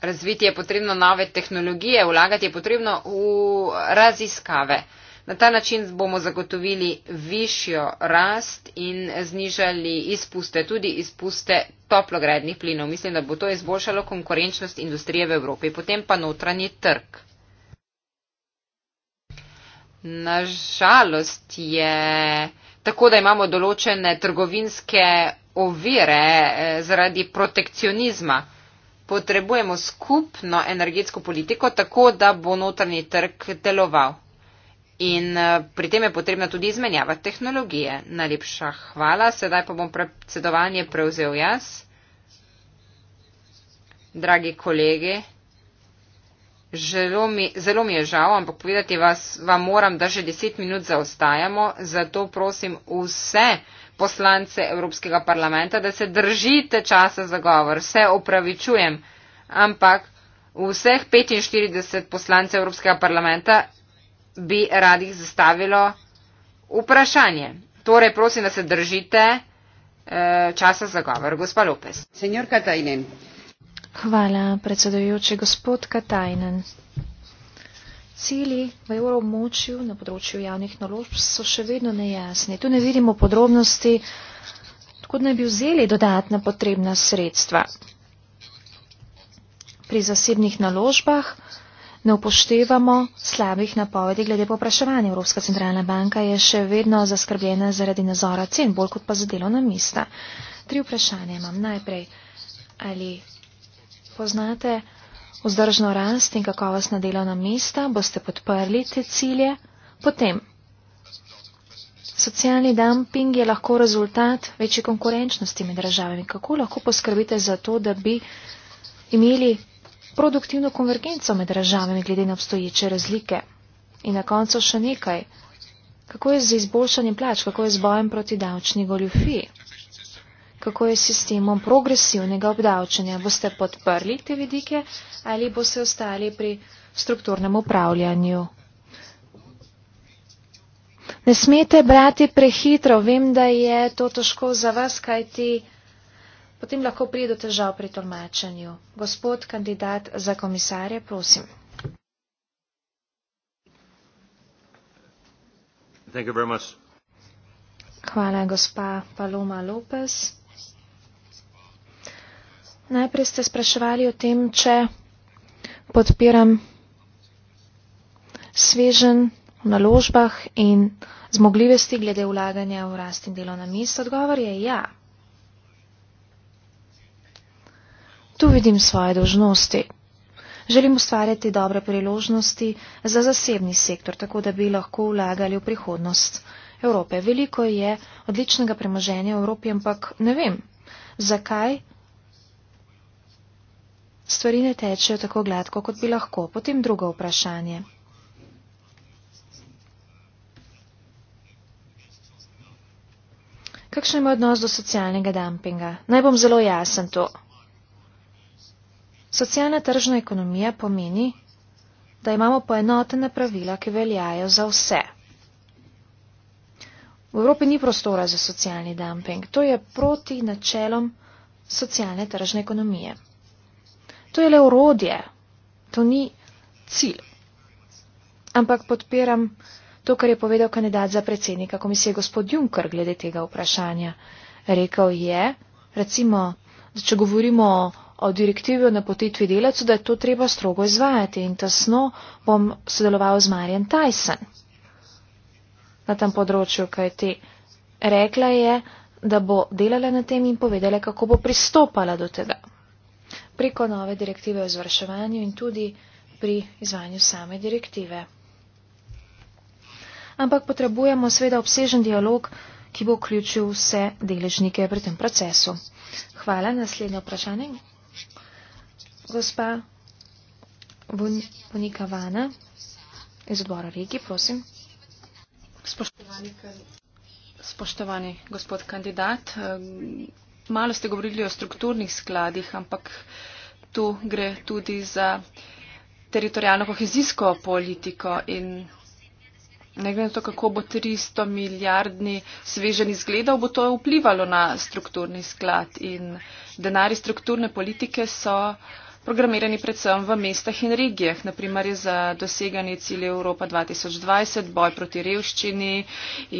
razviti je potrebno nove tehnologije, vlagati je potrebno v raziskave. Na ta način bomo zagotovili višjo rast in znižali izpuste, tudi izpuste toplogrednih plinov. Mislim, da bo to izboljšalo konkurenčnost industrije v Evropi, potem pa notranji trg. Nažalost je tako, da imamo določene trgovinske ovire eh, zaradi protekcionizma potrebujemo skupno energetsko politiko, tako da bo notranji trg deloval. In eh, pri tem je potrebna tudi izmenjava tehnologije. Najlepša hvala. Sedaj pa bom predsedovanje prevzel jaz. Dragi kolegi, mi, zelo mi je žal, ampak povedati vas, vam moram, da že deset minut zaostajamo, zato prosim vse poslance Evropskega parlamenta, da se držite časa za govor. Se opravičujem, ampak vseh 45 poslance Evropskega parlamenta bi radih zastavilo vprašanje. Torej, prosim, da se držite eh, časa za govor. Gospa Lopes. Senjor Katajnen. Hvala, predsedujoči gospod Katajnen. Cili v evroobmočju na področju javnih naložb so še vedno nejasni. Tu ne vidimo podrobnosti, kot naj bi vzeli dodatna potrebna sredstva. Pri zasebnih naložbah ne upoštevamo slabih napovedi glede popraševanja. Evropska centralna banka je še vedno zaskrbljena zaradi nazora cen, bolj kot pa za delovna mesta. Tri vprašanja imam. Najprej, ali poznate vzdržno rast in kakovostna delovna mesta, boste podprli te cilje. Potem, socialni dumping je lahko rezultat večje konkurenčnosti med državami. Kako lahko poskrbite za to, da bi imeli produktivno konvergenco med državami glede na obstoječe razlike? In na koncu še nekaj. Kako je z izboljšanjem plač, kako je z bojem proti davčni goljufiji? kako je s sistemom progresivnega obdavčanja. Boste podprli te vidike ali boste ostali pri strukturnem upravljanju? Ne smete brati prehitro, vem, da je to težko za vas, kajti potem lahko pride do težav pri tolmačenju. Gospod kandidat za komisarje, prosim. Hvala, gospa Paloma Lopez. Najprej ste spraševali o tem, če podpiram svežen v naložbah in zmogljivosti glede vlaganja v rast in delovna mesta. Odgovor je ja. Tu vidim svoje dožnosti. Želim ustvarjati dobre priložnosti za zasebni sektor, tako da bi lahko vlagali v prihodnost Evrope. Veliko je odličnega premoženja v Evropi, ampak ne vem, zakaj stvari ne tečejo tako gladko, kot bi lahko. Potem drugo vprašanje. Kakšen je moj odnos do socialnega dumpinga? Naj bom zelo jasen to. Socialna tržna ekonomija pomeni, da imamo poenotena pravila, ki veljajo za vse. V Evropi ni prostora za socialni dumping. To je proti načelom socialne tržne ekonomije. To je le urodje, to ni cilj. Ampak podpiram to, kar je povedal kandidat za predsednika komisije gospod Juncker glede tega vprašanja. Rekel je, recimo, da če govorimo o direktivi o napotitvi delavcev, da je to treba strogo izvajati in tesno bom sodeloval z Marjen Tyson na tem področju, kaj ti rekla je, da bo delala na tem in povedala, kako bo pristopala do tega preko nove direktive o izvrševanju in tudi pri izvajanju same direktive. Ampak potrebujemo sveda obsežen dialog, ki bo vključil vse deležnike pri tem procesu. Hvala. Naslednje vprašanje. Gospa Bonika Vana iz odbora Regi, prosim. Spoštovani, spoštovani gospod kandidat, Malo ste govorili o strukturnih skladih, ampak tu gre tudi za teritorijalno kohezijsko politiko in ne glede na to, kako bo 300 milijardni svežen izgledal, bo to vplivalo na strukturni sklad in denari strukturne politike so programirani predvsem v mestah in regijah. Naprimer je za doseganje cilje Evropa 2020 boj proti revščini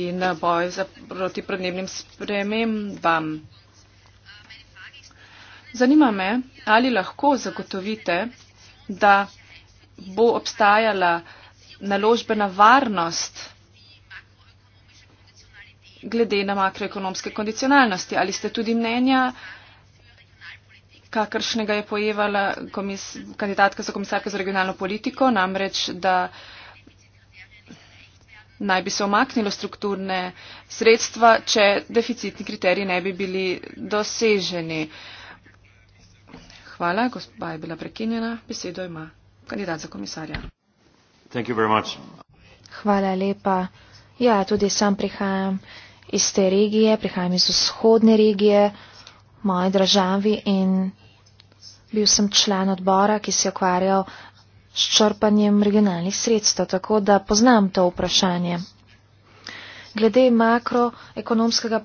in boj za, proti podnebnim spremembam. Zanima me, ali lahko zagotovite, da bo obstajala naložbena varnost glede na makroekonomske kondicionalnosti. Ali ste tudi mnenja, kakršnega je pojevala komis, kandidatka za komisarko za regionalno politiko, namreč, da naj bi se omaknilo strukturne sredstva, če deficitni kriteriji ne bi bili doseženi. Uh, Hvala, gospa je bila prekinjena. Besedo ima kandidat za komisarja. Hvala lepa. Ja, tudi sam prihajam iz te regije, prihajam iz vzhodne regije, moje državi in bil sem član odbora, ki se je ukvarjal s črpanjem regionalnih sredstev, tako da poznam to vprašanje. Glede makroekonomskega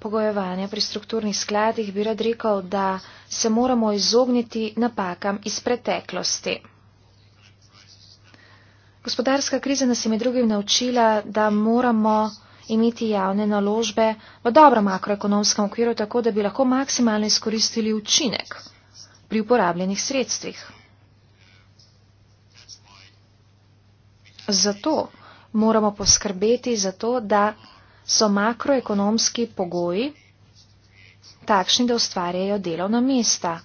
pogojevanja pri strukturnih skladih bi rad rekel, da se moramo izogniti napakam iz preteklosti. Gospodarska kriza nas je med drugim naučila, da moramo imeti javne naložbe v dobrem makroekonomskem okviru, tako da bi lahko maksimalno izkoristili učinek pri uporabljenih sredstvih. Zato moramo poskrbeti za to, da so makroekonomski pogoji takšni, da ustvarjajo delovna mesta,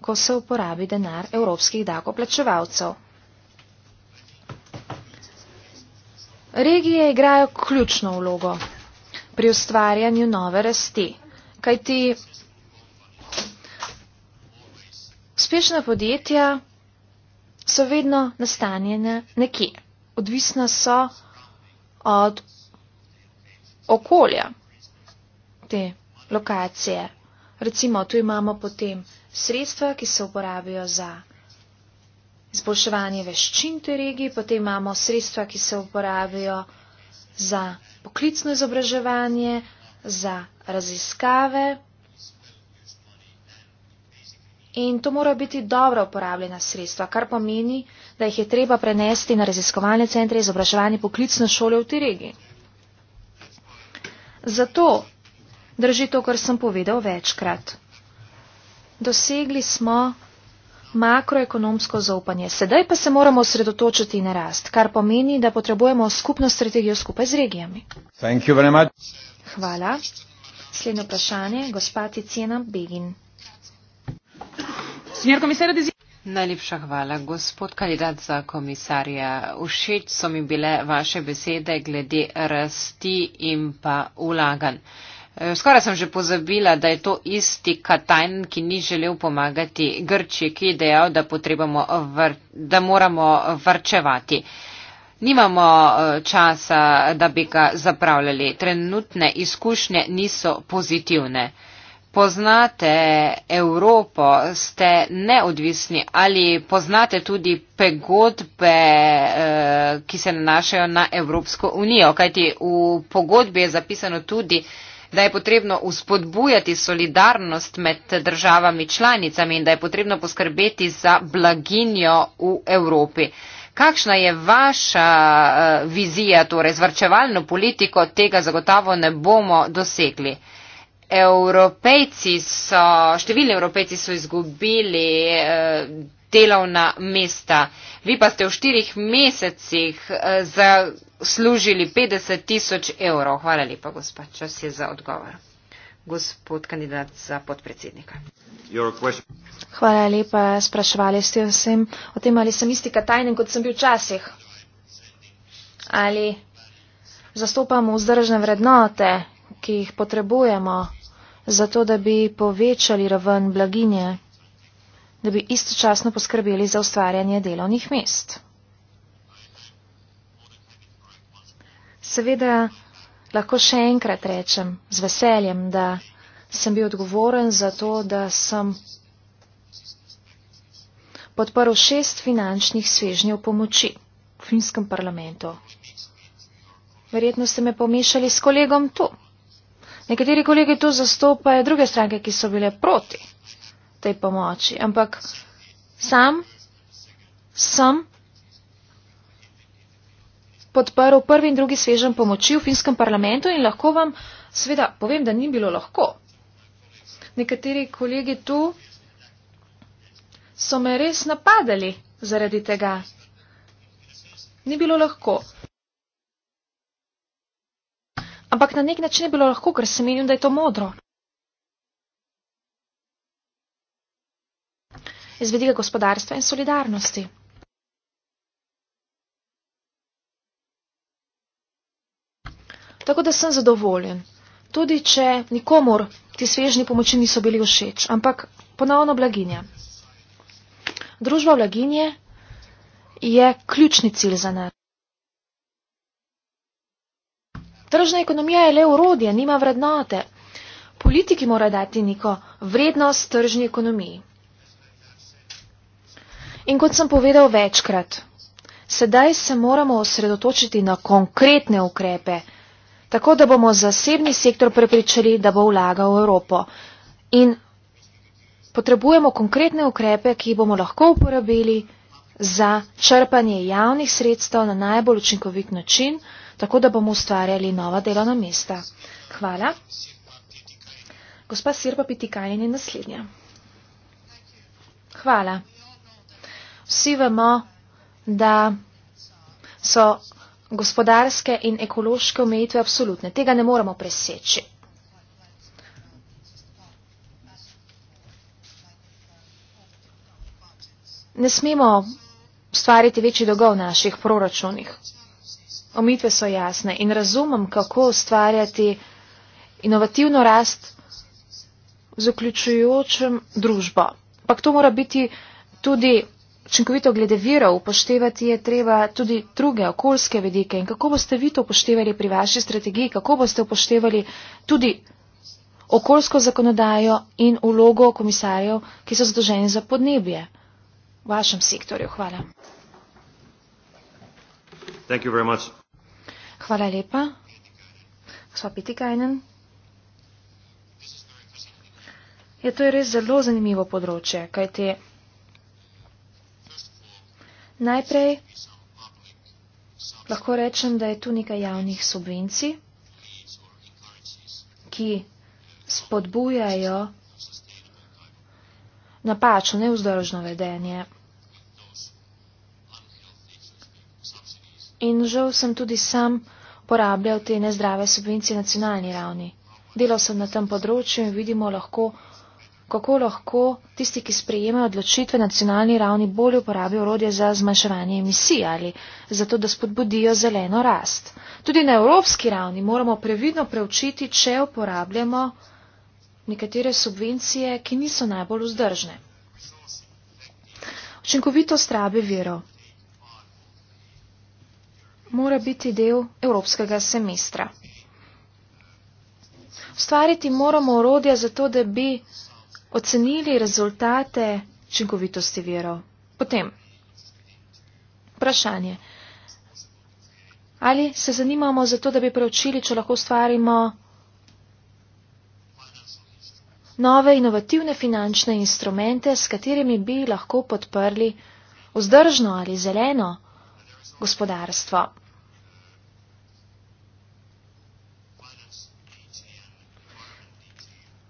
ko se uporabi denar evropskih dagoplačevalcev. Regije igrajo ključno vlogo pri ustvarjanju nove rasti, kajti uspešna podjetja so vedno nastanjene nekje odvisna so od okolja te lokacije. Recimo, tu imamo potem sredstva, ki se uporabijo za izboljševanje veščin te regiji, potem imamo sredstva, ki se uporabijo za poklicno izobraževanje, za raziskave, in to morajo biti dobro uporabljena sredstva, kar pomeni, da jih je treba prenesti na raziskovalne centre izobraževanja poklicne šole v Tiregi. Zato drži to, kar sem povedal večkrat. Dosegli smo makroekonomsko zaupanje, sedaj pa se moramo osredotočiti na rast, kar pomeni, da potrebujemo skupno strategijo skupaj z regijami. Hvala. Slednje vprašanje, gospa Ticena Begin. Smer komisarja Dezija. Najlepša hvala, gospod kandidat za komisarja. Všeč so mi bile vaše besede glede rasti in pa ulagan. E, skoraj sem že pozabila, da je to isti Katajn, ki ni želel pomagati Grči, ki je dejal, da, vr da moramo vrčevati. Nimamo e, časa, da bi ga zapravljali. Trenutne izkušnje niso pozitivne poznate Evropo, ste neodvisni ali poznate tudi pogodbe, eh, ki se nanašajo na Evropsko unijo, kajti v pogodbi je zapisano tudi, da je potrebno uspodbujati solidarnost med državami članicami in da je potrebno poskrbeti za blaginjo v Evropi. Kakšna je vaša eh, vizija, torej zvrčevalno politiko, tega zagotavo ne bomo dosegli. Evropejci so, številni Evropejci so izgubili eh, delovna mesta. Vi pa ste v štirih mesecih eh, zaslužili 50 tisoč evrov. Hvala lepa, gospod. Čas je za odgovor. Gospod kandidat za podpredsednika. Hvala lepa, spraševali ste vsem o tem, ali sem isti katajnen, kot sem bil včasih. Ali zastopamo vzdržne vrednote, ki jih potrebujemo zato da bi povečali raven blaginje, da bi istočasno poskrbeli za ustvarjanje delovnih mest. Seveda lahko še enkrat rečem z veseljem, da sem bil odgovoren za to, da sem podprl šest finančnih svežnjev pomoči v finskem parlamentu. Verjetno ste me pomešali s kolegom tu. Nekateri kolegi tu zastopajo druge stranke, ki so bile proti tej pomoči, ampak sam sem podprl prvi in drugi svežen pomoči v finskem parlamentu in lahko vam seveda povem, da ni bilo lahko. Nekateri kolegi tu so me res napadali zaradi tega. Ni bilo lahko ampak na nek način je bilo lahko, ker sem menil, da je to modro. Izvedika gospodarstva in solidarnosti. Tako da sem zadovoljen. Tudi če nikomor ti svežni pomoči niso bili všeč, ampak ponovno blaginja. Družba blaginje je ključni cilj za nas. Tržna ekonomija je le urodje, nima vrednote. Politiki mora dati neko vrednost tržni ekonomiji. In kot sem povedal večkrat, sedaj se moramo osredotočiti na konkretne ukrepe, tako da bomo zasebni sektor prepričali, da bo vlagal v Evropo. In potrebujemo konkretne ukrepe, ki bomo lahko uporabili za črpanje javnih sredstev na najbolj učinkovit način tako da bomo ustvarjali nova delovna mesta. Hvala. Gospa Sirba Pitikajnjen je naslednja. Hvala. Vsi vemo, da so gospodarske in ekološke omejitve absolutne. Tega ne moramo preseči. Ne smemo stvariti večji dolgov v naših proračunih omitve so jasne in razumem, kako ustvarjati inovativno rast z vključujočem družbo. Pak to mora biti tudi učinkovito glede virov, upoštevati je treba tudi druge okoljske vedike in kako boste vi to upoštevali pri vaši strategiji, kako boste upoštevali tudi okoljsko zakonodajo in ulogo komisarjev, ki so zadoženi za podnebje v vašem sektorju. Hvala. Thank you very much. Hvala lepa. Sva Pitikajnen. Ja, to je res zelo zanimivo področje, kaj te najprej lahko rečem, da je tu nekaj javnih subvencij, ki spodbujajo napačno, neuzdržno vedenje. In žal sem tudi sam porabljal te nezdrave subvencije nacionalni ravni. Delal sem na tem področju in vidimo lahko, kako lahko tisti, ki sprejemajo odločitve nacionalni ravni, bolje uporabijo urodje za zmanjševanje emisij ali za to, da spodbudijo zeleno rast. Tudi na evropski ravni moramo previdno preučiti, če uporabljamo nekatere subvencije, ki niso najbolj vzdržne. Učinkovitost rabe verov mora biti del evropskega semestra. Ustvariti moramo orodja za to, da bi ocenili rezultate čigovitosti verov. Potem, vprašanje. Ali se zanimamo za to, da bi preučili, če lahko ustvarimo nove inovativne finančne instrumente, s katerimi bi lahko podprli vzdržno ali zeleno gospodarstvo.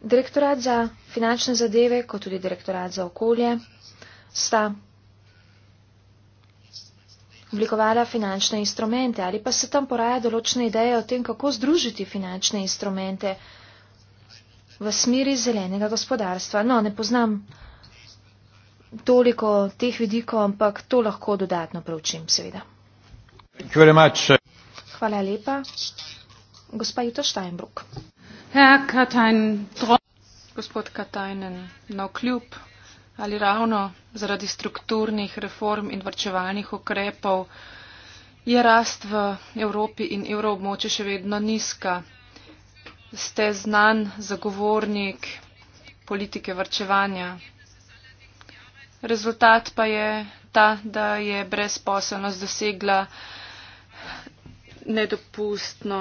Direktorat za finančne zadeve, kot tudi direktorat za okolje, sta oblikovala finančne instrumente ali pa se tam poraja določene ideje o tem, kako združiti finančne instrumente v smeri zelenega gospodarstva. No, ne poznam toliko teh vidikov, ampak to lahko dodatno preučim, seveda. Hvala lepa. Gospa Juta Steinbrück. Herr Katajn, gospod Katajnen, na no okljub ali ravno zaradi strukturnih reform in vrčevalnih ukrepov je rast v Evropi in evroobmoče še vedno nizka. Ste znan zagovornik politike vrčevanja. Rezultat pa je ta, da je brezposobnost dosegla nedopustno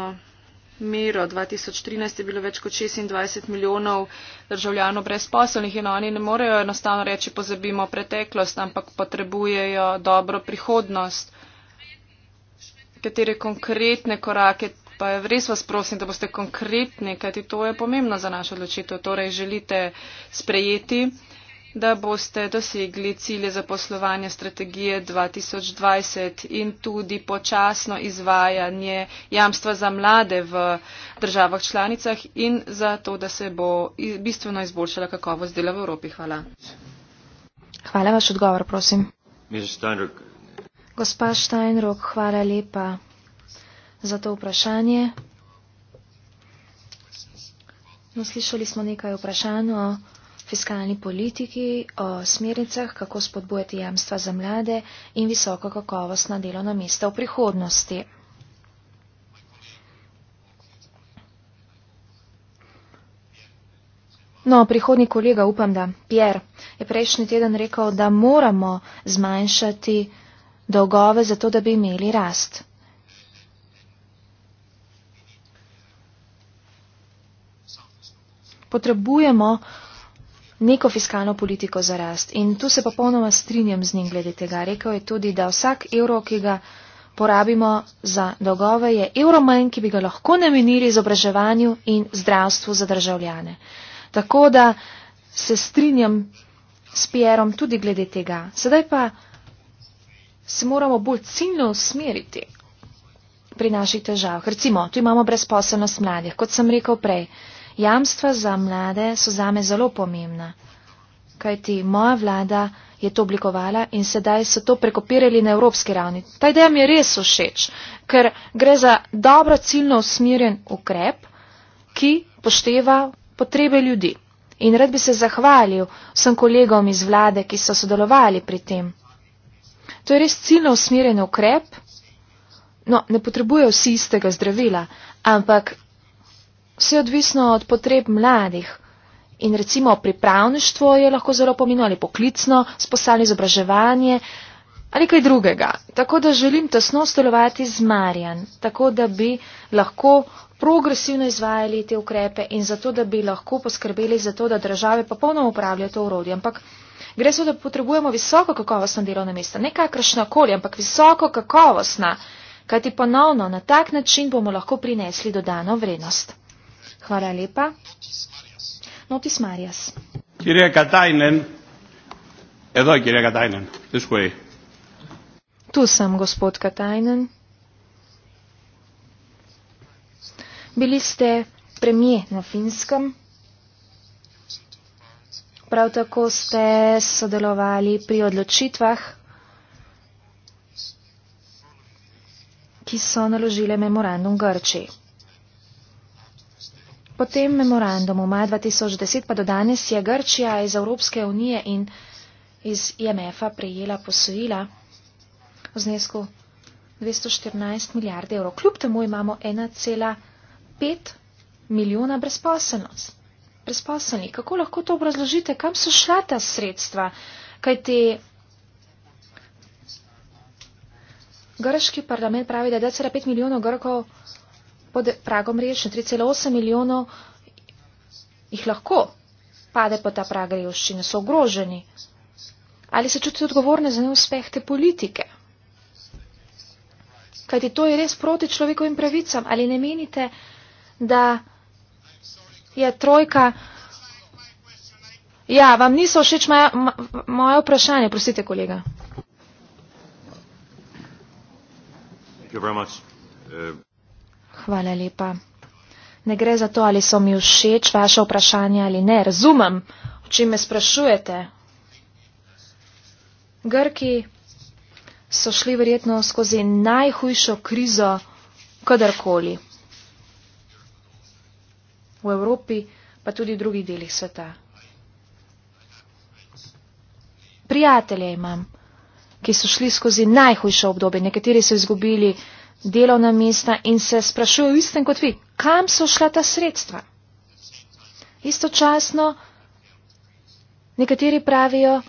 mero. 2013 je bilo več kot 26 milijonov državljanov brezposelnih in oni ne morejo enostavno reči pozabimo preteklost, ampak potrebujejo dobro prihodnost. Katere konkretne korake, pa je res vas prosim, da boste konkretni, kajti to je pomembno za našo odločitev. Torej, želite sprejeti da boste dosegli cilje zaposlovanja strategije 2020 in tudi počasno izvajanje jamstva za mlade v državah članicah in za to, da se bo bistveno izboljšala kakovost dela v Evropi. Hvala. Hvala vaš odgovor, prosim. Gospa Steinrock, hvala lepa za to vprašanje. No, slišali smo nekaj vprašanj o fiskalni politiki, o smernicah, kako spodbujati jamstva za mlade in visoko kakovostna delovna mesta v prihodnosti. No, prihodni kolega, upam, da Pierre je prejšnji teden rekel, da moramo zmanjšati dolgove zato, da bi imeli rast. Potrebujemo neko fiskalno politiko za rast. In tu se popolnoma strinjam z njim glede tega. Rekel je tudi, da vsak evro, ki ga porabimo za dolgove, je evro manj, ki bi ga lahko namenili izobraževanju in zdravstvu za državljane. Tako da se strinjam s Pierom tudi glede tega. Sedaj pa se moramo bolj ciljno usmeriti pri naših težavah. Recimo, tu imamo brezposelnost mladih, kot sem rekel prej jamstva za mlade so zame zelo pomembna, kajti moja vlada je to oblikovala in sedaj so to prekopirali na evropski ravni. Ta ideja mi je res všeč, ker gre za dobro ciljno usmirjen ukrep, ki pošteva potrebe ljudi. In rad bi se zahvalil vsem kolegom iz vlade, ki so sodelovali pri tem. To je res ciljno usmirjen ukrep. No, ne potrebujejo vsi istega zdravila, ampak vse odvisno od potreb mladih. In recimo pripravništvo je lahko zelo pomenilo ali poklicno, sposali izobraževanje ali kaj drugega. Tako da želim tesno stolovati z Marjan, tako da bi lahko progresivno izvajali te ukrepe in zato, da bi lahko poskrbeli za to, da države popolno upravljajo to urodje. Ampak gre so, da potrebujemo visoko kakovostna delovna mesta, ne kakršna koli, ampak visoko kakovostna, kajti ponovno na tak način bomo lahko prinesli dodano vrednost. Hvala lepa. Notis Marijas. Kirje Katajnen. Edo je kirje Katajnen. Težko je. Tu sem, gospod Katajnen. Bili ste premije na finskem. Prav tako ste sodelovali pri odločitvah, ki so naložile memorandum Grčiji. Po tem memorandumu maja 2010 pa do danes je Grčija iz Evropske unije in iz IMF-a prejela posojila v znesku 214 milijarde evrov. Kljub temu imamo 1,5 milijona brezposelnih. Kako lahko to obrazložite? Kam so šla ta sredstva? Kaj te grški parlament pravi, da je 2,5 milijona grkov pod pragom revščine. 3,8 milijonov jih lahko pade pod ta prag revščine, so ogroženi. Ali se čutijo odgovorne za neuspeh te politike? Kajti to je res proti človekovim pravicam. Ali ne menite, da je trojka. Ja, vam niso všeč moja, moja vprašanja, prosite, kolega. Thank you very much. Uh... Hvala lepa. Ne gre za to, ali so mi všeč vaše vprašanje ali ne. Razumem, o čem me sprašujete. Grki so šli verjetno skozi najhujšo krizo kadarkoli. V Evropi, pa tudi v drugih delih sveta. Prijatelje imam, ki so šli skozi najhujše obdobje. Nekateri so izgubili delovna mesta in se sprašujejo istem kot vi, kam so šla ta sredstva. Istočasno nekateri pravijo,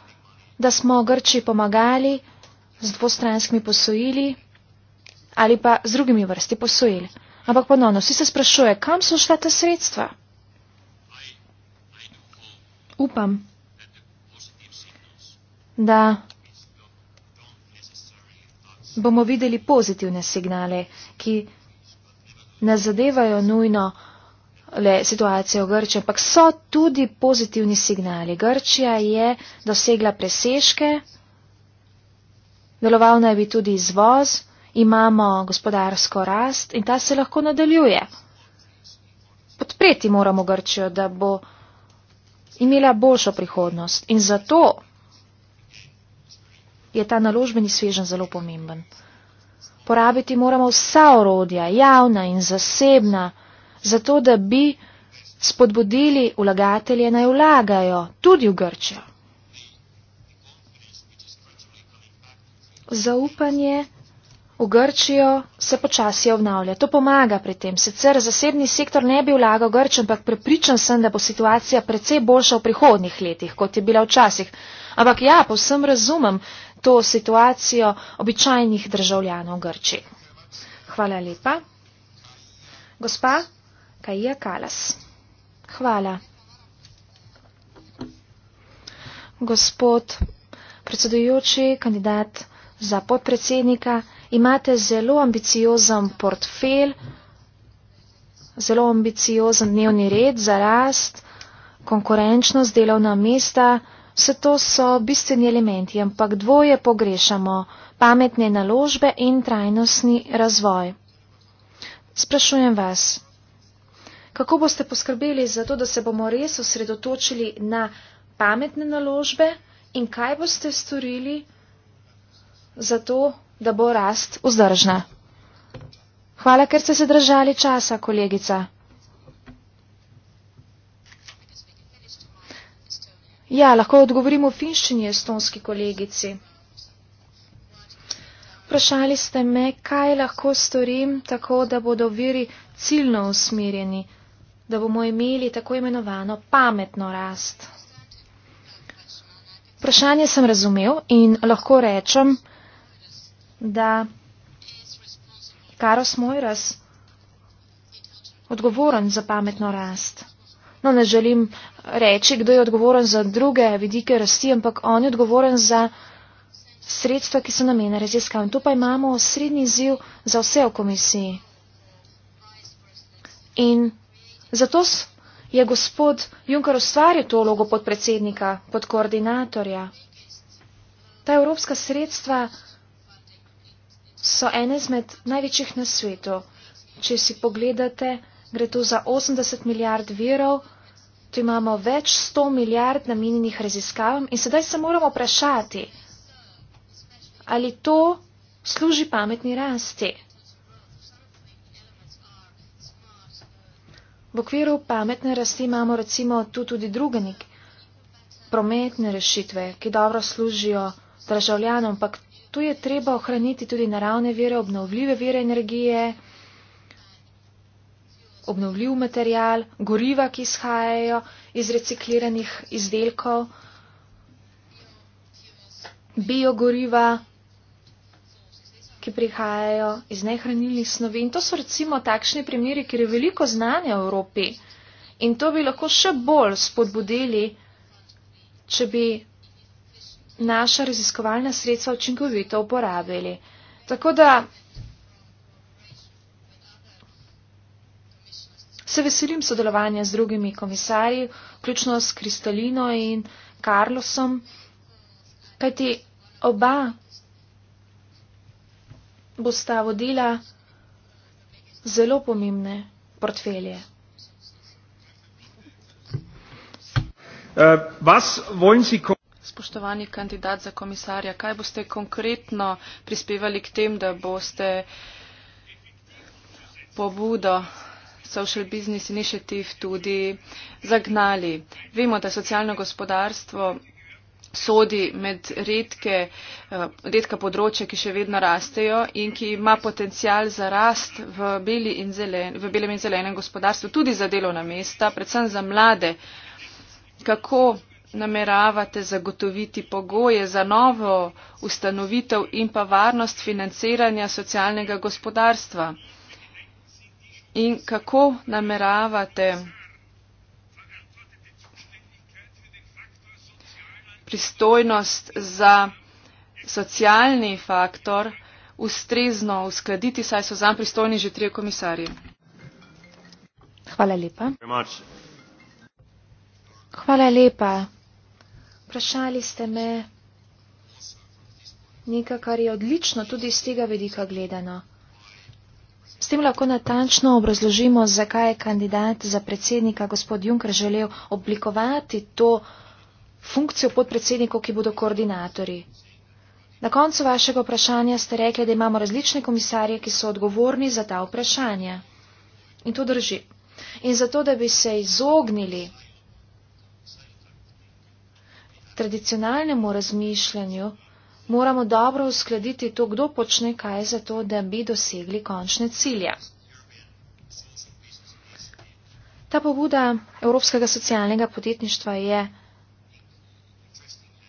da smo Grči pomagali z dvostranskimi posojili ali pa z drugimi vrsti posojili. Ampak ponovno, vsi se sprašuje, kam so šla ta sredstva. Upam, da bomo videli pozitivne signale, ki ne zadevajo nujno le situacijo v Grčiji, ampak so tudi pozitivni signali. Grčija je dosegla presežke, deloval naj bi tudi izvoz, imamo gospodarsko rast in ta se lahko nadaljuje. Podpreti moramo Grčijo, da bo imela boljšo prihodnost. In zato je ta naložbeni svežen zelo pomemben. Porabiti moramo vsa orodja, javna in zasebna, zato da bi spodbudili vlagatelje naj vlagajo tudi v Grčijo. Zaupanje v Grčijo se počasi obnavlja. To pomaga pri tem. Sicer zasebni sektor ne bi vlagal Grčijo, ampak prepričan sem, da bo situacija precej boljša v prihodnih letih, kot je bila včasih. Ampak ja, povsem razumem, to situacijo običajnih državljanov Grčije. Hvala lepa. Gospa Kajja Kalas. Hvala. Gospod predsedujoči, kandidat za podpredsednika, imate zelo ambiciozen portfel, zelo ambiciozen dnevni red za rast, konkurenčnost delovna mesta, vse to so bistveni elementi, ampak dvoje pogrešamo - pametne naložbe in trajnostni razvoj. Sprašujem vas, kako boste poskrbeli za to, da se bomo res osredotočili na pametne naložbe in kaj boste storili za to, da bo rast vzdržna? Hvala, ker ste se držali časa, kolegica. Ja, lahko odgovorimo v finščini estonski kolegici. Vprašali ste me, kaj lahko storim tako, da bodo viri ciljno usmerjeni, da bomo imeli tako imenovano pametno rast. Vprašanje sem razumel in lahko rečem, da Karos Mojras odgovoren za pametno rast no ne želim reči, kdo je odgovoren za druge vidike rasti, ampak on je odgovoren za sredstva, ki so namene raziskav. In tu pa imamo srednji ziv za vse v komisiji. In zato je gospod Junker ustvaril to vlogo podpredsednika, pod koordinatorja. Ta evropska sredstva so ene izmed največjih na svetu. Če si pogledate, gre tu za 80 milijard virov, tu imamo več 100 milijard namenjenih raziskavam in sedaj se moramo vprašati, ali to služi pametni rasti. V okviru pametne rasti imamo recimo tu tudi drugenik, prometne rešitve, ki dobro služijo državljanom, ampak tu je treba ohraniti tudi naravne vire, obnovljive vire energije obnovljiv material, goriva, ki izhajajo iz recikliranih izdelkov, biogoriva, ki prihajajo iz nehranilnih snovi. In to so recimo takšni primeri, kjer je veliko znanja v Evropi. In to bi lahko še bolj spodbudili, če bi naša raziskovalna sredstva učinkovito uporabili. Tako da se veselim sodelovanja z drugimi komisarji, vključno s Kristalino in Carlosom, kajti oba bosta vodila zelo pomembne portfelje. Eh, Spoštovani kandidat za komisarja, kaj boste konkretno prispevali k tem, da boste pobudo social business initiative tudi zagnali. Vemo, da socialno gospodarstvo sodi med redke, eh, redka področja, ki še vedno rastejo in ki ima potencial za rast v, beli in zelen, v belem in zelenem gospodarstvu, tudi za delovna mesta, predvsem za mlade. Kako nameravate zagotoviti pogoje za novo ustanovitev in pa varnost financiranja socialnega gospodarstva? In kako nameravate pristojnost za socialni faktor ustrezno uskladiti, saj so zanj pristojni že tri komisarje? Hvala lepa. Hvala lepa. Vprašali ste me nekaj, kar je odlično tudi iz tega vedika gledano. S tem lahko natančno obrazložimo, zakaj je kandidat za predsednika gospod Juncker želel oblikovati to funkcijo podpredsednikov, ki bodo koordinatorji. Na koncu vašega vprašanja ste rekli, da imamo različne komisarje, ki so odgovorni za ta vprašanja. In to drži. In zato, da bi se izognili tradicionalnemu razmišljanju, moramo dobro uskladiti to, kdo počne kaj za to, da bi dosegli končne cilje. Ta pobuda Evropskega socialnega podjetništva je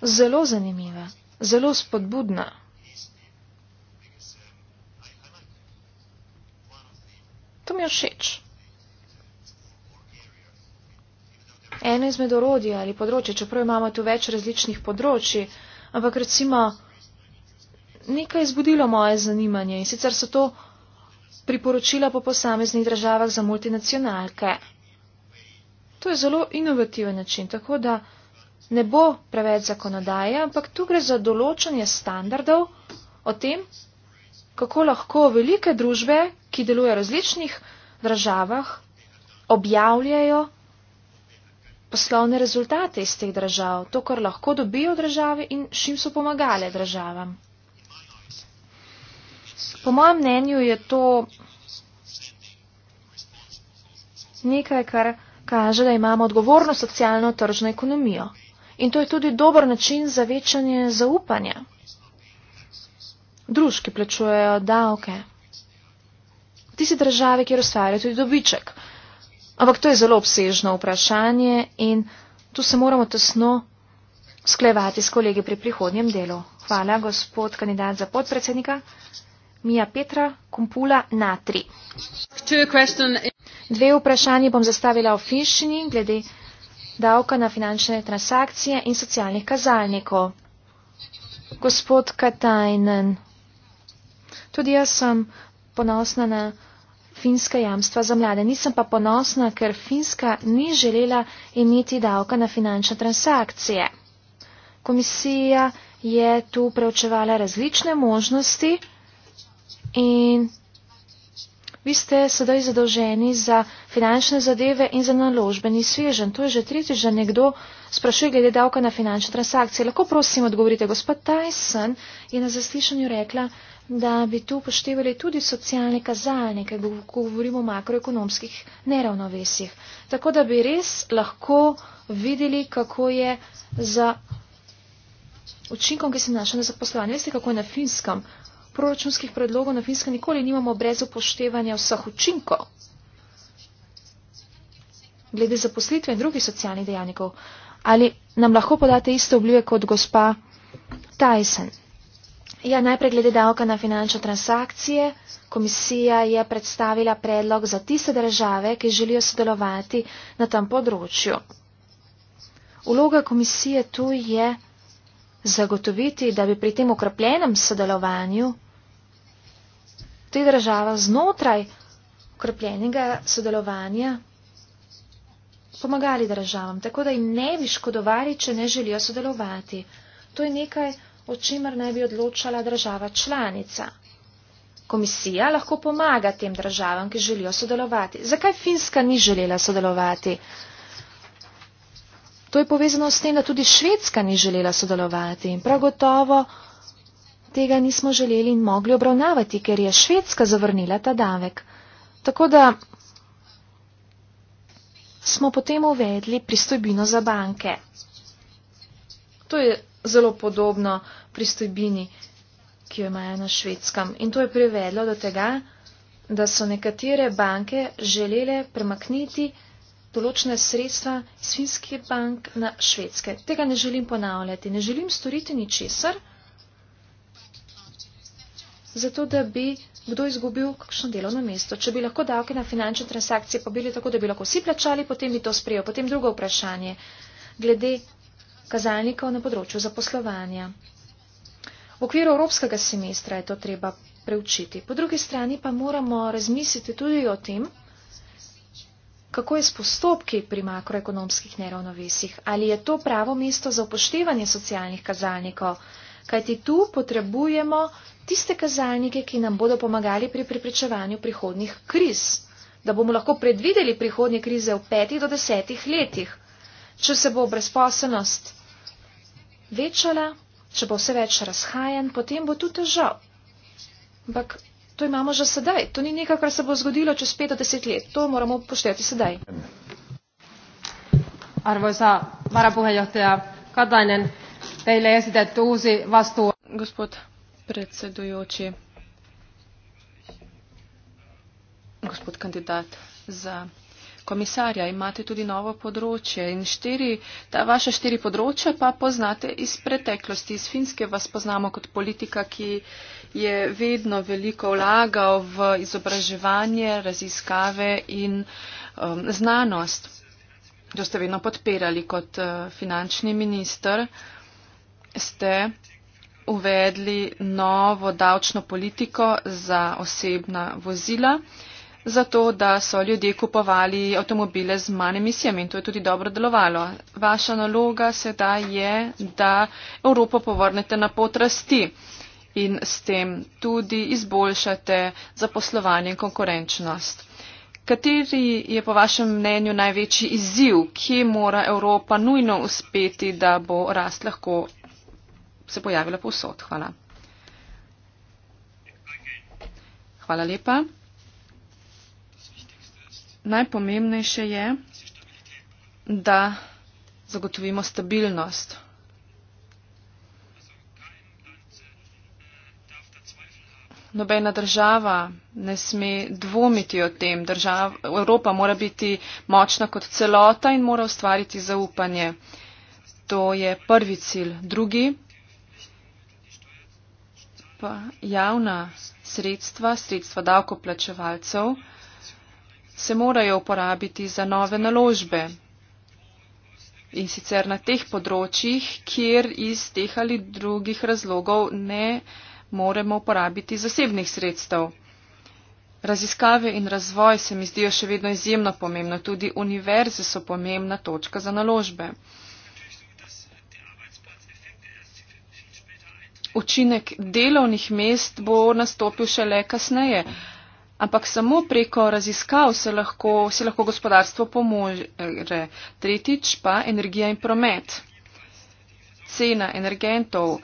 zelo zanimiva, zelo spodbudna. To mi je všeč. Eno izmed orodij ali področje, čeprav imamo tu več različnih področji, ampak recimo nekaj zbudilo moje zanimanje in sicer so to priporočila po posameznih državah za multinacionalke. To je zelo inovativen način, tako da ne bo preveč zakonodaje, ampak tu gre za določanje standardov o tem, kako lahko velike družbe, ki delujejo v različnih državah, objavljajo poslovne rezultate iz teh držav, to, kar lahko dobijo države in s čim so pomagale državam. Po mojem mnenju je to nekaj, kar kaže, da imamo odgovorno socialno tržno ekonomijo. In to je tudi dober način za večanje zaupanja. Družki plačujejo davke. Ti si države, kjer ustvarja tudi dobiček. Ampak to je zelo obsežno vprašanje in tu se moramo tesno sklevati s kolegi pri prihodnjem delu. Hvala, gospod kandidat za podpredsednika. Mija Petra Kumpula Natri. Dve vprašanji bom zastavila o finščini glede davka na finančne transakcije in socialnih kazalnikov. Gospod Katajnen, tudi jaz sem ponosna na finska jamstva za mlade. Nisem pa ponosna, ker finska ni želela imeti davka na finančne transakcije. Komisija je tu preučevala različne možnosti. In vi ste sedaj zadolženi za finančne zadeve in za naložbeni svežen. To je že tretjič, da nekdo sprašuje glede davka na finančne transakcije. Lahko prosim odgovorite. Gospod Tyson je na zaslišanju rekla, da bi tu poštevali tudi socialne kazalnike, ko govorimo o makroekonomskih neravnovesjih. Tako da bi res lahko videli, kako je za učinkom, ki se naša na zaposlovanje. Veste, kako je na finskem proračunskih predlogov na Finska nikoli nimamo brez upoštevanja vseh učinkov. Glede zaposlitve in drugih socialnih dejavnikov, ali nam lahko podate iste obljube kot gospa Tyson? Ja, najprej glede davka na finančne transakcije. Komisija je predstavila predlog za tiste države, ki želijo sodelovati na tem področju. Uloga komisije tu je zagotoviti, da bi pri tem okrepljenem sodelovanju tudi država znotraj okrepljenega sodelovanja pomagali državam, tako da jim ne bi škodovali, če ne želijo sodelovati. To je nekaj, o čemer naj bi odločala država članica. Komisija lahko pomaga tem državam, ki želijo sodelovati. Zakaj Finska ni želela sodelovati? To je povezano s tem, da tudi Švedska ni želela sodelovati in prav gotovo tega nismo želeli in mogli obravnavati, ker je Švedska zavrnila ta davek. Tako da smo potem uvedli pristojbino za banke. To je zelo podobno pristojbini, ki jo imajo na švedskem. In to je privedlo do tega, da so nekatere banke želele premakniti določene sredstva iz finskih bank na švedske. Tega ne želim ponavljati, ne želim storiti ničesar zato da bi kdo izgubil kakšno delovno mesto. Če bi lahko davke na finančne transakcije pobili tako, da bi lahko vsi plačali, potem bi to sprejel. Potem drugo vprašanje glede kazalnikov na področju zaposlovanja. V okviru evropskega semestra je to treba preučiti. Po drugi strani pa moramo razmisliti tudi o tem, kako je s postopki pri makroekonomskih neravnovesih. Ali je to pravo mesto za upoštevanje socialnih kazalnikov, kajti tu potrebujemo tiste kazalnike, ki nam bodo pomagali pri preprečevanju prihodnih kriz, da bomo lahko predvideli prihodnje krize v petih do desetih letih, če se bo brezposobnost večala, če bo vse več razhajen, potem bo tu težav. Ampak to imamo že sedaj, to ni nekaj, kar se bo zgodilo čez pet do deset let, to moramo poštevati sedaj. Arvoisa varapuheenjohtaja Katainen, teille esitetty uusi vastuu. Gospod predsedujoči, gospod kandidat za komisarja, imate tudi novo področje in štiri, ta vaša štiri področja pa poznate iz preteklosti. Iz Finske vas poznamo kot politika, ki je vedno veliko vlagal v izobraževanje, raziskave in um, znanost. To ste vedno podpirali kot uh, finančni minister. Ste uvedli novo davčno politiko za osebna vozila, zato da so ljudje kupovali avtomobile z manj emisijami in to je tudi dobro delovalo. Vaša naloga sedaj je, da Evropo povrnete na pot rasti in s tem tudi izboljšate zaposlovanje in konkurenčnost. Kateri je po vašem mnenju največji izziv, kje mora Evropa nujno uspeti, da bo rast lahko se pojavila povsod. Hvala. Hvala lepa. Najpomembnejše je, da zagotovimo stabilnost. Nobena država ne sme dvomiti o tem. Država, Evropa mora biti močna kot celota in mora ustvariti zaupanje. To je prvi cilj. Drugi pa javna sredstva, sredstva davkoplačevalcev, se morajo uporabiti za nove naložbe. In sicer na teh področjih, kjer iz teh ali drugih razlogov ne moremo uporabiti zasebnih sredstev. Raziskave in razvoj se mi zdijo še vedno izjemno pomembno, tudi univerze so pomembna točka za naložbe. učinek delovnih mest bo nastopil šele kasneje. Ampak samo preko raziskav se lahko, se lahko gospodarstvo pomože. Tretjič pa energija in promet. Cena energentov,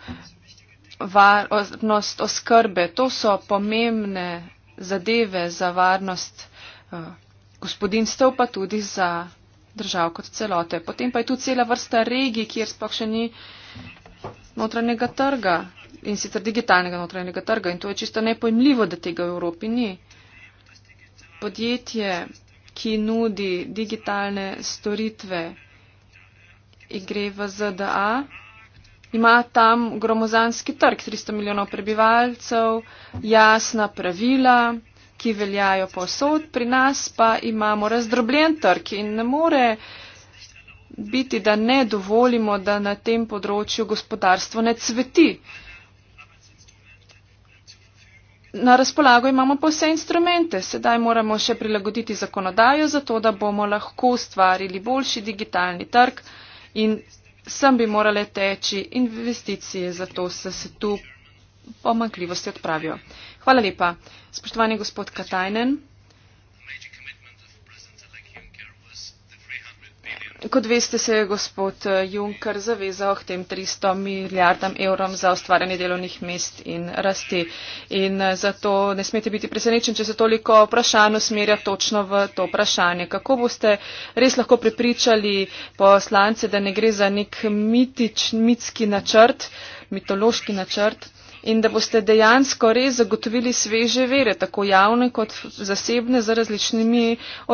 varnost oskrbe, to so pomembne zadeve za varnost eh, gospodinstv, pa tudi za držav kot celote. Potem pa je tu cela vrsta regij, kjer sploh še ni notranjega trga in sicer digitalnega notranjega trga. In to je čisto nepojmljivo, da tega v Evropi ni. Podjetje, ki nudi digitalne storitve in gre v ZDA, ima tam gromozanski trg, 300 milijonov prebivalcev, jasna pravila, ki veljajo posod, pri nas pa imamo razdrobljen trg in ne more biti, da ne dovolimo, da na tem področju gospodarstvo ne cveti na razpolago imamo pa vse instrumente. Sedaj moramo še prilagoditi zakonodajo, zato da bomo lahko ustvarili boljši digitalni trg in sem bi morale teči investicije, zato se, se tu pomankljivosti odpravijo. Hvala lepa. Spoštovani gospod Katajnen. Kot veste, se je gospod eh, Juncker zavezal k tem 300 milijardam evrom za ustvarjanje delovnih mest in rasti. In eh, zato ne smete biti presenečen, če se toliko vprašanj usmerja točno v to vprašanje. Kako boste res lahko prepričali poslance, da ne gre za nek mitič, mitski načrt, mitološki načrt? In da boste dejansko res zagotovili sveže vere, tako javne kot zasebne, z različnimi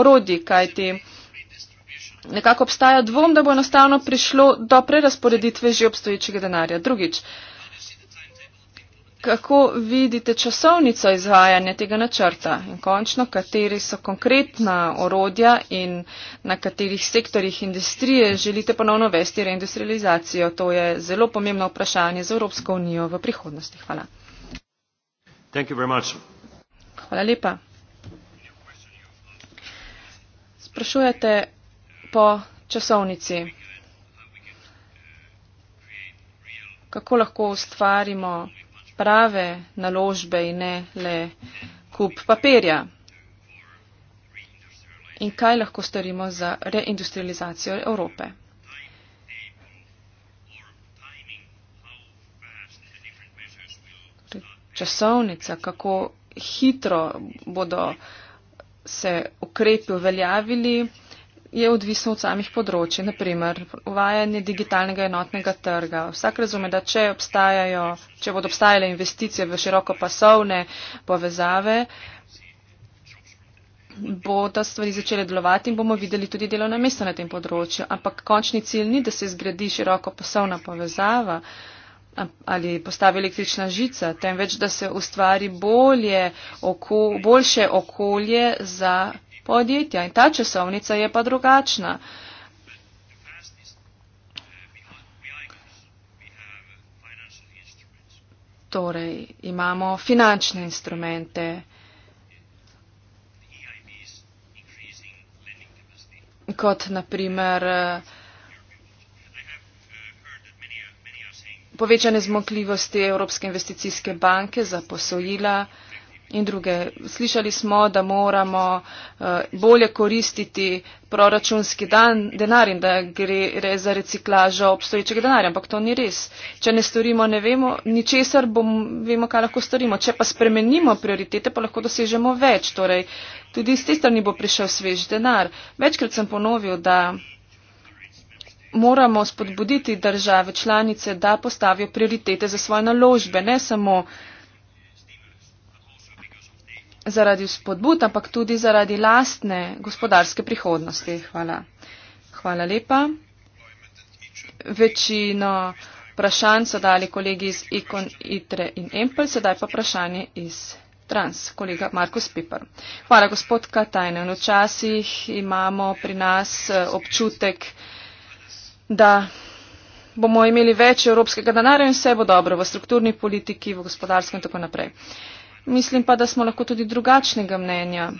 orodji, kajti nekako obstaja dvom, da bo enostavno prišlo do prerasporeditve že obstoječega denarja. Drugič, kako vidite časovnico izvajanja tega načrta in končno, kateri so konkretna orodja in na katerih sektorjih industrije želite ponovno vesti reindustrializacijo? To je zelo pomembno vprašanje za Evropsko unijo v prihodnosti. Hvala. Hvala lepa. Sprašujete po časovnici. Kako lahko ustvarimo prave naložbe in ne le kup papirja? In kaj lahko storimo za reindustrializacijo Evrope? Torej, časovnica, kako hitro bodo se ukrepi uveljavili, je odvisno od samih področji. Naprimer, uvajanje digitalnega enotnega trga. Vsak razume, da če, če bodo obstajale investicije v širokopasovne povezave, bodo stvari začele delovati in bomo videli tudi delovna mesta na tem področju. Ampak končni cilj ni, da se zgradi širokopasovna povezava ali postavi električna žica, temveč, da se ustvari bolje, oko, boljše okolje za podjetja in ta časovnica je pa drugačna. Torej, imamo finančne instrumente. Kot naprimer eh, povečane zmogljivosti Evropske investicijske banke za posojila in druge. Slišali smo, da moramo eh, bolje koristiti proračunski dan, denar in da gre za reciklažo obstoječega denarja, ampak to ni res. Če ne storimo, ne vemo, ničesar bom, vemo, kaj lahko storimo. Če pa spremenimo prioritete, pa lahko dosežemo več. Torej, tudi iz te strani bo prišel svež denar. Večkrat sem ponovil, da moramo spodbuditi države članice, da postavijo prioritete za svoje naložbe, ne samo zaradi spodbud, ampak tudi zaradi lastne gospodarske prihodnosti. Hvala. Hvala lepa. Večino vprašanj so dali kolegi iz Ikon, ITRE in EMPL, sedaj pa vprašanje iz Trans, kolega Markus Piper. Hvala, gospod Katajne. Včasih imamo pri nas eh, občutek, da bomo imeli več evropskega denarja in vse bo dobro v strukturni politiki, v gospodarskem in tako naprej. Mislim pa, da smo lahko tudi drugačnega mnenja.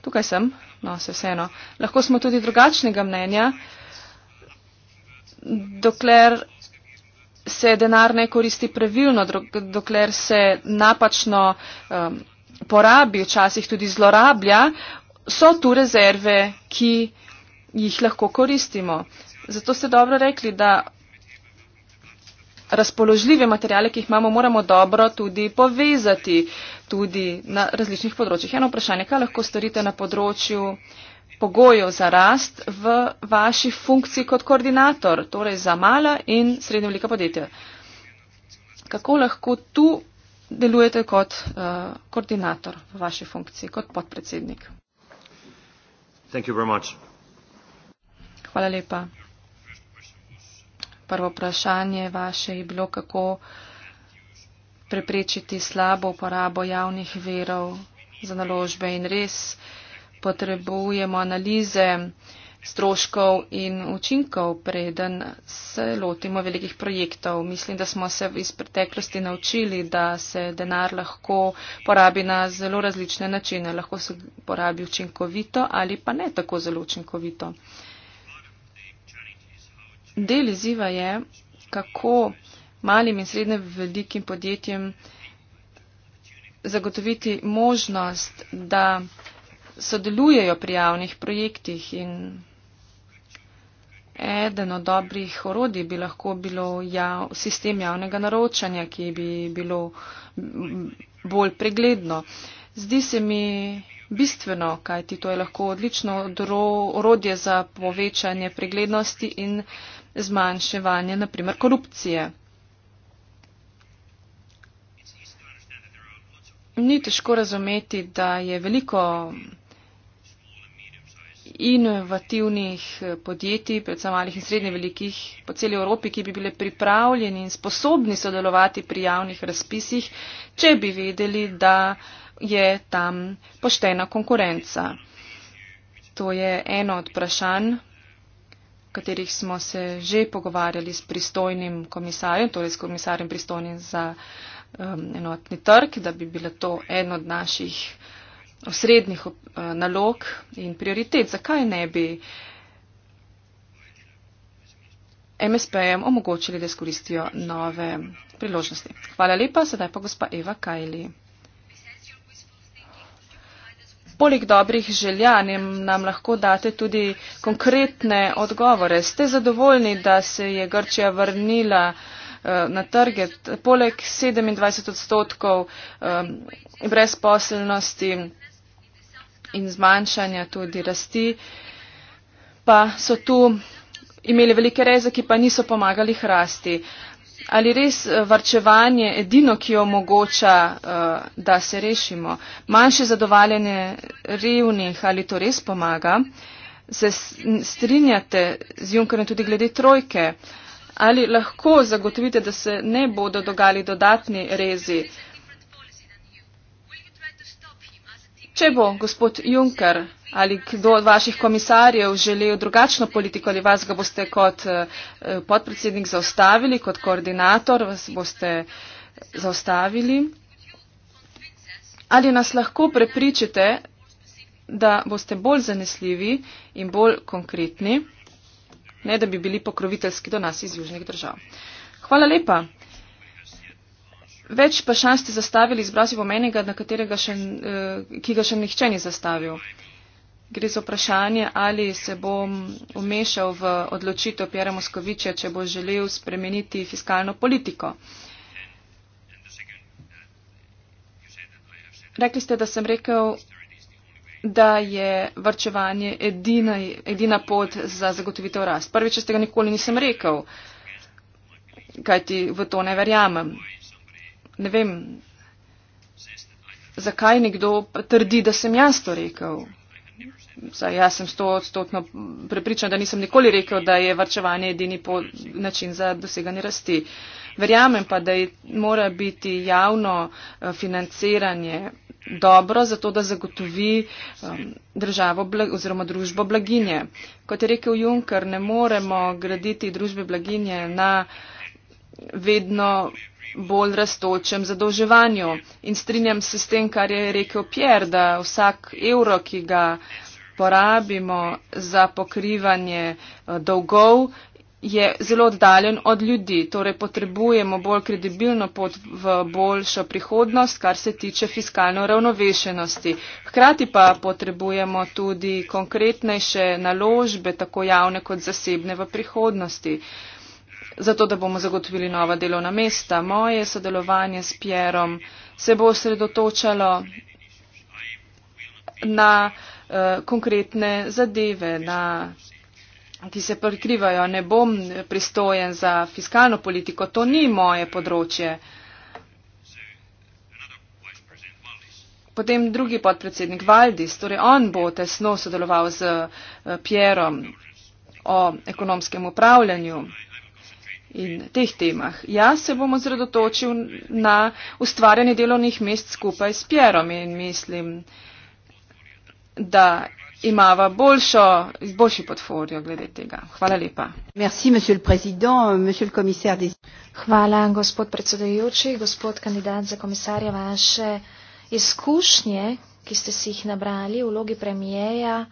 Tukaj sem, no se vseeno. Lahko smo tudi drugačnega mnenja, dokler se denar ne koristi pravilno, dokler se napačno um, porabi, včasih tudi zlorablja, so tu rezerve, ki jih lahko koristimo. Zato ste dobro rekli, da razpoložljive materijale, ki jih imamo, moramo dobro tudi povezati tudi na različnih področjih. Eno vprašanje, kaj lahko storite na področju pogojev za rast v vaši funkciji kot koordinator, torej za mala in srednje velika podjetja. Kako lahko tu delujete kot uh, koordinator v vaši funkciji, kot podpredsednik? Hvala lepa prvo vprašanje vaše je bilo, kako preprečiti slabo uporabo javnih verov za naložbe in res potrebujemo analize stroškov in učinkov, preden se lotimo velikih projektov. Mislim, da smo se iz preteklosti naučili, da se denar lahko porabi na zelo različne načine. Lahko se porabi učinkovito ali pa ne tako zelo učinkovito. Uh, del izziva je, kako malim in srednje velikim podjetjem zagotoviti možnost, da sodelujejo pri javnih projektih in eden od dobrih orodij bi lahko bilo jav, sistem javnega naročanja, ki bi bilo bolj pregledno. Zdi se mi bistveno, kajti to je lahko odlično orodje za povečanje preglednosti in uh, zmanjševanje, na primer, korupcije. Ni težko razumeti, da je veliko inovativnih podjetij, predvsem malih in srednje velikih po celi Evropi, ki bi bile pripravljeni in sposobni sodelovati pri javnih razpisih, če bi vedeli, da je tam poštena konkurenca. To je eno od vprašanj, katerih smo se že pogovarjali s pristojnim komisarjem, torej s komisarjem pristojnim za um, enotni trg, da bi bila to en od naših osrednjih uh, nalog in prioritet. Zakaj ne bi MSP-jem omogočili, da izkoristijo nove priložnosti? Hvala lepa, sedaj pa gospa Eva Kajli. Poleg dobrih želja nam lahko date tudi konkretne odgovore. Ste zadovoljni, da se je Grčija vrnila eh, na trge? Poleg 27 odstotkov eh, brezposelnosti in zmanjšanja tudi rasti, pa so tu imeli velike reze, ki pa niso pomagali hrasti ali res eh, varčevanje edino, ki omogoča, eh, da se rešimo? Manjše zadovoljenje revnih, ali to res pomaga? Se strinjate z Junkerjem tudi glede trojke? Ali lahko zagotovite, da se ne bodo dogajali dodatni rezi? Če bo gospod Junker ali kdo od vaših komisarjev želel drugačno politiko ali vas ga boste kot eh, podpredsednik zaustavili, kot koordinator vas boste eh, zaustavili. Ali nas lahko prepričite, da boste bolj zanesljivi in bolj konkretni, ne da bi bili pokroviteljski do nas iz južnih držav. Hvala lepa. Več vprašanj ste zastavili, izbrali bom enega, katerega še, eh, ki ga še nihče ni zastavil. Gre za vprašanje, ali se bom umešal v odločitev Pjera Moskoviča, če bo želel spremeniti fiskalno politiko. Rekli ste, da sem rekel, da je vrčevanje edina, edina pot za zagotovitev rast. Prvič, če ste ga nikoli nisem rekel, kajti v to ne verjamem. Ne vem, zakaj nekdo trdi, da sem jaz to rekel. Zdaj, jaz sem sto odstotno prepričan, da nisem nikoli rekel, da je varčevanje edini po, način za doseganje rasti. Verjamem pa, da je, mora biti javno eh, financiranje dobro, zato da zagotovi um, državo oziroma družbo blaginje. Kot je rekel Juncker, ne moremo graditi družbe blaginje na vedno bolj rastočem zadolževanju. In strinjam se s tem, kar je rekel Pierre, da vsak evro, ki ga porabimo za pokrivanje eh, dolgov, je zelo oddaljen od ljudi. Torej potrebujemo bolj kredibilno pot v boljšo prihodnost, kar se tiče fiskalne ravnovešenosti. Hkrati pa potrebujemo tudi konkretnejše naložbe, tako javne kot zasebne v prihodnosti. Zato, da bomo zagotovili nova delovna mesta. Moje sodelovanje s Pierom se bo osredotočalo na. Eh, konkretne zadeve, na, ki se prikrivajo. Ne bom pristojen za fiskalno politiko, to ni moje področje. Potem drugi podpredsednik Valdis, torej on bo tesno sodeloval z eh, Pierom o ekonomskem upravljanju in teh temah. Jaz se bom ozredotočil na ustvarjanje delovnih mest skupaj s Pierom in mislim, da imava boljšo, boljši podforjo glede tega. Hvala lepa. Merci, monsieur le Hvala, gospod predsedujoči, gospod kandidat za komisarja, vaše izkušnje, ki ste si jih nabrali v vlogi premijeja,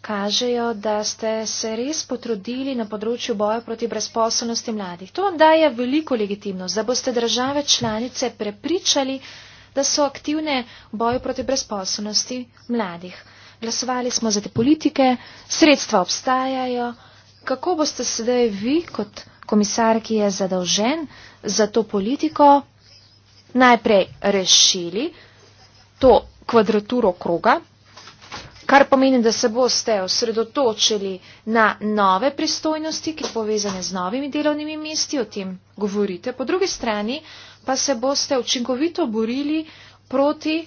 kažejo, da ste se res potrudili na področju boja proti brezposobnosti mladih. To vam daje veliko legitimnost, da boste države članice prepričali, da so aktivne boju proti brezposobnosti mladih glasovali smo za te politike, sredstva obstajajo. Kako boste sedaj vi kot komisar, ki je zadolžen za to politiko, najprej rešili to kvadraturo kroga, kar pomeni, da se boste osredotočili na nove pristojnosti, ki povezane z novimi delovnimi mesti, o tem govorite, po drugi strani pa se boste učinkovito borili proti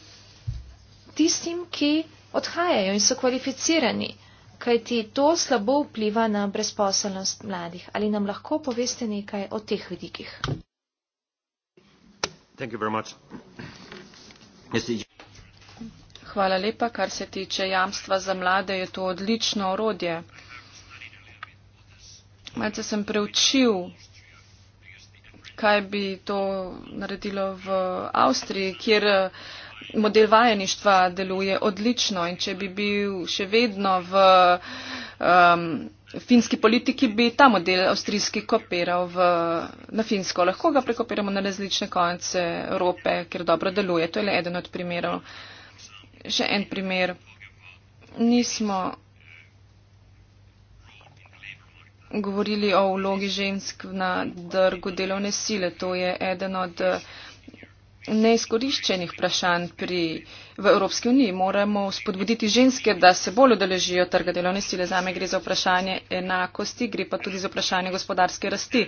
tistim, ki odhajajo in so kvalificirani, kajti to slabo vpliva na brezposelnost mladih. Ali nam lahko poveste nekaj o teh vidikih? Hvala lepa. Kar se tiče jamstva za mlade, je to odlično orodje. Malce sem preučil, kaj bi to naredilo v Avstriji, kjer model vajeništva deluje odlično in če bi bil še vedno v um, finski politiki, bi ta model avstrijski kopiral v, na finsko. Lahko ga prekopiramo na različne konce Evrope, ker dobro deluje. To je le eden od primerov. Še en primer. Nismo govorili o vlogi žensk na drgu delovne sile. To je eden od. Uh, neizkoriščenih vprašanj pri, v Evropski uniji. Moramo spodbuditi ženske, da se bolj odeležijo trga delovne sile. Zame gre za vprašanje enakosti, gre pa tudi za vprašanje gospodarske rasti.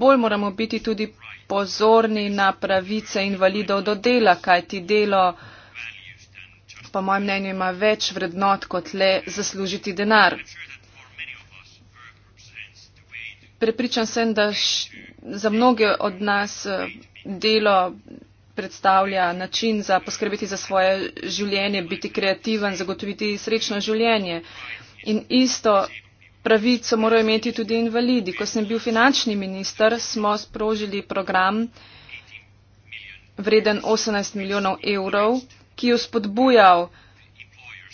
Bolj moramo biti tudi pozorni na pravice invalidov do dela, kajti delo, po mojem mnenju, ima več vrednot, kot le zaslužiti denar. Prepričan sem, da š, za mnoge od nas eh, delo predstavlja način za poskrbeti za svoje življenje, biti kreativen, zagotoviti srečno življenje. In isto pravico morajo imeti tudi invalidi. Ko sem bil finančni minister, smo sprožili program vreden 18 milijonov evrov, ki je spodbujal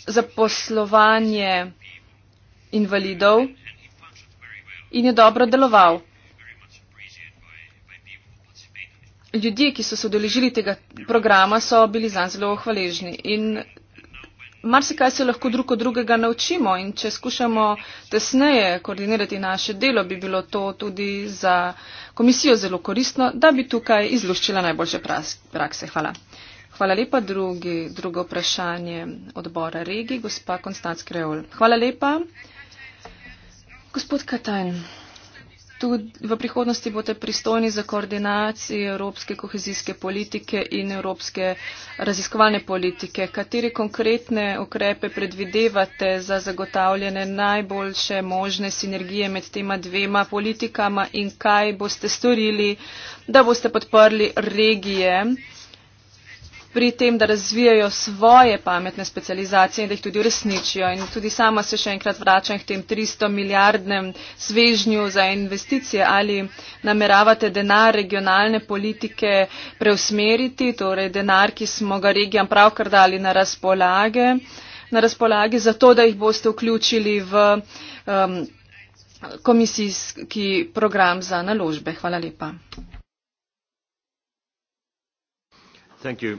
zaposlovanje invalidov in je dobro deloval. Ljudje, ki so se odeležili tega programa, so bili zanj zelo hvaležni. In marsikaj se lahko drug od drugega naučimo in če skušamo tesneje koordinirati naše delo, bi bilo to tudi za komisijo zelo koristno, da bi tukaj izluščila najboljše prakse. Hvala. Hvala lepa. Drugi, drugo vprašanje odbora regi, gospa Konstantz Kreol. Hvala lepa. Gospod Katajn, tudi v prihodnosti boste pristojni za koordinacijo evropske kohezijske politike in evropske raziskovalne politike. Kateri konkretne ukrepe predvidevate za zagotavljanje najboljše možne sinergije med tema dvema politikama in kaj boste storili, da boste podprli regije? pri tem, da razvijajo svoje pametne specializacije in da jih tudi uresničijo. In tudi sama se še enkrat vračam k tem 300 milijardnem svežnju za investicije. Ali nameravate denar regionalne politike preusmeriti, torej denar, ki smo ga regijam pravkar dali na razpolage, na razpolage zato da jih boste vključili v um, komisijski program za naložbe. Hvala lepa. Thank you.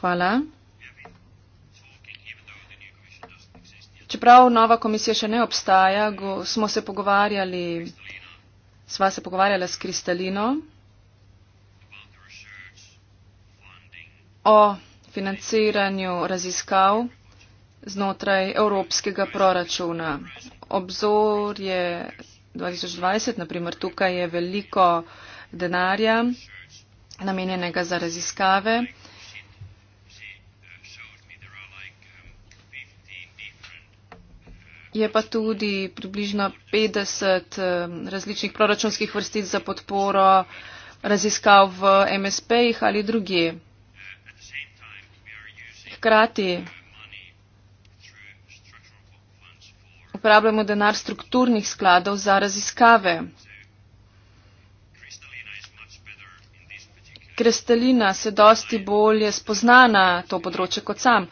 Hvala. Čeprav nova komisija še ne obstaja, go, smo se pogovarjali, sva se pogovarjala s Kristalino o financiranju raziskav znotraj evropskega proračuna. Obzor je 2020, naprimer tukaj je veliko denarja namenjenega za raziskave. Je pa tudi približno 50 različnih proračunskih vrstic za podporo raziskav v MSP-jih ali druge. Hkrati uporabljamo denar strukturnih skladov za raziskave. Kristalina se dosti bolje spozna na to področje kot sam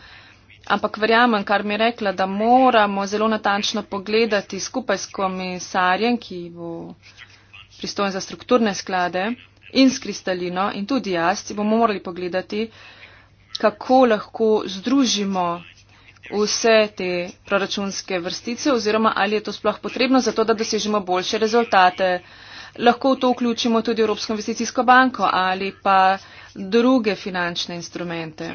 ampak verjamem, kar mi je rekla, da moramo zelo natančno pogledati skupaj s komisarjem, ki bo pristojen za strukturne sklade in s kristalino in tudi jaz, bomo morali pogledati, kako lahko združimo vse te proračunske vrstice oziroma ali je to sploh potrebno za to, da dosežemo boljše rezultate. Lahko v to vključimo tudi Evropsko investicijsko banko ali pa druge finančne instrumente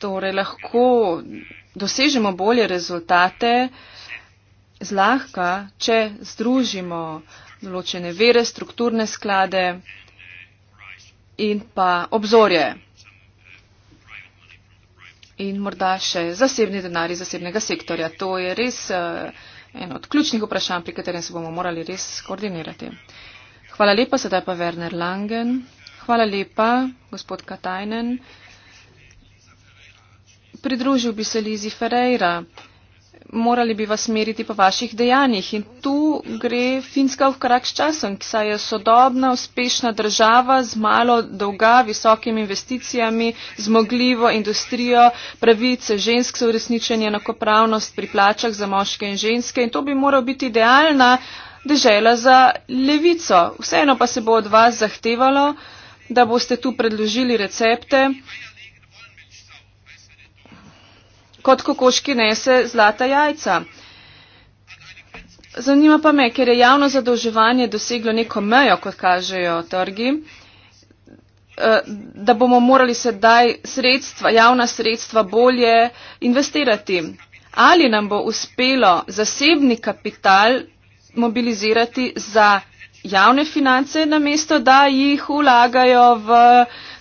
torej lahko dosežemo bolje rezultate zlahka, če združimo določene vere, strukturne sklade in pa obzorje. In morda še zasebni denari zasebnega sektorja. To je res eh, en od ključnih vprašanj, pri katerem se bomo morali res skoordinirati. Hvala lepa, sedaj pa Werner Langen. Hvala lepa, gospod Katajnen pridružil bi se Lizi Ferreira. Morali bi vas meriti po vaših dejanjih in tu gre Finska v korak s časom, saj je sodobna, uspešna država z malo dolga, visokimi investicijami, zmogljivo industrijo, pravice žensk, sovresničenje, enakopravnost pri plačah za moške in ženske in to bi moral biti idealna dežela za levico. Vseeno pa se bo od vas zahtevalo, da boste tu predložili recepte, kot kokoški nese zlata jajca. Zanima pa me, ker je javno zadolževanje doseglo neko mejo, kot kažejo trgi, eh, da bomo morali sedaj sredstva, javna sredstva bolje investirati. Ali nam bo uspelo zasebni kapital mobilizirati za javne finance, namesto da jih vlagajo v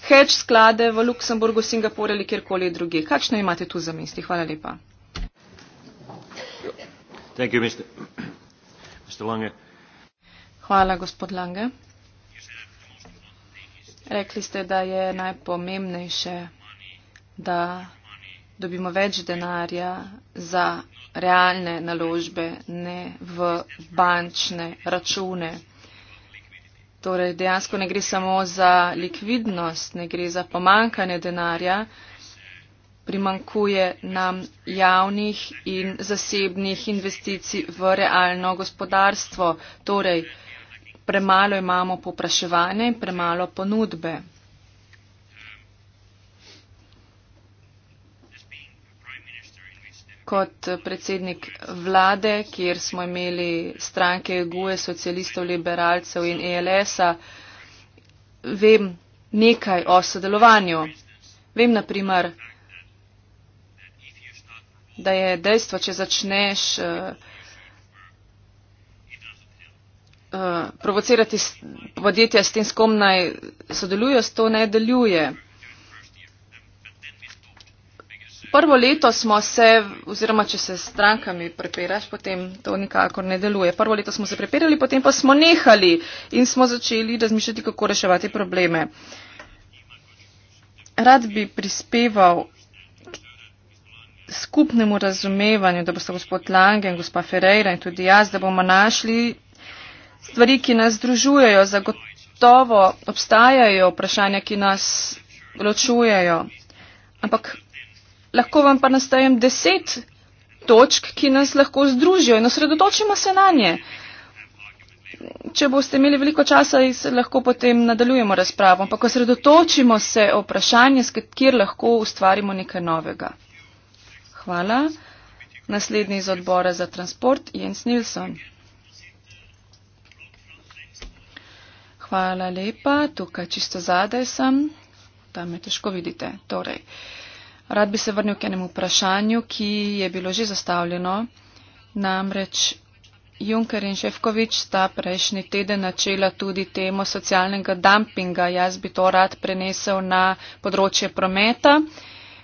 hedge sklade v Luksemburgu, Singapurju ali kjerkoli drugje. Kakšne imate tu za misli? Hvala lepa. Thank you, Mr. [CLEARS THROAT] Lange. Hvala, gospod Lange. Rekli ste, da je najpomembnejše, da dobimo več denarja za realne naložbe, ne v bančne račune. Torej, dejansko ne gre samo za likvidnost, ne gre za pomankanje denarja, primankuje nam javnih in zasebnih investicij v realno gospodarstvo. Torej, premalo imamo popraševanja in premalo ponudbe. kot predsednik vlade, kjer smo imeli stranke GUE, socialistov, liberalcev in ELS-a, vem nekaj o sodelovanju. Vem, naprimer, da je dejstvo, če začneš uh, uh, provocirati podjetja s tem, s kom naj sodelujo, s to ne deluje. prvo leto smo se, oziroma če se s strankami prepiraš, potem to nikakor ne deluje. Prvo leto smo se prepirali, potem pa smo nehali in smo začeli razmišljati, kako reševati probleme. Rad bi prispeval skupnemu razumevanju, da boste gospod Lange in gospa Ferreira in tudi jaz, da bomo našli stvari, ki nas združujejo. Zagotovo obstajajo vprašanja, ki nas ločujejo. Ampak lahko vam pa nastajem deset točk, ki nas lahko združijo in osredotočimo se na nje. Če boste imeli veliko časa, lahko potem nadaljujemo razpravo, ampak osredotočimo se o vprašanje, s katerim lahko ustvarimo nekaj novega. Hvala. Naslednji iz odbora za transport, Jens Nilsson. Hvala lepa. Tukaj čisto zadaj sem. Tam me težko vidite. Torej. Uh, Rad bi se vrnil k enemu vprašanju, ki je bilo že zastavljeno. Namreč Junker in Šefkovič sta prejšnji teden načela tudi temo socialnega dumpinga. Jaz bi to rad prenesel na področje prometa,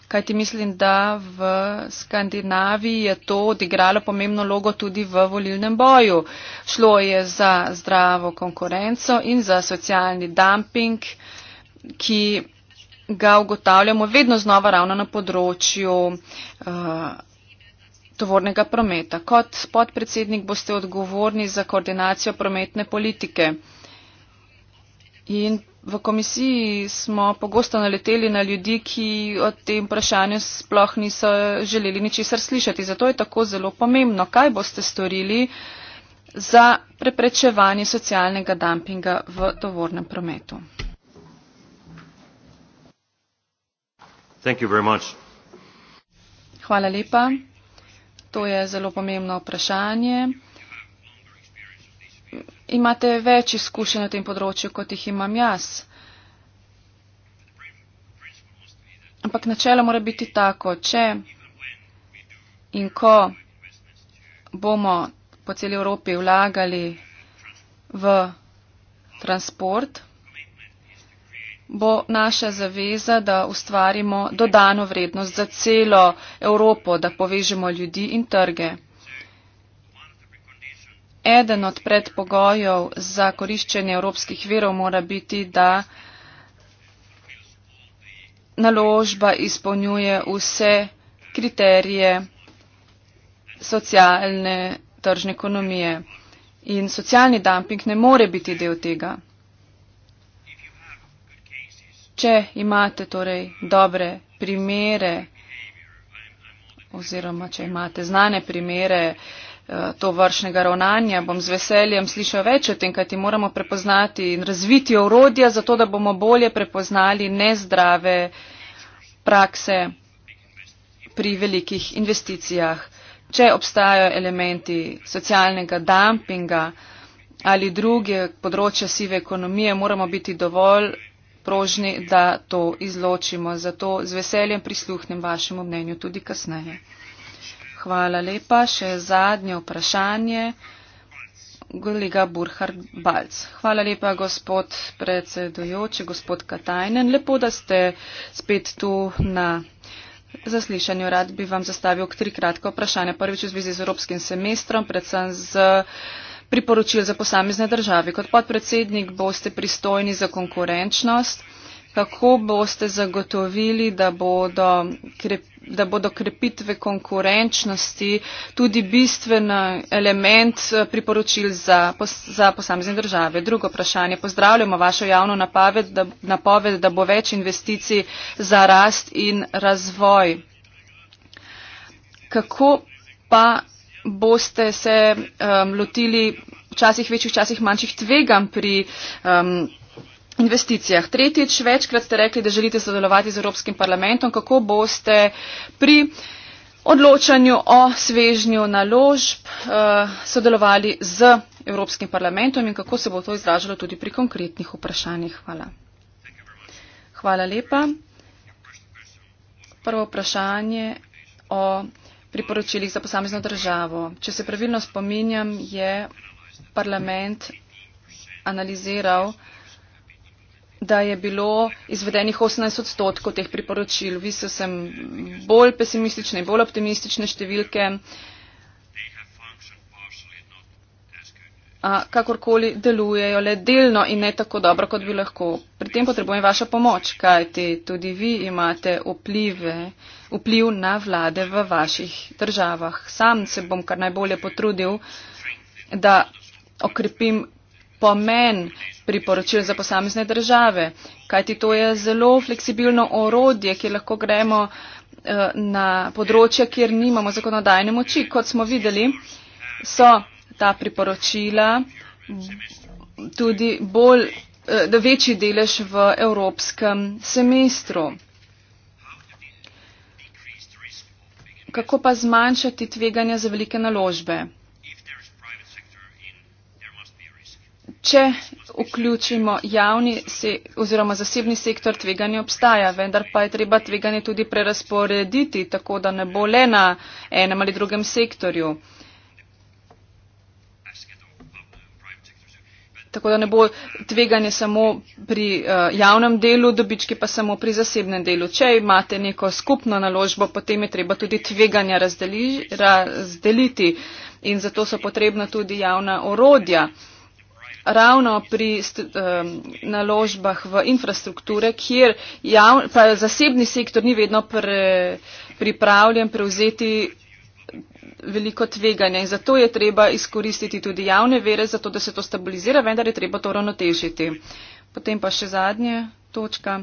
kajti mislim, da v Skandinaviji je to odigralo pomembno logo tudi v volilnem boju. Šlo je za zdravo konkurenco in za socialni dumping, ki ga ugotavljamo vedno znova ravno na področju eh, tovornega prometa. Kot podpredsednik boste odgovorni za koordinacijo prometne politike. In v komisiji smo pogosto naleteli na ljudi, ki o tem vprašanju sploh niso želeli ničesar slišati. Zato je tako zelo pomembno, kaj boste storili za preprečevanje socialnega dumpinga v tovornem prometu. Hvala lepa. To je zelo pomembno vprašanje. Imate več izkušenj na tem področju, kot jih imam jaz. Ampak načelo mora biti tako, če in ko bomo po celi Evropi vlagali v transport, bo naša zaveza, da ustvarimo dodano vrednost za celo Evropo, da povežemo ljudi in trge. Eden od predpogojev za koriščenje evropskih verov mora biti, da naložba izpolnjuje vse kriterije socialne tržne ekonomije. In socialni dumping ne more biti del tega. Če imate torej dobre primere oziroma če imate znane primere eh, to vršnega ravnanja, bom z veseljem slišal več o tem, kaj ti moramo prepoznati in razviti orodja, zato da bomo bolje prepoznali nezdrave prakse pri velikih investicijah. Če obstajajo elementi socialnega dumpinga ali druge področja sive ekonomije, moramo biti dovolj prožni, da to izločimo. Zato z veseljem prisluhnem vašemu mnenju tudi kasneje. Hvala lepa. Še zadnje vprašanje. Golega Burhard Balc. Hvala lepa, gospod predsedujoči, gospod Katajnen. Lepo, da ste spet tu na. Zaslišanju rad bi vam zastavil tri kratka vprašanja. Prvič v zvezi z evropskim semestrom, predvsem z priporočil za posamezne države. Kot podpredsednik boste pristojni za konkurenčnost. Kako boste zagotovili, da bodo, krep, da bodo krepitve konkurenčnosti tudi bistven element eh, priporočil za, za posamezne države? Drugo vprašanje. Pozdravljamo vašo javno napoved, da, napoved, da bo več investicij za rast in razvoj. Kako pa boste se um, lotili včasih večjih, včasih manjših tvegam pri. Um, Investicijah. Tretjič, večkrat ste rekli, da želite sodelovati z Evropskim parlamentom. Kako boste pri odločanju o svežnju naložb uh, sodelovali z Evropskim parlamentom in kako se bo to izražalo tudi pri konkretnih vprašanjih? Hvala. Hvala lepa. Prvo vprašanje o priporočilih za posamezno državo. Če se pravilno spominjam, je parlament analiziral, da je bilo izvedenih 18 odstotkov teh priporočil. Vi so sem bolj pesimistične, bolj optimistične številke. Uh, a, kakorkoli delujejo le delno in ne tako dobro, kot bi lahko. Pri tem potrebujem vašo pomoč, kajti tudi vi imate vplive, vpliv na vlade v vaših državah. Sam se bom kar najbolje potrudil, da okrepim pomen priporočil za posamezne države, kajti to je zelo fleksibilno orodje, ki lahko gremo eh, na področja, kjer nimamo zakonodajne moči. Kot smo videli, so ta priporočila tudi bolj, eh, da večji delež v evropskem semestru. Kako pa zmanjšati tveganja za velike naložbe? Če vključimo javni se, oziroma zasebni sektor, tveganje obstaja, vendar pa je treba tveganje tudi prerasporediti, tako da ne bo le na enem ali drugem sektorju. Uh, tako da ne bo tveganje samo pri uh, javnem delu, dobički pa samo pri zasebnem delu. Če imate neko skupno naložbo, potem je treba tudi tveganja razdeli, razdeliti in zato so potrebna tudi javna orodja. Ravno pri um, naložbah v infrastrukture, kjer javn, zasebni sektor ni vedno pre, pripravljen prevzeti veliko tveganje in zato je treba izkoristiti tudi javne vere, zato da se to stabilizira, vendar je treba to ravnotežiti. Potem pa še zadnje točka.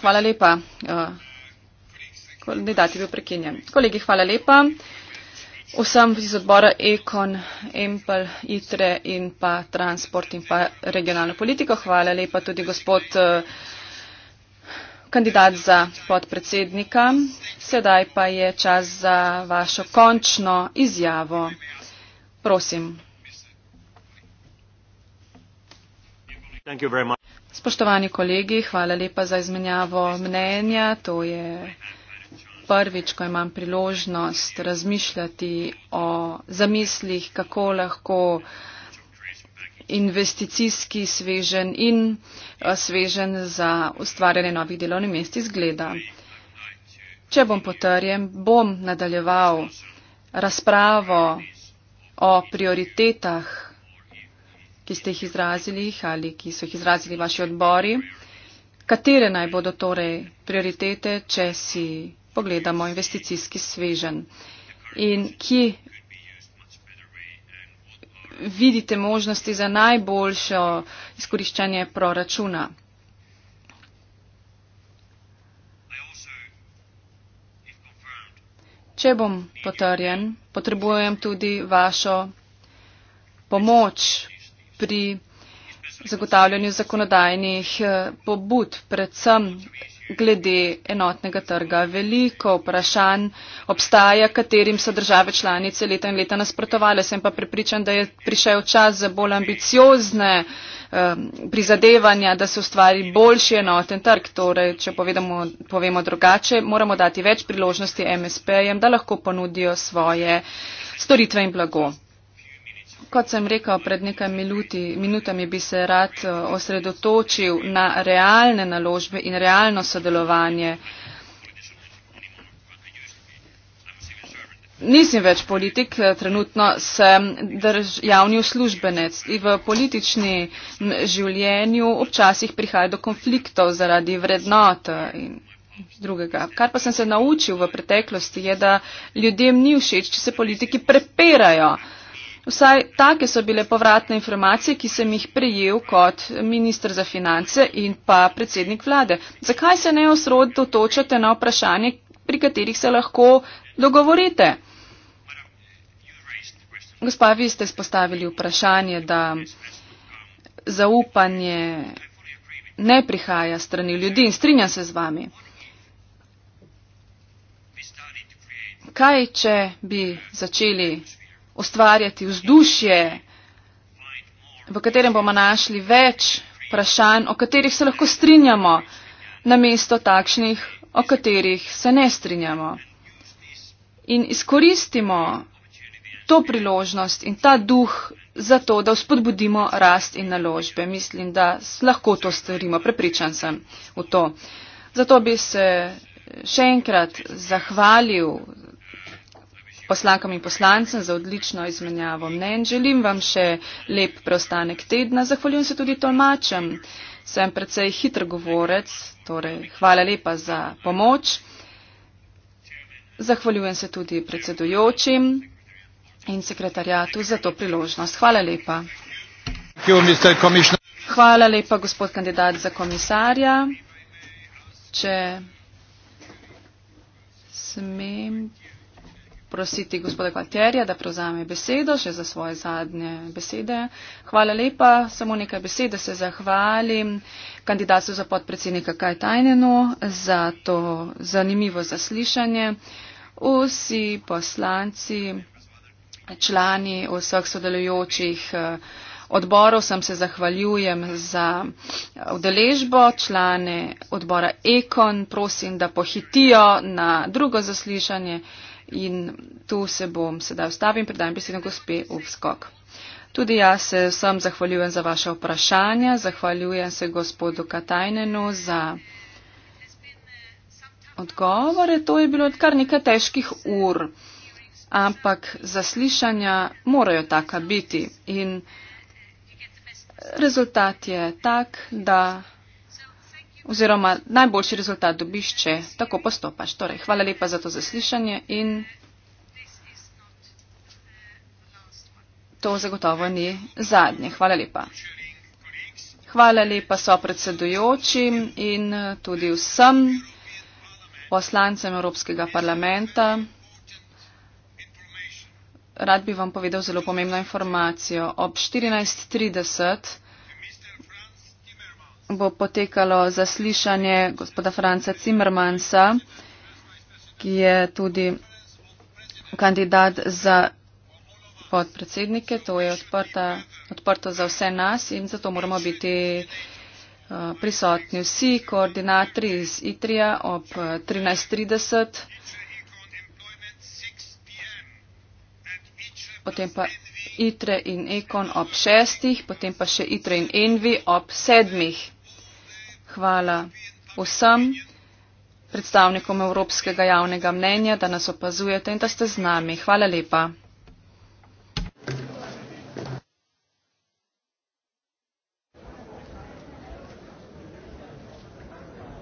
Hvala lepa. Uh, ne dati bil prekinjen. Kolegi, hvala lepa. Vsem iz odbora Ekon, Empel, ITRE in pa transport in pa regionalno politiko. Hvala lepa tudi gospod. Uh, kandidat za podpredsednika. Sedaj pa je čas za vašo končno izjavo. Prosim. Spoštovani kolegi, hvala lepa za izmenjavo mnenja. To je prvič, ko imam priložnost razmišljati o zamislih, kako lahko investicijski svežen in eh, svežen za ustvarjanje novih delovnih mest izgleda. Če bom potrjen, bom nadaljeval razpravo o prioritetah, ki ste jih izrazili ali ki so jih izrazili vaši odbori. Katere naj bodo torej prioritete, če si pogledamo investicijski svežen in ki vidite možnosti za najboljšo izkoriščanje proračuna? Če bom potrjen, potrebujem tudi vašo pomoč pri zagotavljanju zakonodajnih eh, pobud, predvsem glede enotnega trga. Veliko vprašanj obstaja, katerim so države članice leta in leta nasprotovale. Sem pa prepričan, da je prišel čas za bolj ambiciozne um, prizadevanja, da se ustvari boljši enoten trg. Torej, če povedamo, povemo drugače, moramo dati več priložnosti MSP-jem, da lahko ponudijo svoje storitve in blago kot sem rekel, pred nekaj minuti, minutami bi se rad eh, osredotočil na realne naložbe in realno sodelovanje. Nisem več politik, eh, trenutno sem drž, javni uslužbenec in v političnem življenju občasih prihaja do konfliktov zaradi vrednot eh, in drugega. Kar pa sem se naučil v preteklosti je, da ljudem ni všeč, če se politiki prepirajo. Uh, Vsaj take so bile povratne informacije, ki sem jih prejel kot ministr za finance in pa predsednik vlade. Zakaj se ne osredotočate na vprašanje, pri katerih se lahko dogovorite? Gospa, vi ste spostavili vprašanje, da zaupanje ne prihaja strani ljudi in strinja se z vami. Kaj, če bi začeli ustvarjati vzdušje, v katerem bomo našli več vprašanj, o katerih se lahko strinjamo, namesto takšnih, o katerih se ne strinjamo. In izkoristimo to priložnost in ta duh za to, da vzpodbudimo rast in naložbe. Mislim, da lahko to storimo. Prepričan sem v to. Zato bi se še enkrat zahvalil poslankam in poslancem za odlično izmenjavo mnen. Želim vam še lep preostanek tedna. Zahvaljujem se tudi tolmačem. Sem precej hitr govorec, torej hvala lepa za pomoč. Zahvaljujem se tudi predsedujočim in sekretarjatu za to priložnost. Hvala lepa. Hvala lepa, gospod kandidat za komisarja. Če smem prositi gospoda Kvaterja, da prevzame besedo še za svoje zadnje besede. Hvala lepa, samo nekaj besed, da se zahvalim kandidatu za podpredsednika Kaj Tajnenu za to zanimivo zaslišanje. Vsi poslanci, člani vseh sodelujočih eh, odborov sem se zahvaljujem za udeležbo, člane odbora Ekon, prosim, da pohitijo na drugo zaslišanje. In tu se bom sedaj ustavil in predajem besedo gospe Upskok. Tudi jaz se vsem zahvaljujem za vaše vprašanje, zahvaljujem se gospodu Katajnenu za odgovore. To je bilo kar nekaj težkih ur, ampak zaslišanja morajo taka biti. In rezultat je tak, da oziroma najboljši rezultat dobiš, če tako postopaš. Torej, hvala lepa za to zaslišanje in to zagotovo ni zadnje. Hvala lepa. Hvala lepa so predsedujočim in eh, tudi vsem poslancem Evropskega parlamenta. Rad bi vam povedal zelo pomembno informacijo. Ob 14.30 bo potekalo zaslišanje gospoda Franca Cimmermansa, ki je tudi kandidat za podpredsednike. To je odprta, odprto za vse nas in zato moramo biti eh, prisotni vsi koordinatorji iz Itrija ob 13.30. potem pa ITRE in EKON ob šestih, potem pa še ITRE in ENVI ob sedmih hvala vsem predstavnikom evropskega javnega mnenja, da nas opazujete in da ste z nami. Hvala lepa.